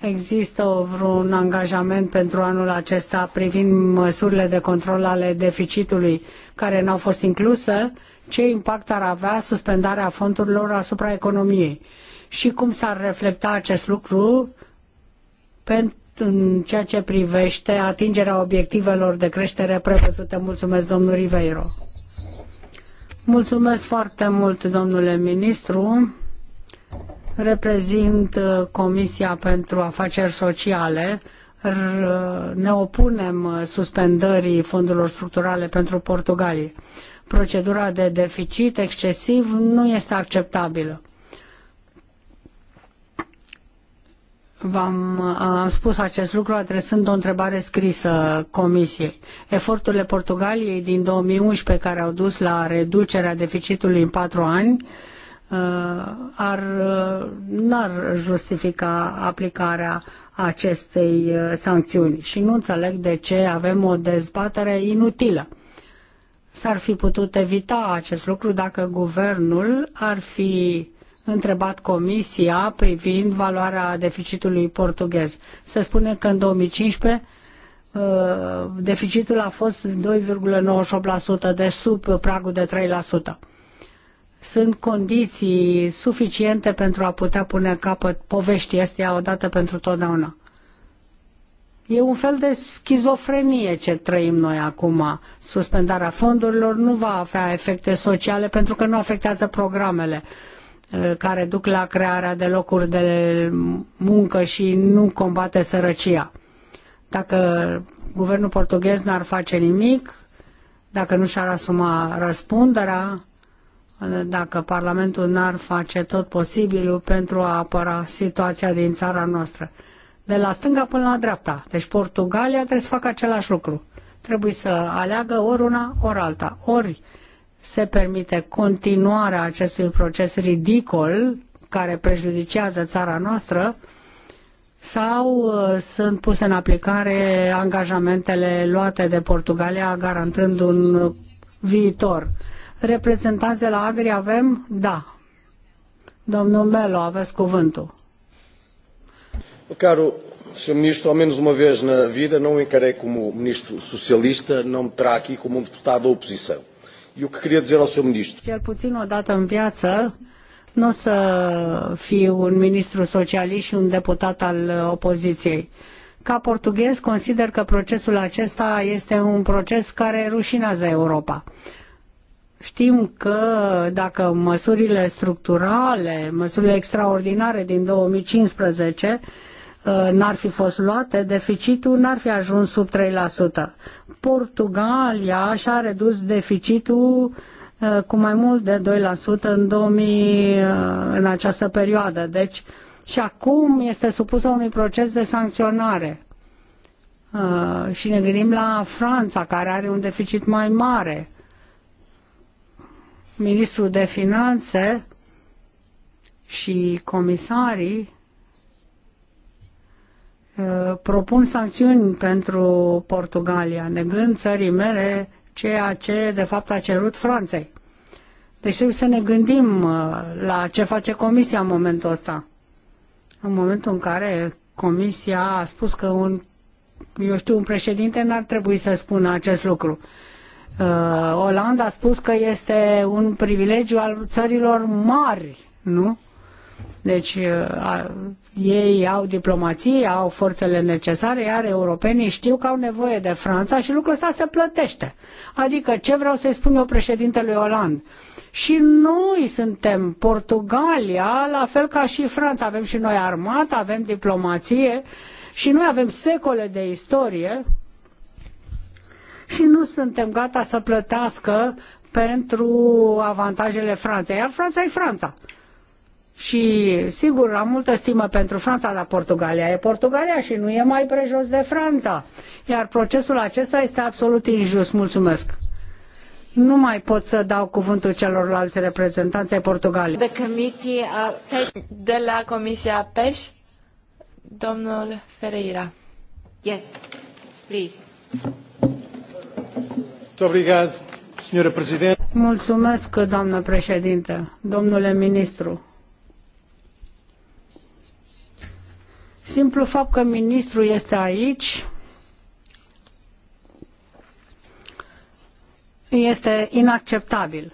Există vreun angajament pentru anul acesta privind măsurile de control ale deficitului care n-au fost incluse? Ce impact ar avea suspendarea fondurilor asupra economiei? Și cum s-ar reflecta acest lucru în ceea ce privește atingerea obiectivelor de creștere prevăzute. Mulțumesc, domnul Ribeiro. Mulțumesc foarte mult, domnule ministru. Reprezint uh, Comisia pentru Afaceri Sociale. Ne opunem uh, suspendării fondurilor structurale pentru Portugalia. Procedura de deficit excesiv nu este acceptabilă V-am am spus acest lucru adresând o întrebare scrisă Comisiei. Eforturile Portugaliei din 2011 care au dus la reducerea deficitului în patru ani uh, ar, uh, n-ar justifica aplicarea acestei uh, sancțiuni și nu înțeleg de ce avem o dezbatere inutilă. S-ar fi putut evita acest lucru dacă guvernul ar fi întrebat Comisia privind valoarea deficitului portughez. Se spune că în 2015 uh, deficitul a fost 2,98% de sub pragul de 3%. Sunt condiții suficiente pentru a putea pune capăt poveștii astea odată pentru totdeauna. E un fel de schizofrenie ce trăim noi acum. Suspendarea fondurilor nu va avea efecte sociale pentru că nu afectează programele. Eh, care duc la crearea de locuri de muncă și nu combate sărăcia. Dacă guvernul portughez n-ar face nimic, dacă nu și-ar asuma răspunderea, eh, dacă Parlamentul n-ar face tot posibilul pentru a apăra situația din țara noastră. De la stânga până la dreapta. Deci Portugalia trebuie să facă același lucru. Trebuie să aleagă ori una, ori alta. Ori se permite continuarea acestui proces ridicol care prejudicează țara noastră sau uh, sunt puse în aplicare angajamentele luate de Portugalia garantând un viitor. Reprezentanți de la Agri avem? Da. Domnul Melo, aveți cuvântul. Caro Sr. Ministro, ao menos uma vez na vida, não o encarei como Ministro Socialista, não me terá aqui como um deputado da oposição eu queria dizer ao seu ministru. Cel puțin o dată în viață, nu o să fiu un ministru socialist și un deputat al opoziției. Ca portughez consider că procesul acesta este un proces care rușinează Europa. Știm că dacă măsurile structurale, măsurile extraordinare din 2015 Uh, n-ar fi fost luate, deficitul n-ar fi ajuns sub 3%. Portugalia și-a redus deficitul uh, cu mai mult de 2% în 2000, uh, în această perioadă. Deci, și acum este supusă unui proces de sancționare. și ne gândim la Franța, care are un deficit mai mare. Ministrul de Finanțe și comisarii Uh, propun sancțiuni pentru Portugalia, negând țării mele ceea ce de fapt a cerut Franței. Deci trebuie să ne gândim uh, la ce face Comisia în momentul ăsta. În momentul în care Comisia a spus că un, eu știu, un președinte n-ar trebui să spună acest lucru. Uh, Olanda a spus că este un privilegiu al țărilor mari, nu? Deci uh, ei au diplomație, au forțele necesare, iar europenii știu că au nevoie de Franța și lucrul ăsta se plătește. Adică ce vreau să-i spun eu președintelui Oland? Și noi suntem Portugalia, la fel ca și Franța. Avem și noi armată, avem diplomație și noi avem secole de istorie și nu suntem gata să plătească pentru avantajele Franței. Iar Franța e Franța. Și sigur, am multă stimă pentru Franța, dar Portugalia e Portugalia și nu e mai prejos de Franța. Iar procesul acesta este absolut injust. Mulțumesc. Nu mai pot să dau cuvântul celorlalți reprezentanți ai Portugaliei. Uh, de la Comisia PEș, domnul Ferreira. Yes, please. Mulțumesc, doamnă președinte, domnule ministru. Simplu fapt că ministrul este aici este inacceptabil.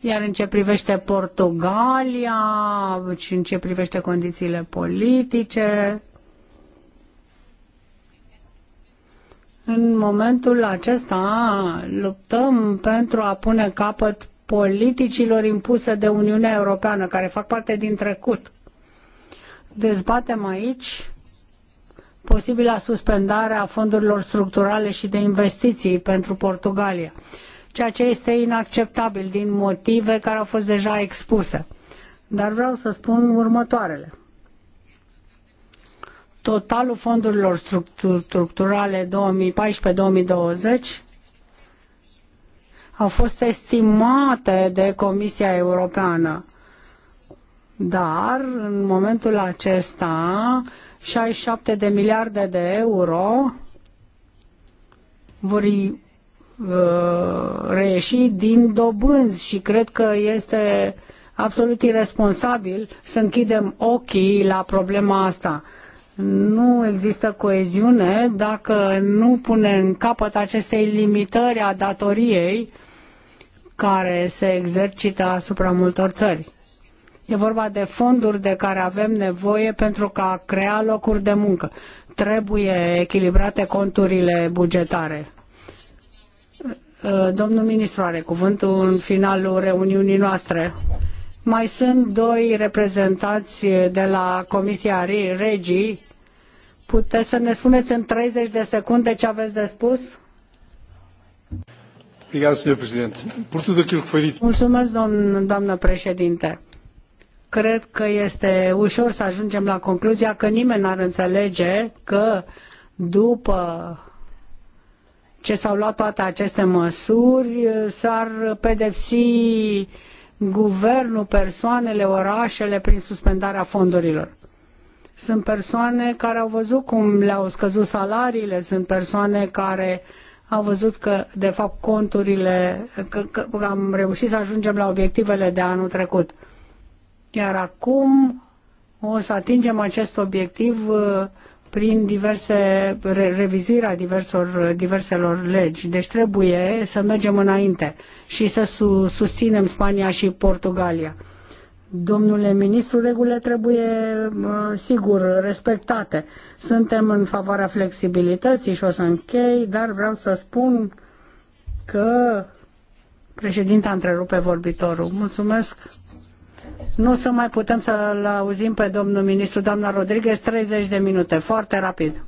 Iar în ce privește Portugalia și în ce privește condițiile politice, în momentul acesta luptăm pentru a pune capăt politicilor impuse de Uniunea Europeană, care fac parte din trecut dezbatem aici posibila suspendare a fondurilor structurale și de investiții pentru Portugalia, ceea ce este inacceptabil din motive care au fost deja expuse. Dar vreau să spun următoarele. Totalul fondurilor structurale 2014-2020 au fost estimate de Comisia Europeană dar în momentul acesta 67 de miliarde de euro vor uh, reieși din dobânzi și cred că este absolut irresponsabil să închidem ochii la problema asta. Nu există coeziune dacă nu punem capăt acestei limitări a datoriei care se exercită asupra multor țări. E vorba de fonduri de care avem nevoie pentru ca a crea locuri de muncă. Trebuie echilibrate conturile bugetare. Uh, domnul ministru are cuvântul în finalul reuniunii noastre. Mai sunt doi reprezentanți de la Comisia Regii. Puteți să ne spuneți în 30 de secunde ce aveți de spus? Obrigado, Sr. Presidente. Por tudo aquilo que foi dito. Mulțumesc, domn, doamnă președinte Cred că este ușor să ajungem la concluzia că nimeni n-ar înțelege că după ce s-au luat toate aceste măsuri, s-ar pedepsi guvernul, persoanele, orașele prin suspendarea fondurilor. Sunt persoane care au văzut cum le-au scăzut salariile, sunt persoane care au văzut că, de fapt, conturile, că, că am reușit să ajungem la obiectivele de anul trecut. Iar acum o să atingem acest obiectiv uh, prin diverse re, revizuirea diversor, uh, diverselor legi. Deci trebuie să mergem înainte și să su, susținem Spania și Portugalia. Domnule ministru, regulile trebuie, uh, sigur, respectate. Suntem în favoarea flexibilității și o să închei, dar vreau să spun că președinta întrerupe vorbitorul. Mulțumesc nu să mai putem să-l auzim pe domnul ministru, doamna Rodriguez, 30 de minute, foarte rapid.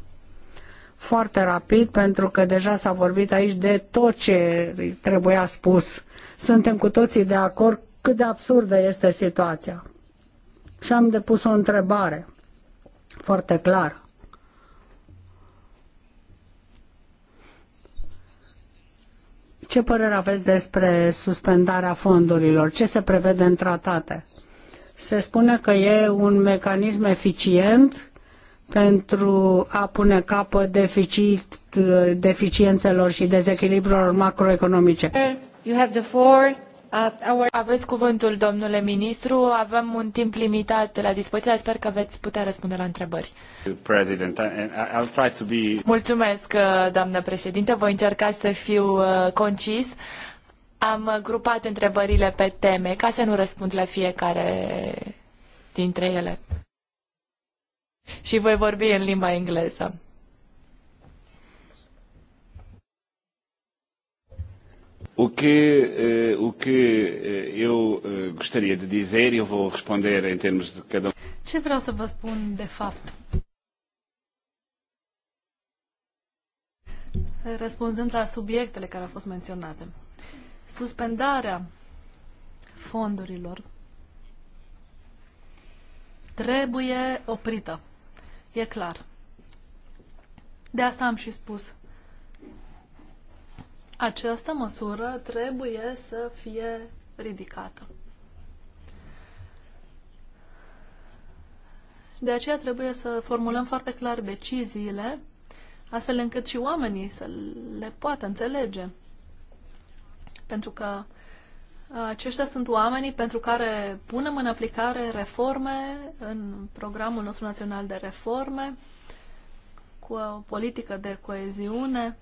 Foarte rapid, pentru că deja s-a vorbit aici de tot ce trebuia spus. Suntem cu toții de acord cât de absurdă este situația. Și am depus o întrebare, foarte clar. Ce părere aveți despre suspendarea fondurilor? Ce se prevede în tratate? Se spune că e un mecanism eficient pentru a pune capăt deficit, deficiențelor și dezechilibrelor macroeconomice. You have the floor. Aveți cuvântul, domnule ministru. Avem un timp limitat la dispoziție, sper că veți putea răspunde la întrebări. President, be... Mulțumesc, uh, doamnă președinte. Voi încerca să fiu uh, concis. Am grupat întrebările pe teme ca să nu răspund la fiecare dintre ele. Și voi vorbi în limba engleză. O que, eh, o que eh, eu eh, gostaria de dizer, eu vou responder em termos de cada um. Ce vreau să vă spun de fapt? Răspunzând la subiectele care au fost menționate. Suspendarea fondurilor trebuie oprită. E clar. De asta am și spus această măsură trebuie să fie ridicată. De aceea trebuie să formulăm foarte clar deciziile, astfel încât și oamenii să le poată înțelege. Pentru că aceștia sunt oamenii pentru care punem în aplicare reforme în programul nostru național de reforme, cu o politică de coeziune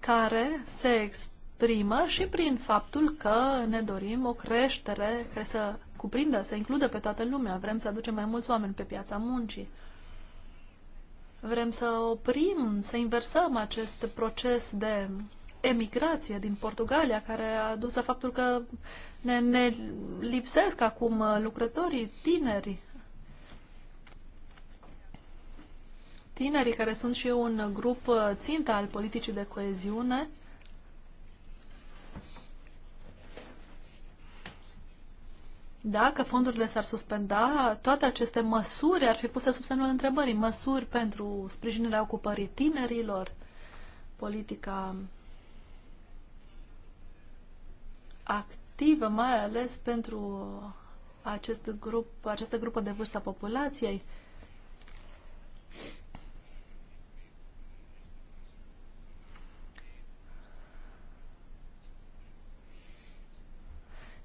care se exprimă și prin faptul că ne dorim o creștere care să cuprindă, să includă pe toată lumea. Vrem să aducem mai mulți oameni pe piața muncii. Vrem să oprim, să inversăm acest proces de emigrație din Portugalia, care a dus la faptul că ne, ne lipsesc acum lucrătorii tineri tinerii, care sunt și un grup uh, țintă al politicii de coeziune, dacă fondurile s-ar suspenda, toate aceste măsuri ar fi puse sub semnul întrebării. Măsuri pentru sprijinirea ocupării tinerilor, politica activă, mai ales pentru acest grup, această grupă de vârstă a populației.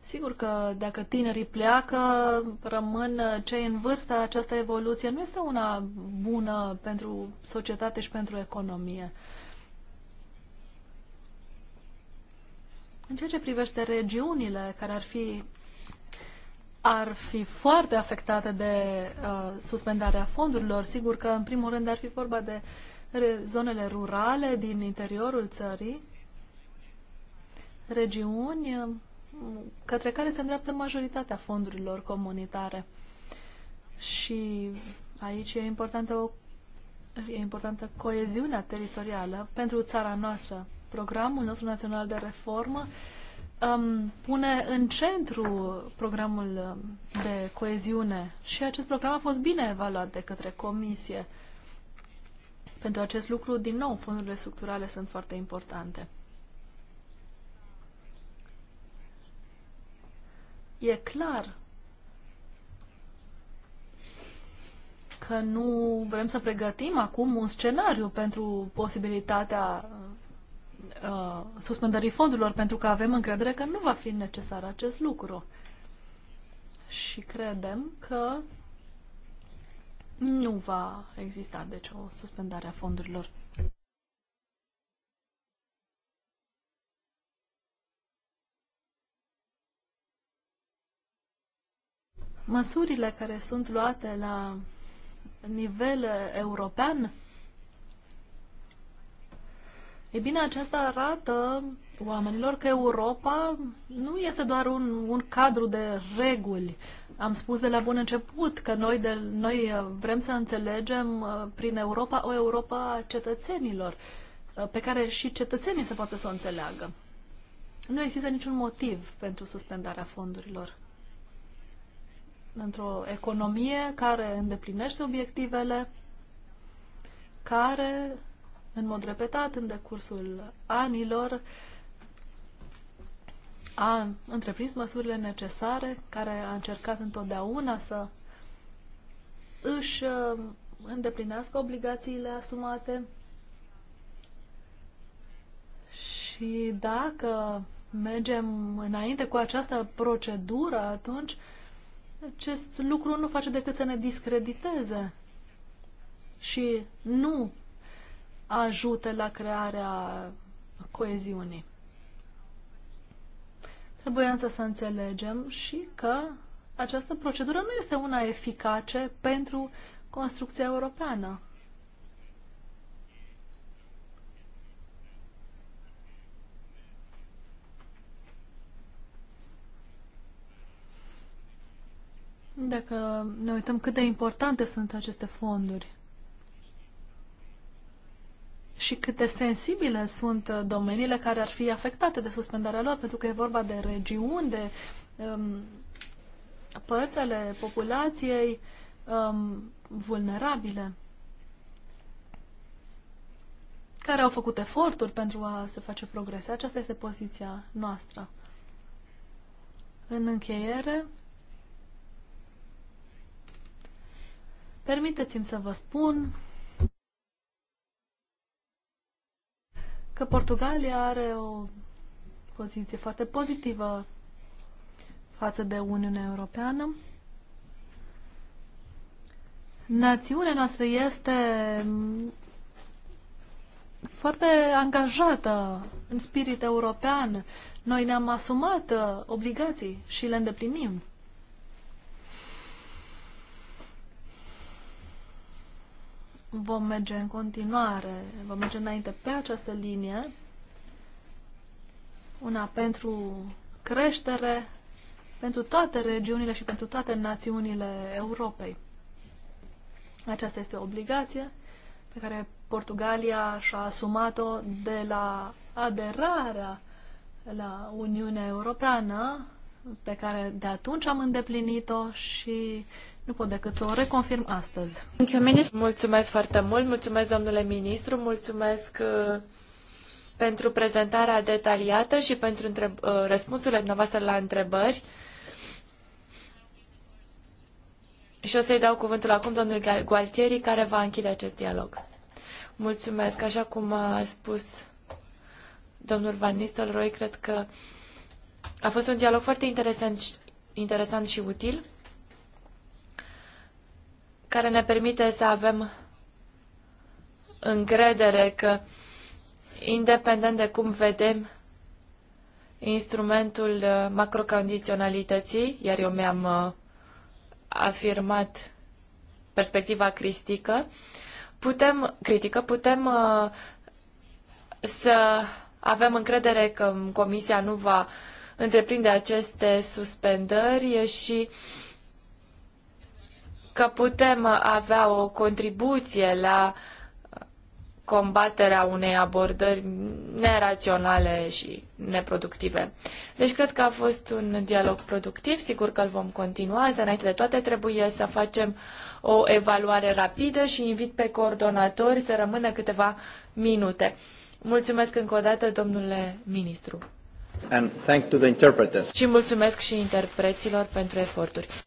Sigur că dacă tinerii pleacă, rămân cei în vârstă, această evoluție nu este una bună pentru societate și pentru economie. În ceea ce privește regiunile care ar fi, ar fi foarte afectate de uh, suspendarea fondurilor, sigur că în primul rând ar fi vorba de zonele rurale din interiorul țării, regiuni către care se îndreaptă majoritatea fondurilor comunitare. Și aici e importantă, o, e importantă coeziunea teritorială pentru țara noastră. Programul nostru național de reformă um, pune în centru programul um, de coeziune și acest program a fost bine evaluat de către comisie. Pentru acest lucru, din nou, fondurile structurale sunt foarte importante. E clar că nu vrem să pregătim acum un scenariu pentru posibilitatea uh, uh, suspendării fondurilor, pentru că avem încredere că nu va fi necesar acest lucru. Și credem că nu va exista, deci, o suspendare a fondurilor. Măsurile care sunt luate la nivel european, e bine, aceasta arată oamenilor că Europa nu este doar un, un cadru de reguli. Am spus de la bun început că noi, de, noi uh, vrem să înțelegem uh, prin Europa o Europa a cetățenilor, uh, pe care și cetățenii se poate să o înțeleagă. Nu există niciun motiv pentru suspendarea fondurilor într-o economie care îndeplinește obiectivele, care, în mod repetat, în decursul anilor, a întreprins măsurile necesare, care a încercat întotdeauna să își uh, îndeplinească obligațiile asumate și dacă mergem înainte cu această procedură, atunci uh, acest lucru nu face decât să ne discrediteze și nu ajute la crearea coeziunii. Trebuie însă să înțelegem și că această procedură nu este una eficace pentru construcția europeană. Dacă ne uităm cât de importante sunt aceste fonduri și cât de sensibile sunt uh, domeniile care ar fi afectate de suspendarea lor, pentru că e vorba de regiuni, de um, părți ale populației um, vulnerabile care au făcut eforturi pentru a se face progrese. Aceasta este poziția noastră. În încheiere, Permiteți-mi să vă spun că Portugalia are o poziție foarte pozitivă față de Uniunea Europeană. Națiunea noastră este foarte angajată în spirit european. Noi ne-am asumat obligații și le îndeplinim. vom merge în continuare, vom merge înainte pe această linie, una pentru creștere, pentru toate regiunile și pentru toate națiunile Europei. Aceasta este o obligație pe care Portugalia și-a asumat-o de la aderarea la Uniunea Europeană, pe care de atunci am îndeplinit-o și nu pot decât să o reconfirm astăzi. Mulțumesc foarte mult, mulțumesc domnule ministru, mulțumesc uh, pentru prezentarea detaliată și pentru întreb- uh, răspunsurile dumneavoastră la întrebări. Și o să-i dau cuvântul acum domnului Gualtieri, care va închide acest dialog. Mulțumesc. Așa cum a spus domnul Van Nistelrooy, cred că a fost un dialog foarte interesant, interesant și util care ne permite să avem încredere că, independent de cum vedem instrumentul uh, macrocondiționalității, iar eu mi-am uh, afirmat perspectiva cristică, putem, critică, putem uh, să avem încredere că Comisia nu va întreprinde aceste suspendări și uh, că putem avea o contribuție la combaterea unei abordări neraționale și neproductive. Deci cred că a fost un dialog productiv, sigur că îl vom continua, să înainte de toate trebuie să facem o evaluare rapidă și invit pe coordonatori să rămână câteva minute. Mulțumesc încă o dată, domnule ministru. And thank to the interpreters. Și mulțumesc și interpreților pentru eforturi.